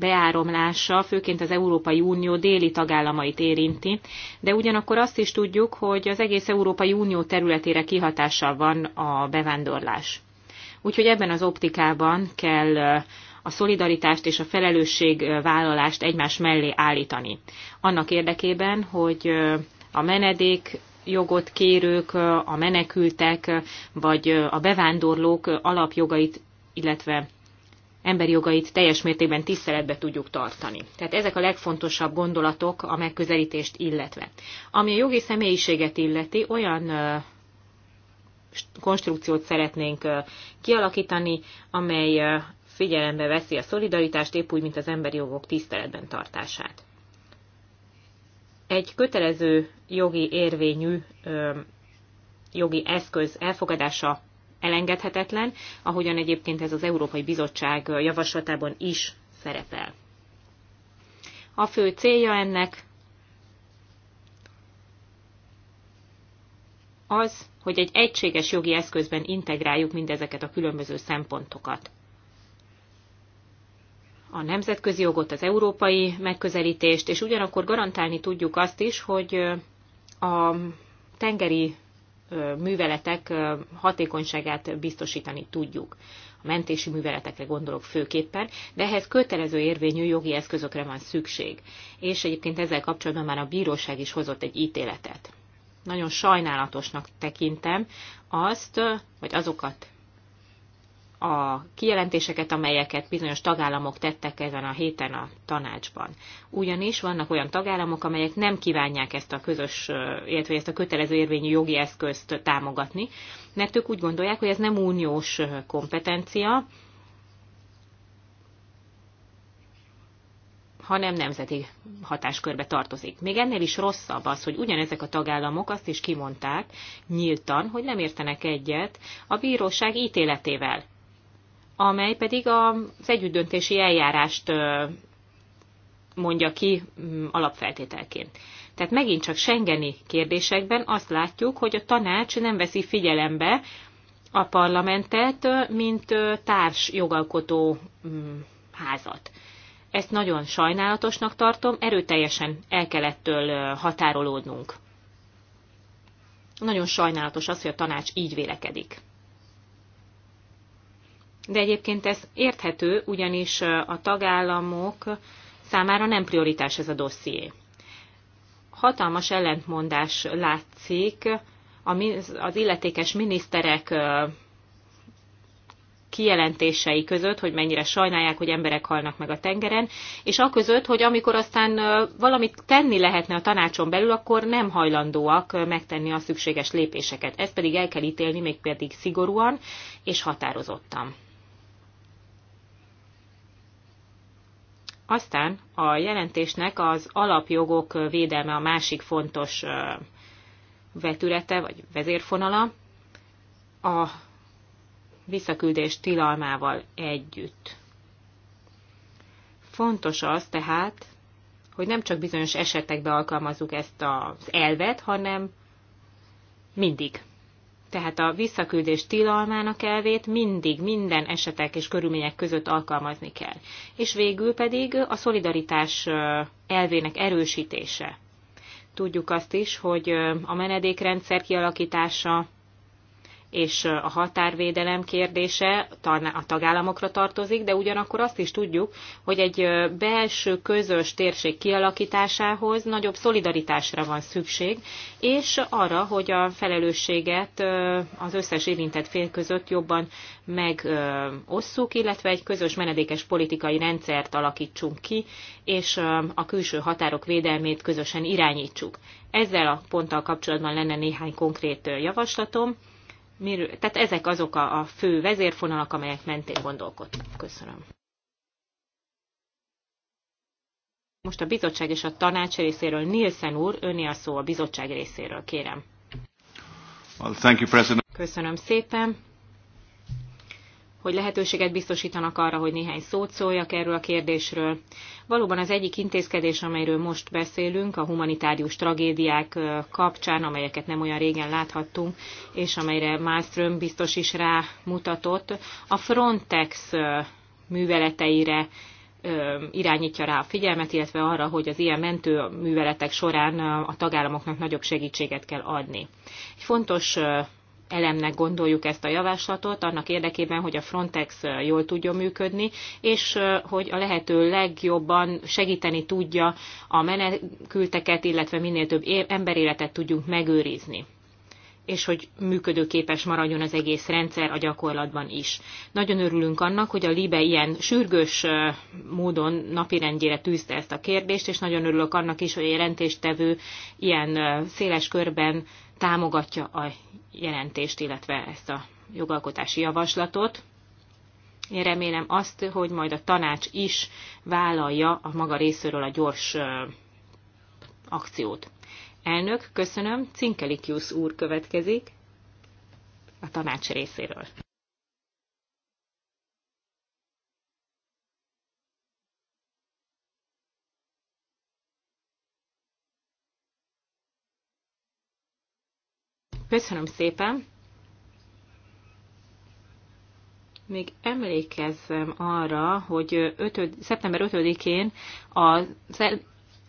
beáramlása főként az Európai Unió déli tagállamait érinti, de ugyanakkor azt is tudjuk, hogy az egész Európai Unió területére kihatással van a bevándorlás. Úgyhogy ebben az optikában kell a szolidaritást és a felelősségvállalást egymás mellé állítani. Annak érdekében, hogy a menedék jogot kérők, a menekültek vagy a bevándorlók alapjogait, illetve emberi jogait teljes mértékben tiszteletbe tudjuk tartani. Tehát ezek a legfontosabb gondolatok a megközelítést illetve. Ami a jogi személyiséget illeti, olyan konstrukciót szeretnénk kialakítani, amely figyelembe veszi a szolidaritást, épp úgy, mint az emberi jogok tiszteletben tartását. Egy kötelező jogi érvényű jogi eszköz elfogadása elengedhetetlen, ahogyan egyébként ez az Európai Bizottság javaslatában is szerepel. A fő célja ennek az, hogy egy egységes jogi eszközben integráljuk mindezeket a különböző szempontokat. A nemzetközi jogot, az európai megközelítést, és ugyanakkor garantálni tudjuk azt is, hogy a tengeri műveletek hatékonyságát biztosítani tudjuk. A mentési műveletekre gondolok főképpen, de ehhez kötelező érvényű jogi eszközökre van szükség. És egyébként ezzel kapcsolatban már a bíróság is hozott egy ítéletet. Nagyon sajnálatosnak tekintem azt, vagy azokat a kijelentéseket, amelyeket bizonyos tagállamok tettek ezen a héten a tanácsban. Ugyanis vannak olyan tagállamok, amelyek nem kívánják ezt a közös, illetve ezt a kötelező érvényű jogi eszközt támogatni, mert ők úgy gondolják, hogy ez nem uniós kompetencia, hanem nemzeti hatáskörbe tartozik. Még ennél is rosszabb az, hogy ugyanezek a tagállamok azt is kimondták nyíltan, hogy nem értenek egyet a bíróság ítéletével amely pedig az együttdöntési eljárást mondja ki mm, alapfeltételként. Tehát megint csak Schengeni kérdésekben azt látjuk, hogy a tanács nem veszi figyelembe a parlamentet, mint társ jogalkotó mm, házat. Ezt nagyon sajnálatosnak tartom, erőteljesen el kellettől határolódnunk. Nagyon sajnálatos az, hogy a tanács így vélekedik. De egyébként ez érthető, ugyanis a tagállamok számára nem prioritás ez a dosszié. Hatalmas ellentmondás látszik az illetékes miniszterek kijelentései között, hogy mennyire sajnálják, hogy emberek halnak meg a tengeren, és a között, hogy amikor aztán valamit tenni lehetne a tanácson belül, akkor nem hajlandóak megtenni a szükséges lépéseket. Ezt pedig el kell ítélni, pedig szigorúan és határozottan. Aztán a jelentésnek az alapjogok védelme a másik fontos vetülete, vagy vezérfonala, a visszaküldés tilalmával együtt. Fontos az tehát, hogy nem csak bizonyos esetekben alkalmazzuk ezt az elvet, hanem mindig tehát a visszaküldés tilalmának elvét mindig, minden esetek és körülmények között alkalmazni kell. És végül pedig a szolidaritás elvének erősítése. Tudjuk azt is, hogy a menedékrendszer kialakítása és a határvédelem kérdése a tagállamokra tartozik, de ugyanakkor azt is tudjuk, hogy egy belső közös térség kialakításához nagyobb szolidaritásra van szükség, és arra, hogy a felelősséget az összes érintett fél között jobban megosszuk, illetve egy közös menedékes politikai rendszert alakítsunk ki, és a külső határok védelmét közösen irányítsuk. Ezzel a ponttal kapcsolatban lenne néhány konkrét javaslatom miről, tehát ezek azok a, a fő vezérfonalak, amelyek mentén gondolkodtak. Köszönöm. Most a bizottság és a tanács részéről Nielsen úr, öné a szó a bizottság részéről, kérem. Well, thank you, President. Köszönöm szépen hogy lehetőséget biztosítanak arra, hogy néhány szót szóljak erről a kérdésről. Valóban az egyik intézkedés, amelyről most beszélünk, a humanitárius tragédiák kapcsán, amelyeket nem olyan régen láthattunk, és amelyre Malmström biztos is rámutatott, a Frontex műveleteire irányítja rá a figyelmet, illetve arra, hogy az ilyen mentő műveletek során a tagállamoknak nagyobb segítséget kell adni. Egy fontos elemnek gondoljuk ezt a javaslatot, annak érdekében, hogy a Frontex jól tudjon működni, és hogy a lehető legjobban segíteni tudja a menekülteket, illetve minél több emberéletet tudjunk megőrizni és hogy működőképes maradjon az egész rendszer a gyakorlatban is. Nagyon örülünk annak, hogy a LIBE ilyen sürgős módon napirendjére tűzte ezt a kérdést, és nagyon örülök annak is, hogy a jelentéstevő ilyen széles körben támogatja a jelentést, illetve ezt a jogalkotási javaslatot. Én remélem azt, hogy majd a tanács is vállalja a maga részéről a gyors akciót. Elnök, köszönöm. Cinkelikius úr következik a tanács részéről. Köszönöm szépen! Még emlékezzem arra, hogy 5, szeptember 5-én az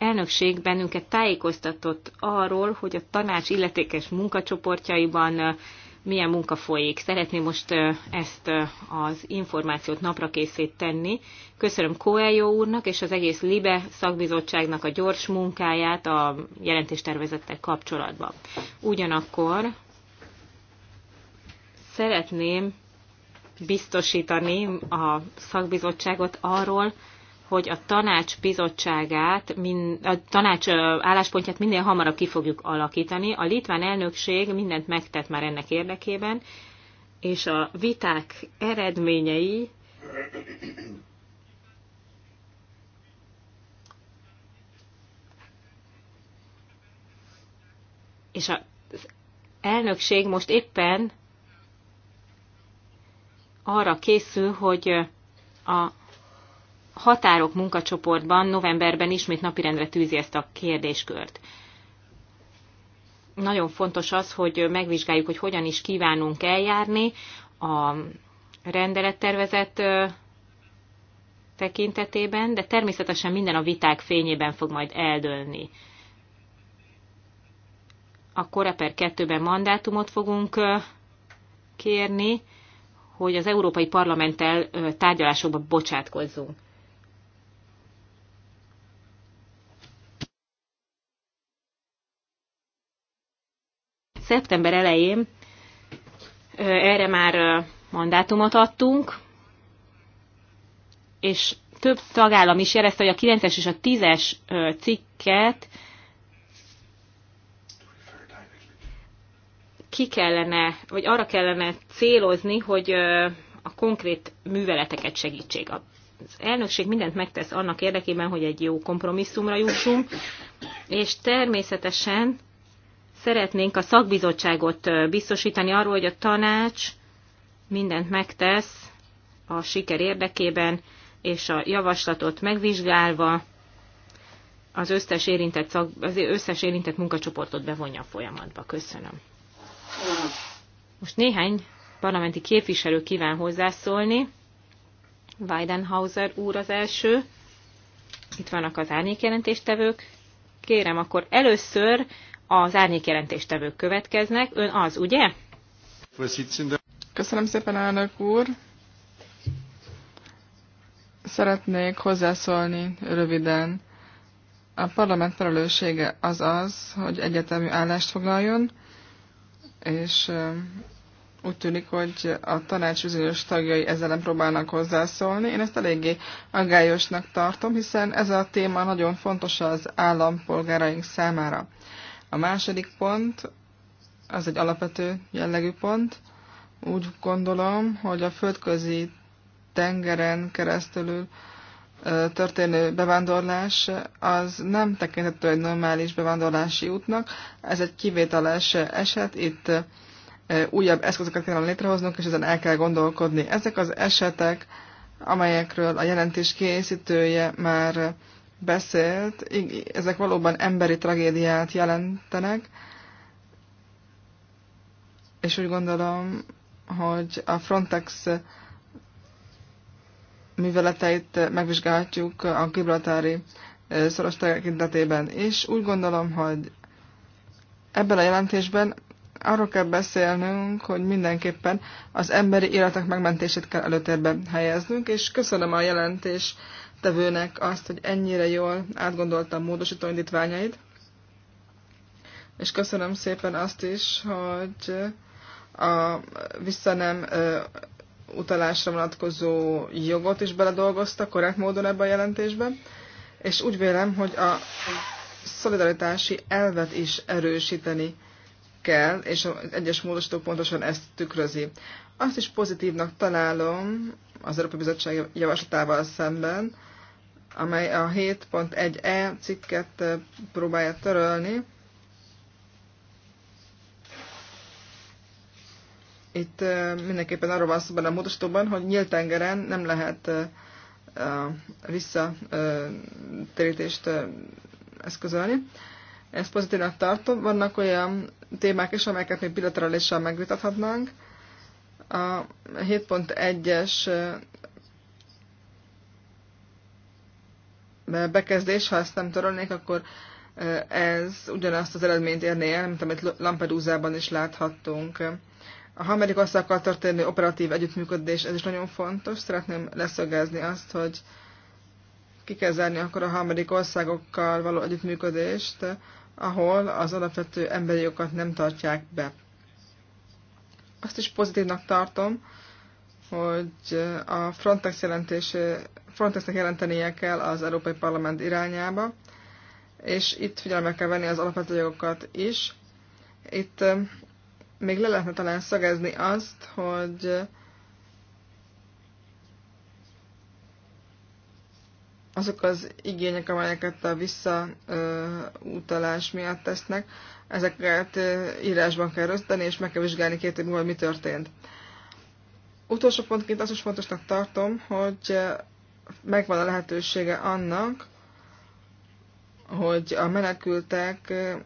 elnökség bennünket tájékoztatott arról, hogy a tanács illetékes munkacsoportjaiban milyen munka folyik. Szeretném most ezt az információt napra készét tenni. Köszönöm Koeljó úrnak és az egész LIBE szakbizottságnak a gyors munkáját a jelentéstervezettel kapcsolatban. Ugyanakkor szeretném biztosítani a szakbizottságot arról, hogy a tanács bizottságát, a tanács álláspontját minél hamarabb ki fogjuk alakítani. A litván elnökség mindent megtett már ennek érdekében, és a viták eredményei és az elnökség most éppen arra készül, hogy a határok munkacsoportban novemberben ismét napirendre tűzi ezt a kérdéskört. Nagyon fontos az, hogy megvizsgáljuk, hogy hogyan is kívánunk eljárni a rendelettervezet tekintetében, de természetesen minden a viták fényében fog majd eldőlni. A Koreper 2-ben mandátumot fogunk kérni, hogy az Európai Parlamenttel tárgyalásokba bocsátkozzunk. szeptember elején erre már mandátumot adtunk, és több tagállam is jelezte, hogy a 9-es és a 10-es cikket ki kellene, vagy arra kellene célozni, hogy a konkrét műveleteket segítsék. Az elnökség mindent megtesz annak érdekében, hogy egy jó kompromisszumra jussunk, és természetesen Szeretnénk a szakbizottságot biztosítani arról, hogy a tanács mindent megtesz a siker érdekében, és a javaslatot megvizsgálva az összes érintett, szak, az összes érintett munkacsoportot bevonja a folyamatba. Köszönöm. Most néhány parlamenti képviselő kíván hozzászólni. Weidenhauser úr az első. Itt vannak az árnyékjelentéstevők. Kérem, akkor először az árnyékjelentéstevők következnek. Ön az, ugye? Köszönöm szépen, elnök úr! Szeretnék hozzászólni röviden. A parlament felelőssége az az, hogy egyetemű állást foglaljon, és úgy tűnik, hogy a tanács bizonyos tagjai ezzel nem próbálnak hozzászólni. Én ezt eléggé aggályosnak tartom, hiszen ez a téma nagyon fontos az állampolgáraink számára. A második pont, az egy alapvető jellegű pont. Úgy gondolom, hogy a földközi tengeren keresztül történő bevándorlás az nem tekinthető egy normális bevándorlási útnak. Ez egy kivételes eset, itt újabb eszközöket kellene létrehoznunk, és ezen el kell gondolkodni. Ezek az esetek, amelyekről a jelentés készítője már beszélt, ezek valóban emberi tragédiát jelentenek, és úgy gondolom, hogy a Frontex műveleteit megvizsgálhatjuk a gibraltári szoros tekintetében is. Úgy gondolom, hogy ebben a jelentésben arról kell beszélnünk, hogy mindenképpen az emberi életek megmentését kell előtérbe helyeznünk, és köszönöm a jelentés tevőnek azt, hogy ennyire jól átgondolta a módosító indítványait. És köszönöm szépen azt is, hogy a visszanem utalásra vonatkozó jogot is beledolgozta korrekt módon ebbe a jelentésbe, és úgy vélem, hogy a szolidaritási elvet is erősíteni kell, és az egyes módosító pontosan ezt tükrözi. Azt is pozitívnak találom az Európai Bizottság javaslatával szemben, amely a 7.1e cikket próbálja törölni. Itt mindenképpen arról van szó benne a módosítóban, hogy nyílt tengeren nem lehet visszatérítést eszközölni. Ezt pozitívnak tartom. Vannak olyan témák is, amelyeket még bilaterálisan megvitathatnánk. A 7.1-es bekezdés, ha ezt nem törölnék, akkor ez ugyanazt az eredményt érné el, mint amit Lampedusa-ban is láthattunk. A harmadik országokkal történő operatív együttműködés, ez is nagyon fontos. Szeretném leszögezni azt, hogy ki kell zárni akkor a harmadik országokkal való együttműködést, ahol az alapvető emberi jogokat nem tartják be. Azt is pozitívnak tartom, hogy a Frontex jelentés, Frontexnek jelentenie kell az Európai Parlament irányába, és itt figyelme kell venni az alapvető jogokat is. Itt még le lehetne talán szögezni azt, hogy azok az igények, amelyeket a visszautalás miatt tesznek, ezeket írásban kell rögzíteni, és meg kell vizsgálni két év múlva, mi történt. Utolsó pontként azt is fontosnak tartom, hogy eh, megvan a lehetősége annak, hogy a menekültek eh,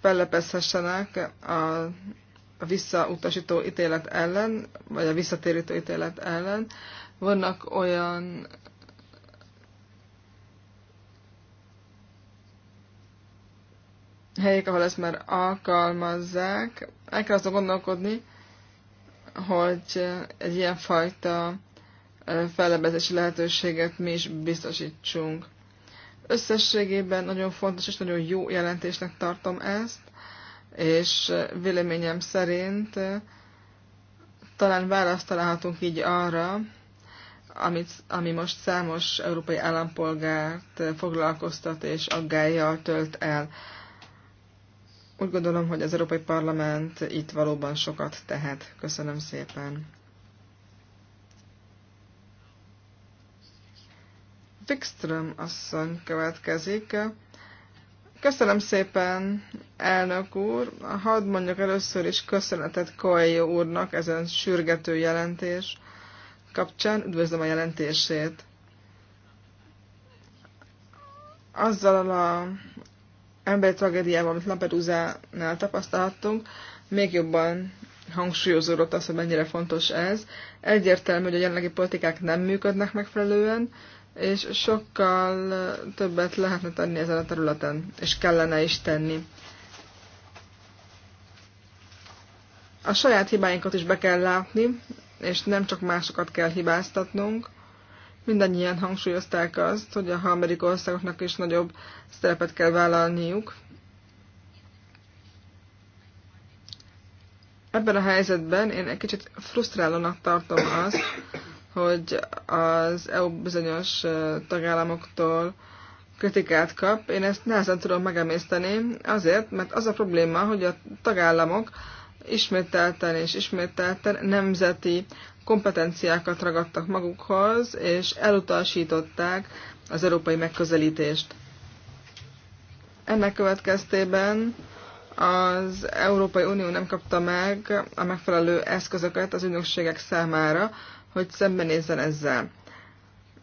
fellepezhessenek a visszautasító ítélet ellen, vagy a visszatérítő ítélet ellen. Vannak olyan helyek, ahol ezt már alkalmazzák. El kell azon gondolkodni, hogy egy ilyen fajta fellebezési lehetőséget mi is biztosítsunk. Összességében nagyon fontos és nagyon jó jelentésnek tartom ezt, és véleményem szerint talán választ találhatunk így arra, amit, ami most számos európai állampolgárt foglalkoztat és aggájjal tölt el. Úgy gondolom, hogy az Európai Parlament itt valóban sokat tehet. Köszönöm szépen. Wikström asszony következik. Köszönöm szépen, elnök úr. Hadd mondjak először is köszönetet Koelho úrnak ezen sürgető jelentés kapcsán. Üdvözlöm a jelentését. Azzal a ember tragédiával, amit Lampedusa-nál tapasztalhattunk, még jobban hangsúlyozódott az, hogy mennyire fontos ez. Egyértelmű, hogy a jelenlegi politikák nem működnek megfelelően, és sokkal többet lehetne tenni ezen a területen, és kellene is tenni. A saját hibáinkat is be kell látni, és nem csak másokat kell hibáztatnunk mindannyian hangsúlyozták azt, hogy a harmadik országoknak is nagyobb szerepet kell vállalniuk. Ebben a helyzetben én egy kicsit frusztrálónak tartom azt, hogy az EU bizonyos tagállamoktól kritikát kap. Én ezt nehezen tudom megemészteni, azért, mert az a probléma, hogy a tagállamok ismételten és ismételten nemzeti kompetenciákat ragadtak magukhoz, és elutasították az európai megközelítést. Ennek következtében az Európai Unió nem kapta meg a megfelelő eszközöket az ügynökségek számára, hogy szembenézzen ezzel.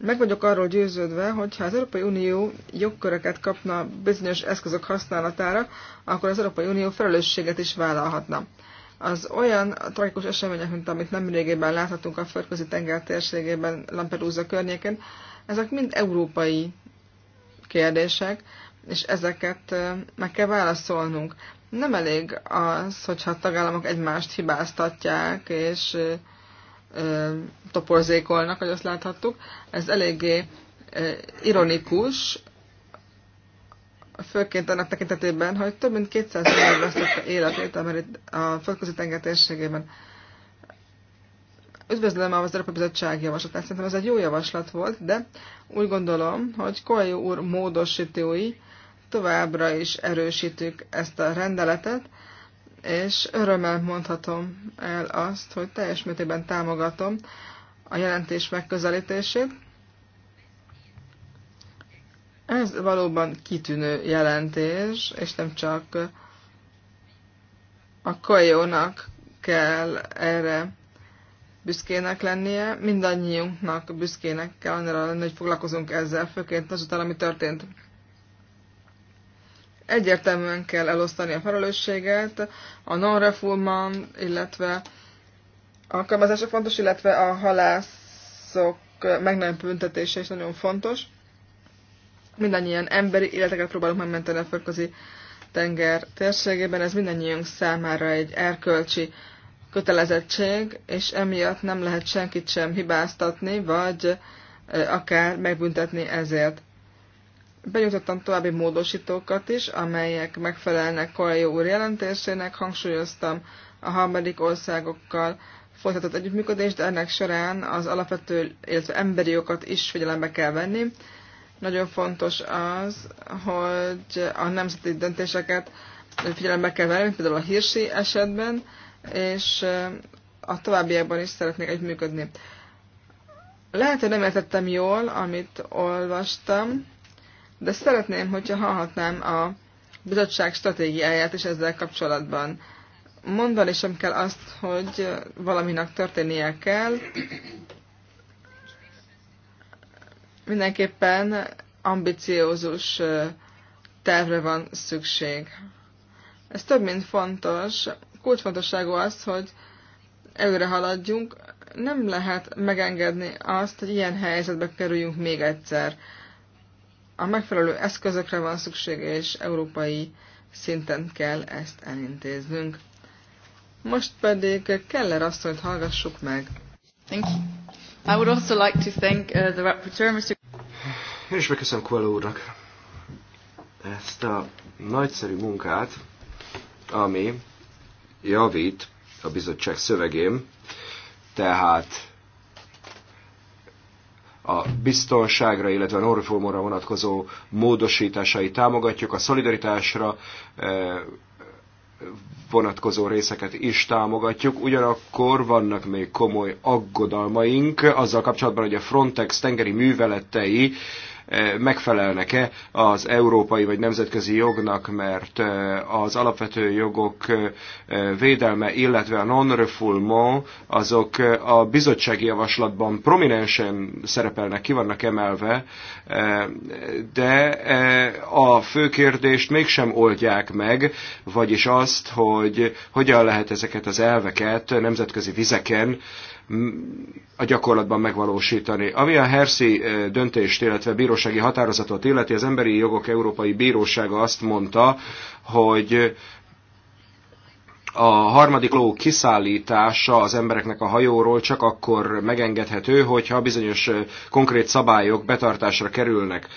Meg vagyok arról győződve, hogy ha az Európai Unió jogköröket kapna bizonyos eszközök használatára, akkor az Európai Unió felelősséget is vállalhatna az olyan tragikus események, mint amit nem régében láthatunk a földközi tenger térségében, Lampedusa környéken, ezek mind európai kérdések, és ezeket meg kell válaszolnunk. Nem elég az, hogyha a tagállamok egymást hibáztatják, és toporzékolnak, hogy azt láthattuk. Ez eléggé ironikus, főként annak tekintetében, hogy több mint 200 ember vesztette életét, mert a földközi tenger térségében üdvözlöm az Európai Bizottság javaslatát. Szerintem ez egy jó javaslat volt, de úgy gondolom, hogy Koljó úr módosítói továbbra is erősítük ezt a rendeletet, és örömmel mondhatom el azt, hogy teljes mértékben támogatom a jelentés megközelítését, ez valóban kitűnő jelentés, és nem csak a kajónak kell erre büszkének lennie, mindannyiunknak büszkének kell annyira lenni, hogy foglalkozunk ezzel, főként azután, ami történt. Egyértelműen kell elosztani a felelősséget, a non-refoulement, illetve alkalmazása fontos, illetve a halászok meg büntetése is nagyon fontos mindannyian emberi életeket próbálunk megmenteni a földközi tenger térségében, ez mindannyiunk számára egy erkölcsi kötelezettség, és emiatt nem lehet senkit sem hibáztatni, vagy akár megbüntetni ezért. Benyújtottam további módosítókat is, amelyek megfelelnek Koljó úr jelentésének, hangsúlyoztam a harmadik országokkal folytatott együttműködést, de ennek során az alapvető, illetve emberi jogokat is figyelembe kell venni. Nagyon fontos az, hogy a nemzeti döntéseket figyelembe kell venni, például a hírsi esetben, és eh, a továbbiakban is szeretnék együttműködni. Lehet, hogy nem értettem jól, amit olvastam, de szeretném, hogyha hallhatnám a bizottság stratégiáját is ezzel kapcsolatban. Mondani sem kell azt, hogy valaminak történnie kell, mindenképpen ambiciózus tervre van szükség. Ez több, mint fontos. Kulcsfontosságú az, hogy előre haladjunk. Nem lehet megengedni azt, hogy ilyen helyzetbe kerüljünk még egyszer. A megfelelő eszközökre van szükség és európai szinten kell ezt elintéznünk. Most pedig Keller asszonyt hallgassuk meg. Thank you. I would also like to thank uh, the rapporteur, Mr és megköszönöm Kuala úrnak ezt a nagyszerű munkát, ami javít a bizottság szövegén, tehát a biztonságra, illetve a norfómora vonatkozó módosításai támogatjuk, a szolidaritásra eh, vonatkozó részeket is támogatjuk, ugyanakkor vannak még komoly aggodalmaink azzal kapcsolatban, hogy a Frontex tengeri műveletei Eh, megfelelnek-e az európai vagy nemzetközi jognak, mert eh, az alapvető jogok eh, védelme, illetve a non-refoulement, azok a bizottsági javaslatban prominensen szerepelnek, ki vannak emelve, de a fő kérdést mégsem oldják meg, vagyis azt, hogy hogyan lehet ezeket az elveket nemzetközi vizeken a gyakorlatban megvalósítani. Ami a Herszi eh, döntést, illetve bírósági határozatot illeti, az Emberi Jogok Európai Bírósága azt mondta, hogy a harmadik ló kiszállítása az embereknek a hajóról csak akkor megengedhető, hogyha bizonyos eh, konkrét szabályok betartásra kerülnek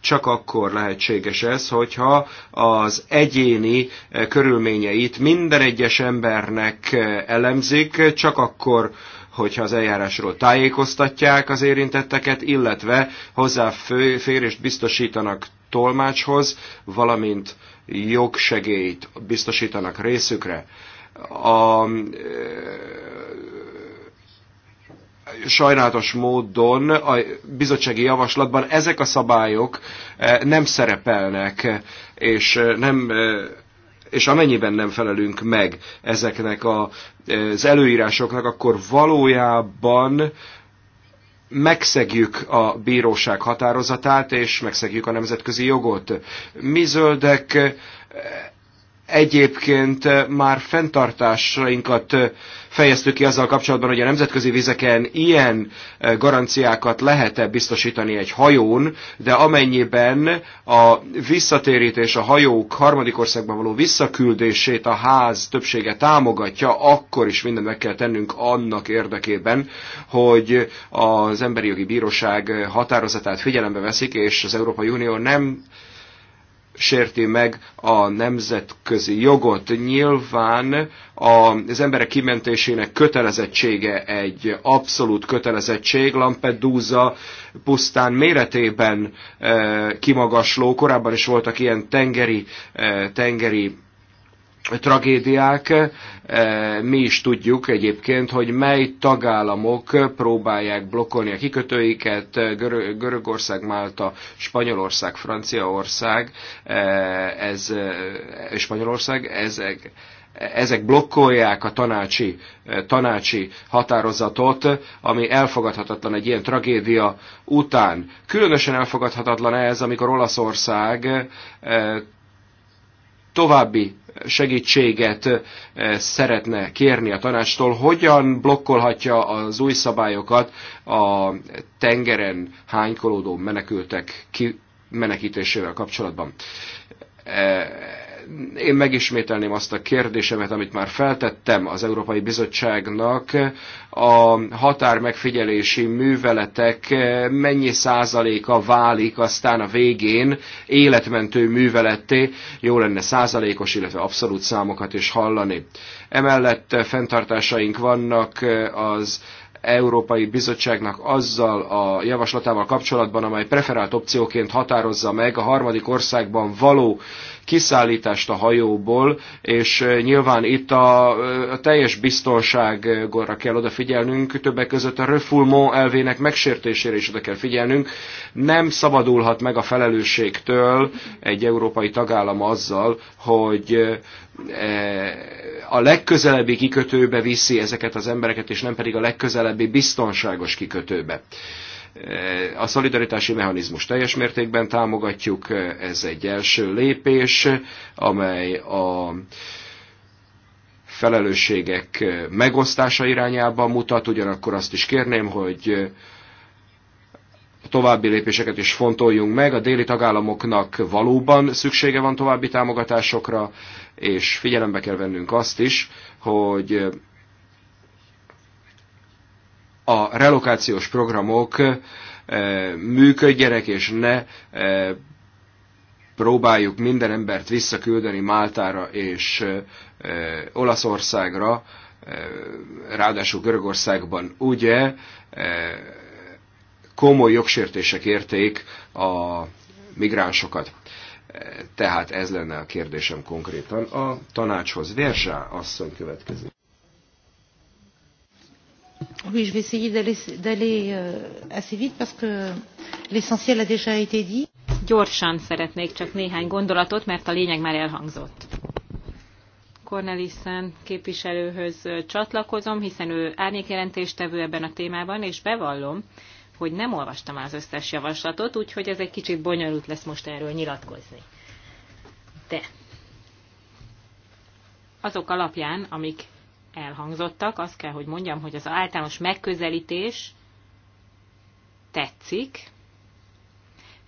csak akkor lehetséges ez, hogyha az egyéni eh, körülményeit minden egyes embernek elemzik, csak akkor hogyha az eljárásról tájékoztatják az érintetteket, illetve hozzáférést biztosítanak tolmácshoz, valamint jogsegélyt biztosítanak részükre. A sajnálatos módon a bizottsági javaslatban ezek a szabályok eh, nem szerepelnek, és eh, nem eh, és amennyiben nem felelünk meg ezeknek a, az előírásoknak, akkor valójában megszegjük a bíróság határozatát, és megszegjük a nemzetközi jogot. Mi zöldek egyébként eh, már fenntartásainkat eh, fejeztük ki azzal kapcsolatban, hogy a nemzetközi vizeken ilyen eh, garanciákat lehet-e biztosítani egy hajón, de amennyiben a visszatérítés a hajók harmadik országban való visszaküldését a ház többsége támogatja, akkor is mindent meg kell tennünk annak érdekében, hogy az Emberi Jogi Bíróság határozatát figyelembe veszik, és az Európai Unió nem sérti meg a nemzetközi jogot. Nyilván az emberek kimentésének kötelezettsége egy abszolút kötelezettség. Lampedusa pusztán méretében eh, kimagasló, korábban is voltak ilyen tengeri, eh, tengeri tragédiák. E, mi is tudjuk egyébként, hogy mely tagállamok próbálják blokkolni a kikötőiket, e, Gör Görögország, Málta, Spanyolország, Franciaország, e, ez, Spanyolország, ezek, ezek blokkolják a tanácsi, tanácsi határozatot, ami elfogadhatatlan egy ilyen tragédia után. Különösen elfogadhatatlan ez, amikor Olaszország további segítséget eh, szeretne kérni a tanácstól, hogyan blokkolhatja az új szabályokat a tengeren hánykolódó menekültek kimenekítésével kapcsolatban eh, én megismételném azt a kérdésemet, amit már feltettem az Európai Bizottságnak. A határmegfigyelési műveletek mennyi százaléka válik aztán a végén életmentő műveletté? Jó lenne százalékos, illetve abszolút számokat is hallani. Emellett fenntartásaink vannak az Európai Bizottságnak azzal a javaslatával kapcsolatban, amely preferált opcióként határozza meg a harmadik országban való kiszállítást a hajóból, és nyilván itt a, a teljes biztonságra kell odafigyelnünk, többek között a refoulement elvének megsértésére is oda kell figyelnünk. Nem szabadulhat meg a felelősségtől egy európai tagállam azzal, hogy e, a legközelebbi kikötőbe viszi ezeket az embereket, és nem pedig a legközelebbi biztonságos kikötőbe. A szolidaritási mechanizmus teljes mértékben támogatjuk, ez egy első lépés, amely a felelősségek megosztása irányába mutat, ugyanakkor azt is kérném, hogy további lépéseket is fontoljunk meg. A déli tagállamoknak valóban szüksége van további támogatásokra, és figyelembe kell vennünk azt is, hogy a relokációs programok e, működjenek, és ne e, próbáljuk minden embert visszaküldeni Máltára és e, Olaszországra, ráadásul Görögországban, ugye komoly jogsértések érték a migránsokat. Tehát ez lenne a kérdésem konkrétan. A tanácshoz Verzsá asszony következik je vais essayer d'aller euh, assez vite parce que l'essentiel a déjà été dit. Gyorsan szeretnék csak néhány gondolatot, mert a lényeg már elhangzott. Cornelissen képviselőhöz csatlakozom, hiszen ő árnyékjelentést tevő ebben a témában, és bevallom, hogy nem olvastam az összes javaslatot, úgyhogy ez egy kicsit bonyolult lesz most erről nyilatkozni. De azok alapján, amik elhangzottak. Azt kell, hogy mondjam, hogy az általános megközelítés tetszik,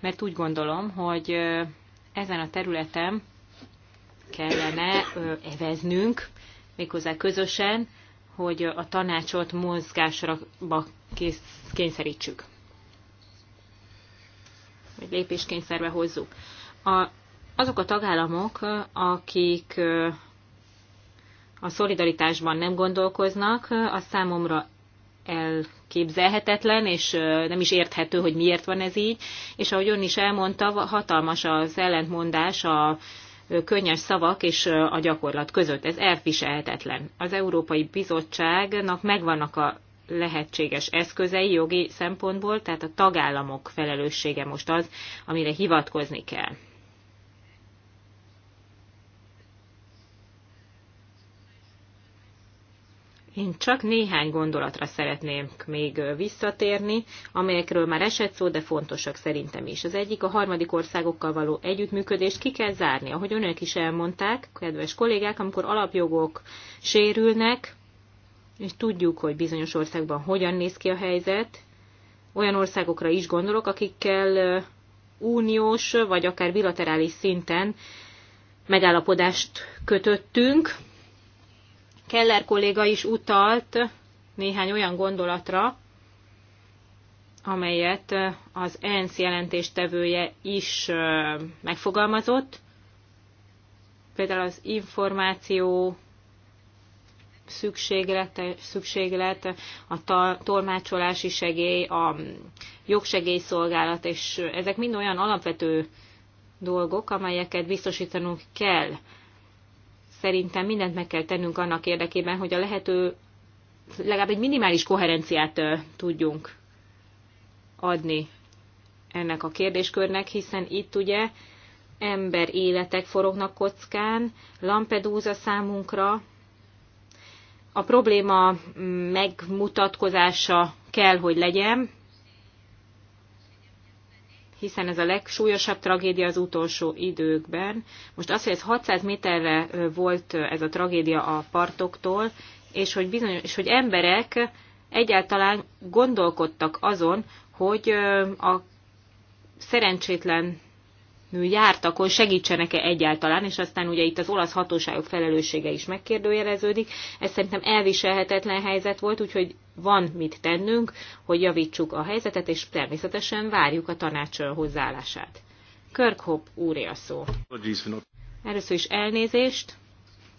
mert úgy gondolom, hogy ezen a területen kellene eveznünk, méghozzá közösen, hogy a tanácsot mozgásra kényszerítsük. Vagy lépéskényszerbe hozzuk. A, azok a tagállamok, akik a szolidaritásban nem gondolkoznak, az számomra elképzelhetetlen, és nem is érthető, hogy miért van ez így, és ahogy ön is elmondta, hatalmas az ellentmondás a könnyes szavak és a gyakorlat között. Ez elviselhetetlen. Az Európai Bizottságnak megvannak a lehetséges eszközei jogi szempontból, tehát a tagállamok felelőssége most az, amire hivatkozni kell. Én csak néhány gondolatra szeretném még visszatérni, amelyekről már esett szó, de fontosak szerintem is. Az egyik a harmadik országokkal való együttműködést ki kell zárni. Ahogy önök is elmondták, kedves kollégák, amikor alapjogok sérülnek, és tudjuk, hogy bizonyos országban hogyan néz ki a helyzet, olyan országokra is gondolok, akikkel uniós vagy akár bilaterális szinten megállapodást kötöttünk, Keller kolléga is utalt néhány olyan gondolatra, amelyet az ENSZ jelentéstevője is megfogalmazott, például az információ szükséglet, szükséglet a tolmácsolási segély, a jogsegélyszolgálat, és ezek mind olyan alapvető dolgok, amelyeket biztosítanunk kell szerintem mindent meg kell tennünk annak érdekében, hogy a lehető legalább egy minimális koherenciát tudjunk adni ennek a kérdéskörnek, hiszen itt ugye ember életek forognak kockán, Lampedusa számunkra a probléma mm, megmutatkozása kell, hogy legyen, hiszen ez a legsúlyosabb tragédia az utolsó időkben. Most az, hogy ez 600 méterre volt ez a tragédia a partoktól, és hogy, bizonyos, és hogy emberek egyáltalán gondolkodtak azon, hogy a szerencsétlen járt, akkor segítsenek-e egyáltalán, és aztán ugye itt az olasz hatóságok felelőssége is megkérdőjeleződik. Ez szerintem elviselhetetlen helyzet volt, úgyhogy van mit tennünk, hogy javítsuk a helyzetet, és természetesen várjuk a tanács hozzáállását. Kirkhope úré a szó. Először is elnézést,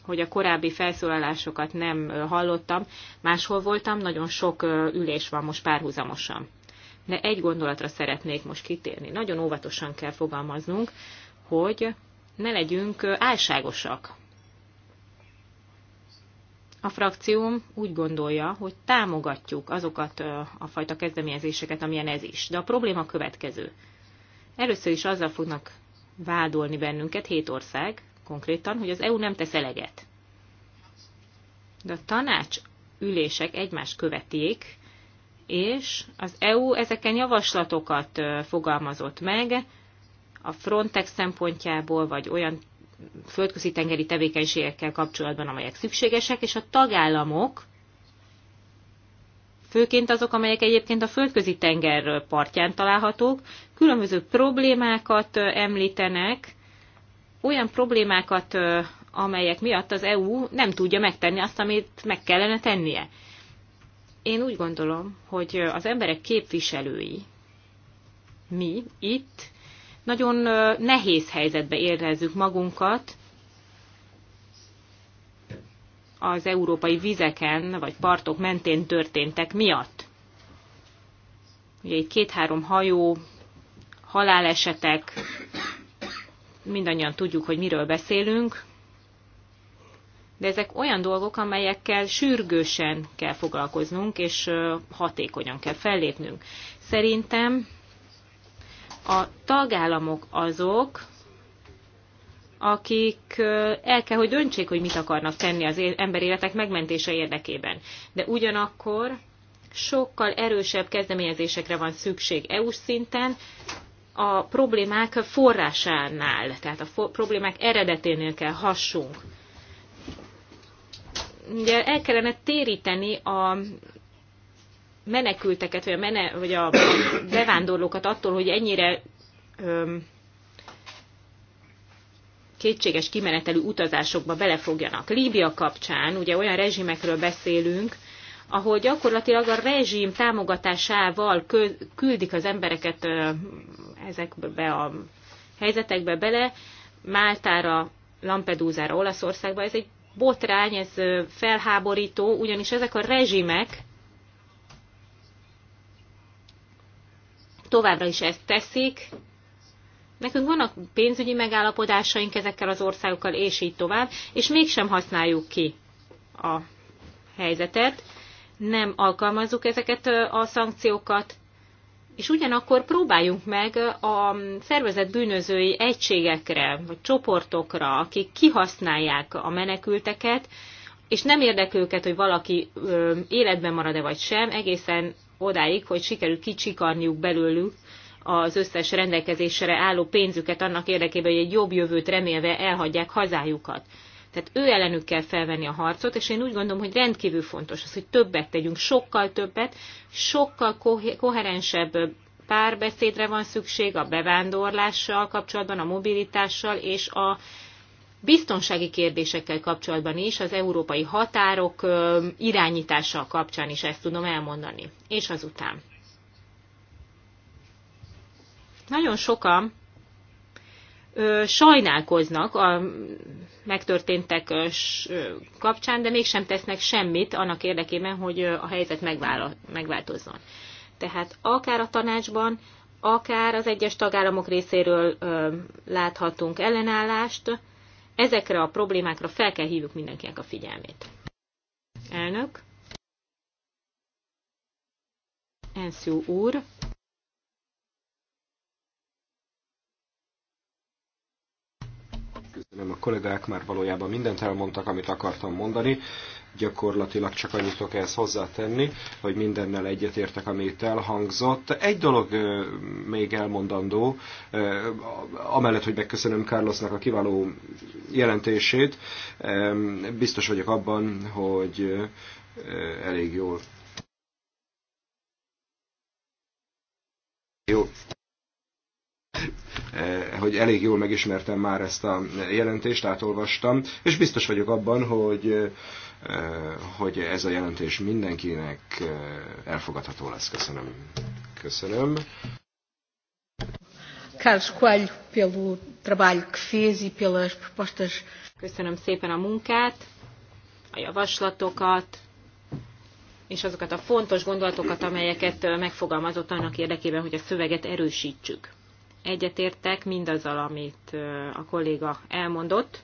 hogy a korábbi felszólalásokat nem hallottam, máshol voltam, nagyon sok ülés van most párhuzamosan de egy gondolatra szeretnék most kitérni. Nagyon óvatosan kell fogalmaznunk, hogy ne legyünk álságosak. A frakcióm úgy gondolja, hogy támogatjuk azokat a fajta kezdeményezéseket, amilyen ez is. De a probléma következő. Először is azzal fognak vádolni bennünket, hét ország konkrétan, hogy az EU nem tesz eleget. De a tanács ülések egymást követik, és az EU ezeken javaslatokat fogalmazott meg a Frontex szempontjából, vagy olyan földközi tengeri tevékenységekkel kapcsolatban, amelyek szükségesek, és a tagállamok, főként azok, amelyek egyébként a földközi tenger partján találhatók, különböző problémákat említenek, olyan problémákat, amelyek miatt az EU nem tudja megtenni azt, amit meg kellene tennie. Én úgy gondolom, hogy az emberek képviselői, mi itt, nagyon nehéz helyzetbe érezzük magunkat az európai vizeken vagy partok mentén történtek miatt. Ugye itt két-három hajó, halálesetek, mindannyian tudjuk, hogy miről beszélünk, de ezek olyan dolgok, amelyekkel sürgősen kell foglalkoznunk, és hatékonyan kell fellépnünk. Szerintem a tagállamok azok, akik el kell, hogy döntsék, hogy mit akarnak tenni az életek megmentése érdekében. De ugyanakkor sokkal erősebb kezdeményezésekre van szükség EU-s szinten, a problémák forrásánál, tehát a problémák eredeténél kell hassunk ugye el kellene téríteni a menekülteket, vagy a, mene, vagy a bevándorlókat attól, hogy ennyire öm, kétséges kimenetelű utazásokba belefogjanak. Líbia kapcsán ugye olyan rezsimekről beszélünk, ahol gyakorlatilag a rezsim támogatásával küldik az embereket ezekbe a helyzetekbe bele, Máltára, Lampedúzára, Olaszországba, ez egy botrány, ez felháborító, ugyanis ezek a rezsimek továbbra is ezt teszik. Nekünk vannak pénzügyi megállapodásaink ezekkel az országokkal, és így tovább, és mégsem használjuk ki a helyzetet, nem alkalmazzuk ezeket a szankciókat, és ugyanakkor próbáljunk meg a szervezet bűnözői egységekre, vagy csoportokra, akik kihasználják a menekülteket, és nem érdekel őket, hogy valaki ö, életben marad-e vagy sem, egészen odáig, hogy sikerül kicsikarniuk belőlük az összes rendelkezésre álló pénzüket annak érdekében, hogy egy jobb jövőt remélve elhagyják hazájukat. Tehát ő ellenük kell felvenni a harcot, és én úgy gondolom, hogy rendkívül fontos az, hogy többet tegyünk, sokkal többet, sokkal koherensebb párbeszédre van szükség a bevándorlással kapcsolatban, a mobilitással és a biztonsági kérdésekkel kapcsolatban is, az európai határok irányítással kapcsán is ezt tudom elmondani. És azután. Nagyon sokan sajnálkoznak a megtörténtek kapcsán, de mégsem tesznek semmit annak érdekében, hogy a helyzet megváltozzon. Tehát akár a tanácsban, akár az egyes tagállamok részéről láthatunk ellenállást, ezekre a problémákra fel kell hívjuk mindenkinek a figyelmét. Elnök. Enszú úr. Köszönöm a kollégák, már valójában mindent elmondtak, amit akartam mondani. Gyakorlatilag csak annyit tudok ehhez hozzátenni, hogy mindennel egyetértek, amit elhangzott. Egy dolog még elmondandó, amellett, hogy megköszönöm Carlosnak a kiváló jelentését, biztos vagyok abban, hogy elég jól jó Eh, hogy elég jól megismertem már ezt a jelentést, átolvastam, és biztos vagyok abban, hogy eh, hogy ez a jelentés mindenkinek eh, elfogadható lesz. Köszönöm. Köszönöm. Carlos Coelho pelo trabalho que fez e pelas propostas. Köszönöm szépen a munkát, a javaslatokat, és azokat a fontos gondolatokat, amelyeket megfogalmazott annak érdekében, hogy a szöveget erősítsük egyetértek mindazzal, amit a kolléga elmondott,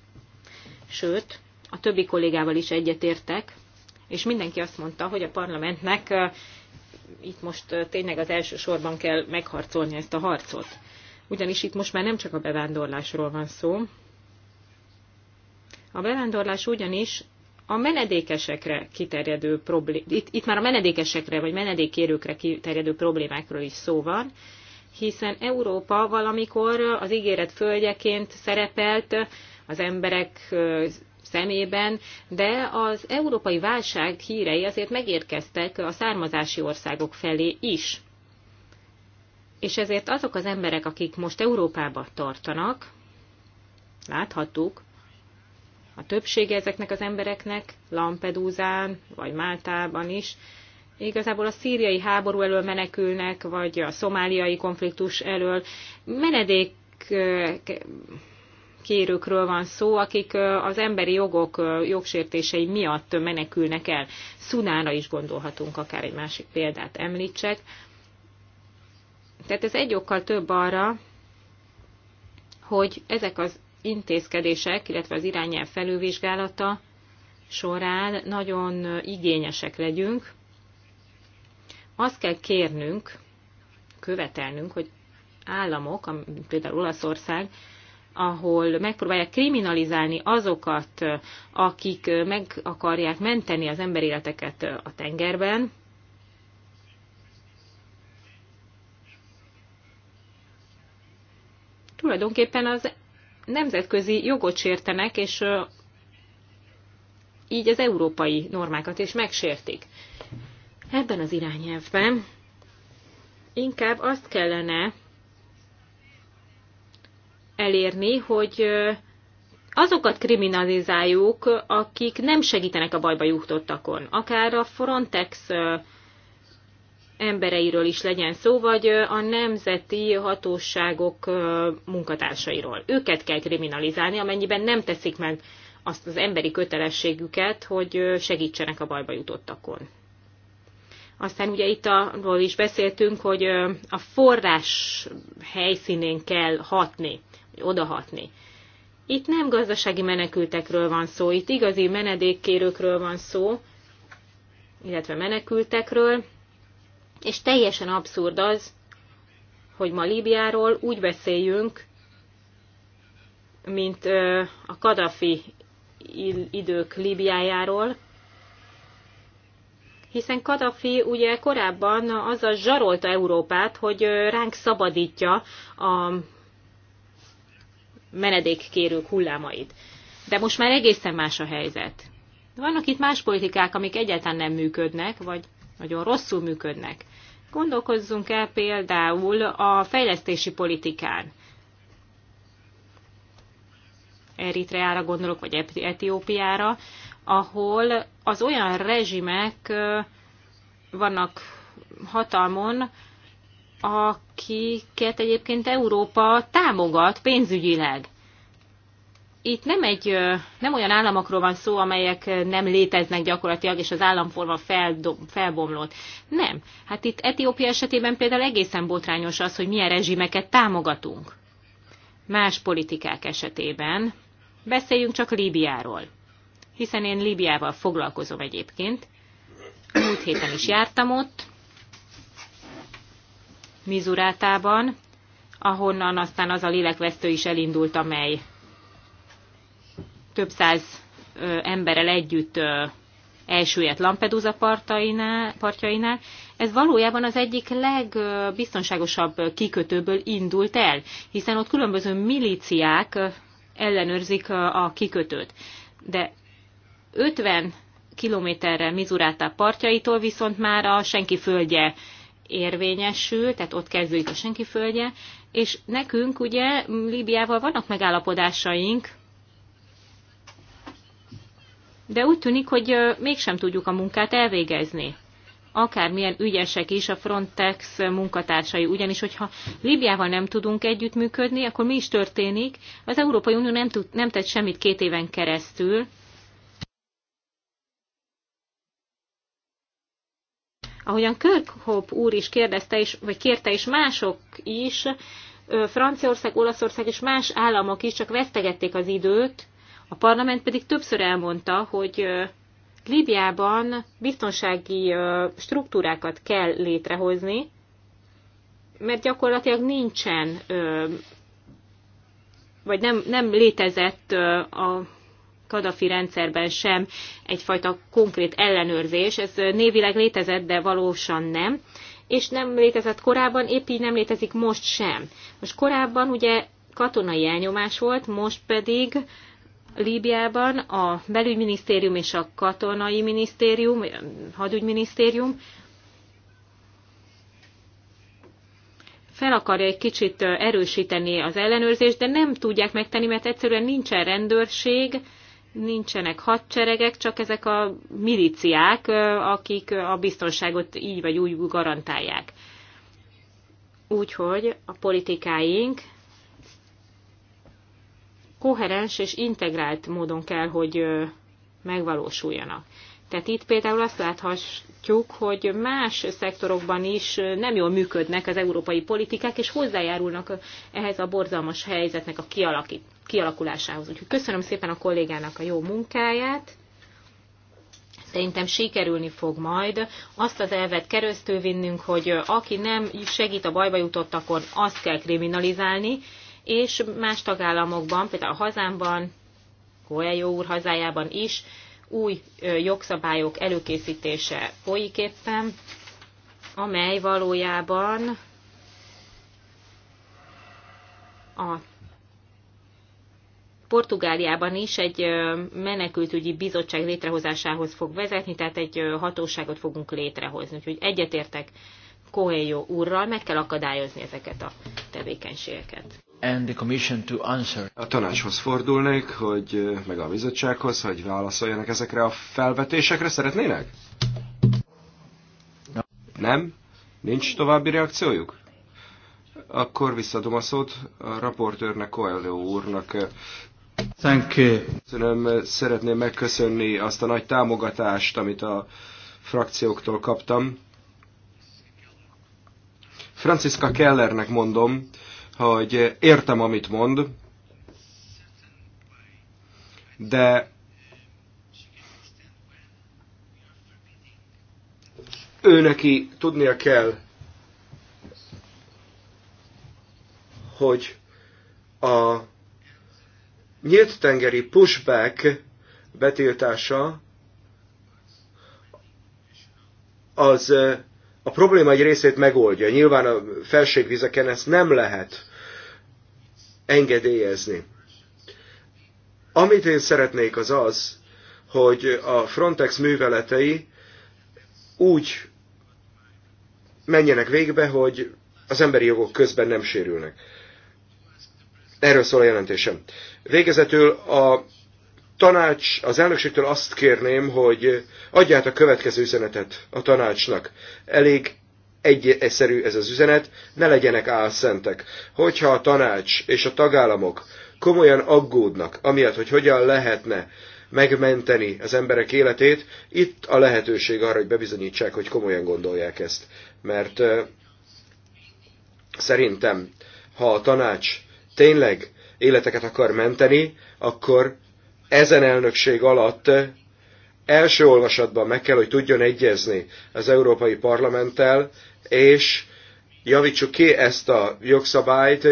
sőt, a többi kollégával is egyetértek, és mindenki azt mondta, hogy a parlamentnek itt most tényleg az első sorban kell megharcolni ezt a harcot. Ugyanis itt most már nem csak a bevándorlásról van szó. A bevándorlás ugyanis a menedékesekre kiterjedő problémákról, itt, itt már a menedékesekre vagy menedékkérőkre kiterjedő problémákról is szó van, hiszen Európa valamikor az ígéret földjeként szerepelt az emberek szemében, de az európai válság hírei azért megérkeztek a származási országok felé is. És ezért azok az emberek, akik most Európába tartanak, láthattuk, a többsége ezeknek az embereknek Lampedúzán vagy Máltában is igazából a szíriai háború elől menekülnek, vagy a szomáliai konfliktus elől. Menedék kérőkről van szó, akik az emberi jogok jogsértései miatt menekülnek el. Szunára is gondolhatunk, akár egy másik példát említsek. Tehát ez egy okkal több arra, hogy ezek az intézkedések, illetve az irányelv felülvizsgálata során nagyon igényesek legyünk, azt kell kérnünk, követelnünk, hogy államok, például Olaszország, ahol megpróbálják kriminalizálni azokat, akik meg akarják menteni az emberéleteket a tengerben, tulajdonképpen az nemzetközi jogot sértenek, és így az európai normákat is megsértik. Ebben az irányelvben inkább azt kellene elérni, hogy azokat kriminalizáljuk, akik nem segítenek a bajba jutottakon. Akár a Frontex embereiről is legyen szó, vagy a nemzeti hatóságok munkatársairól. Őket kell kriminalizálni, amennyiben nem teszik meg azt az emberi kötelességüket, hogy segítsenek a bajba jutottakon. Aztán ugye itt arról is beszéltünk, hogy a forrás helyszínén kell hatni, odahatni. Itt nem gazdasági menekültekről van szó, itt igazi menedékkérőkről van szó, illetve menekültekről, és teljesen abszurd az, hogy ma Líbiáról úgy beszéljünk, mint a Kadafi idők Líbiájáról, hiszen Kadafi ugye korábban azzal zsarolta Európát, hogy ránk szabadítja a menedékkérők hullámait. De most már egészen más a helyzet. Vannak itt más politikák, amik egyáltalán nem működnek, vagy nagyon rosszul működnek. Gondolkozzunk el például a fejlesztési politikán. Eritreára gondolok, vagy Etiópiára ahol az olyan rezsimek vannak hatalmon, akiket egyébként Európa támogat pénzügyileg. Itt nem, egy, nem olyan államokról van szó, amelyek nem léteznek gyakorlatilag, és az államforma felbomlott. Nem. Hát itt Etiópia esetében például egészen botrányos az, hogy milyen rezsimeket támogatunk. Más politikák esetében. Beszéljünk csak Líbiáról hiszen én Líbiával foglalkozom egyébként. Múlt héten is jártam ott, Mizurátában, ahonnan aztán az a lélekvesztő is elindult, amely több száz emberrel együtt elsüllyedt Lampedusa partainál, partjainál. Ez valójában az egyik legbiztonságosabb kikötőből indult el, hiszen ott különböző milíciák ellenőrzik a kikötőt. De 50 kilométerre Mizurátá partjaitól viszont már a senki földje érvényesül, tehát ott kezdődik a senki földje, és nekünk ugye Líbiával vannak megállapodásaink, de úgy tűnik, hogy mégsem tudjuk a munkát elvégezni. Akármilyen ügyesek is a Frontex munkatársai, ugyanis hogyha Líbiával nem tudunk együttműködni, akkor mi is történik? Az Európai Unió nem, tud, nem tett semmit két éven keresztül, Ahogyan Körkhop úr is kérdezte, is, vagy kérte is mások is, Franciaország, Olaszország és más államok is csak vesztegették az időt, a parlament pedig többször elmondta, hogy Líbiában biztonsági struktúrákat kell létrehozni, mert gyakorlatilag nincsen, vagy nem, nem létezett a Kadafi rendszerben sem egyfajta konkrét ellenőrzés. Ez névileg létezett, de valósan nem. És nem létezett korábban, épp így nem létezik most sem. Most korábban ugye katonai elnyomás volt, most pedig Líbiában a belügyminisztérium és a katonai minisztérium, hadügyminisztérium fel akarja egy kicsit erősíteni az ellenőrzést, de nem tudják megtenni, mert egyszerűen nincsen rendőrség, nincsenek hadseregek, csak ezek a miliciák, akik a biztonságot így vagy úgy garantálják. Úgyhogy a politikáink koherens és integrált módon kell, hogy megvalósuljanak. Tehát itt például azt láthatjuk, hogy más szektorokban is nem jól működnek az európai politikák, és hozzájárulnak ehhez a borzalmas helyzetnek a kialakít, kialakulásához. Úgyhogy köszönöm szépen a kollégának a jó munkáját. Szerintem sikerülni fog majd azt az elvet keresztül vinnünk, hogy aki nem segít a bajba jutottakon, azt kell kriminalizálni, és más tagállamokban, például a hazámban, Koelyó úr hazájában is, új jogszabályok előkészítése folyik éppen, amely valójában a Portugáliában is egy menekültügyi bizottság létrehozásához fog vezetni, tehát egy hatóságot fogunk létrehozni. Úgyhogy egyetértek Coelho úrral meg kell akadályozni ezeket a tevékenységeket. And the commission to answer. A tanácshoz fordulnék, hogy, meg a bizottsághoz, hogy válaszoljanak ezekre a felvetésekre. Szeretnének? No. Nem? Nincs további reakciójuk? Akkor visszadom a szót a raportőrnek, Coelho úrnak. Thank you. Köszönöm, szeretném megköszönni azt a nagy támogatást, amit a frakcióktól kaptam Franciska Kellernek mondom, hogy értem, amit mond, de ő neki tudnia kell, hogy a nyílt tengeri pushback betiltása az a probléma egy részét megoldja. Nyilván a felségvizeken ezt nem lehet engedélyezni. Amit én szeretnék az az, hogy a Frontex műveletei úgy menjenek végbe, hogy az emberi jogok közben nem sérülnek. Erről szól a jelentésem. Végezetül a tanács, az elnökségtől azt kérném, hogy adját a következő üzenetet a tanácsnak. Elég egyszerű ez az üzenet, ne legyenek álszentek. Hogyha a tanács és a tagállamok komolyan aggódnak, amiatt, hogy hogyan lehetne megmenteni az emberek életét, itt a lehetőség arra, hogy bebizonyítsák, hogy komolyan gondolják ezt. Mert szerintem, ha a tanács tényleg életeket akar menteni, akkor ezen elnökség alatt első olvasatban meg kell, hogy tudjon egyezni az Európai Parlamenttel, és javítsuk ki ezt a jogszabályt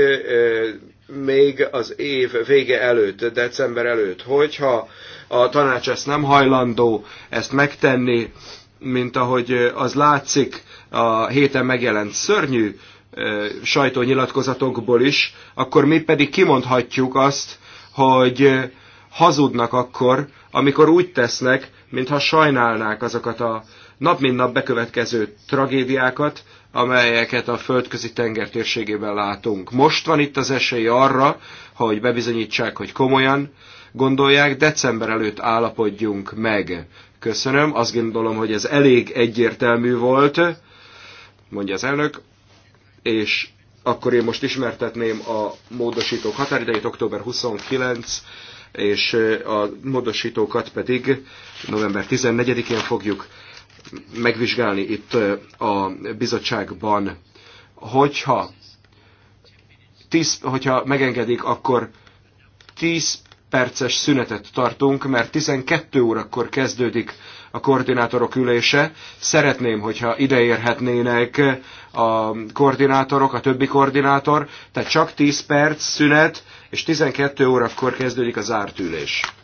még az év vége előtt, december előtt. Hogyha a tanács ezt nem hajlandó ezt megtenni, mint ahogy az látszik a héten megjelent szörnyű sajtónyilatkozatokból is, akkor mi pedig kimondhatjuk azt, hogy hazudnak akkor, amikor úgy tesznek, mintha sajnálnák azokat a nap mint nap bekövetkező tragédiákat, amelyeket a földközi tenger térségében látunk. Most van itt az esély arra, hogy bebizonyítsák, hogy komolyan gondolják, december előtt állapodjunk meg. Köszönöm, azt gondolom, hogy ez elég egyértelmű volt, mondja az elnök, és akkor én most ismertetném a módosítók határidejét, október 29 és a módosítókat pedig november 14-én fogjuk megvizsgálni itt a bizottságban. Hogyha, tíz, hogyha megengedik, akkor 10 perces szünetet tartunk, mert 12 órakor kezdődik a koordinátorok ülése. Szeretném, hogyha ideérhetnének a koordinátorok, a többi koordinátor, tehát csak 10 perc szünet, és 12 órakor kezdődik a zárt ülés.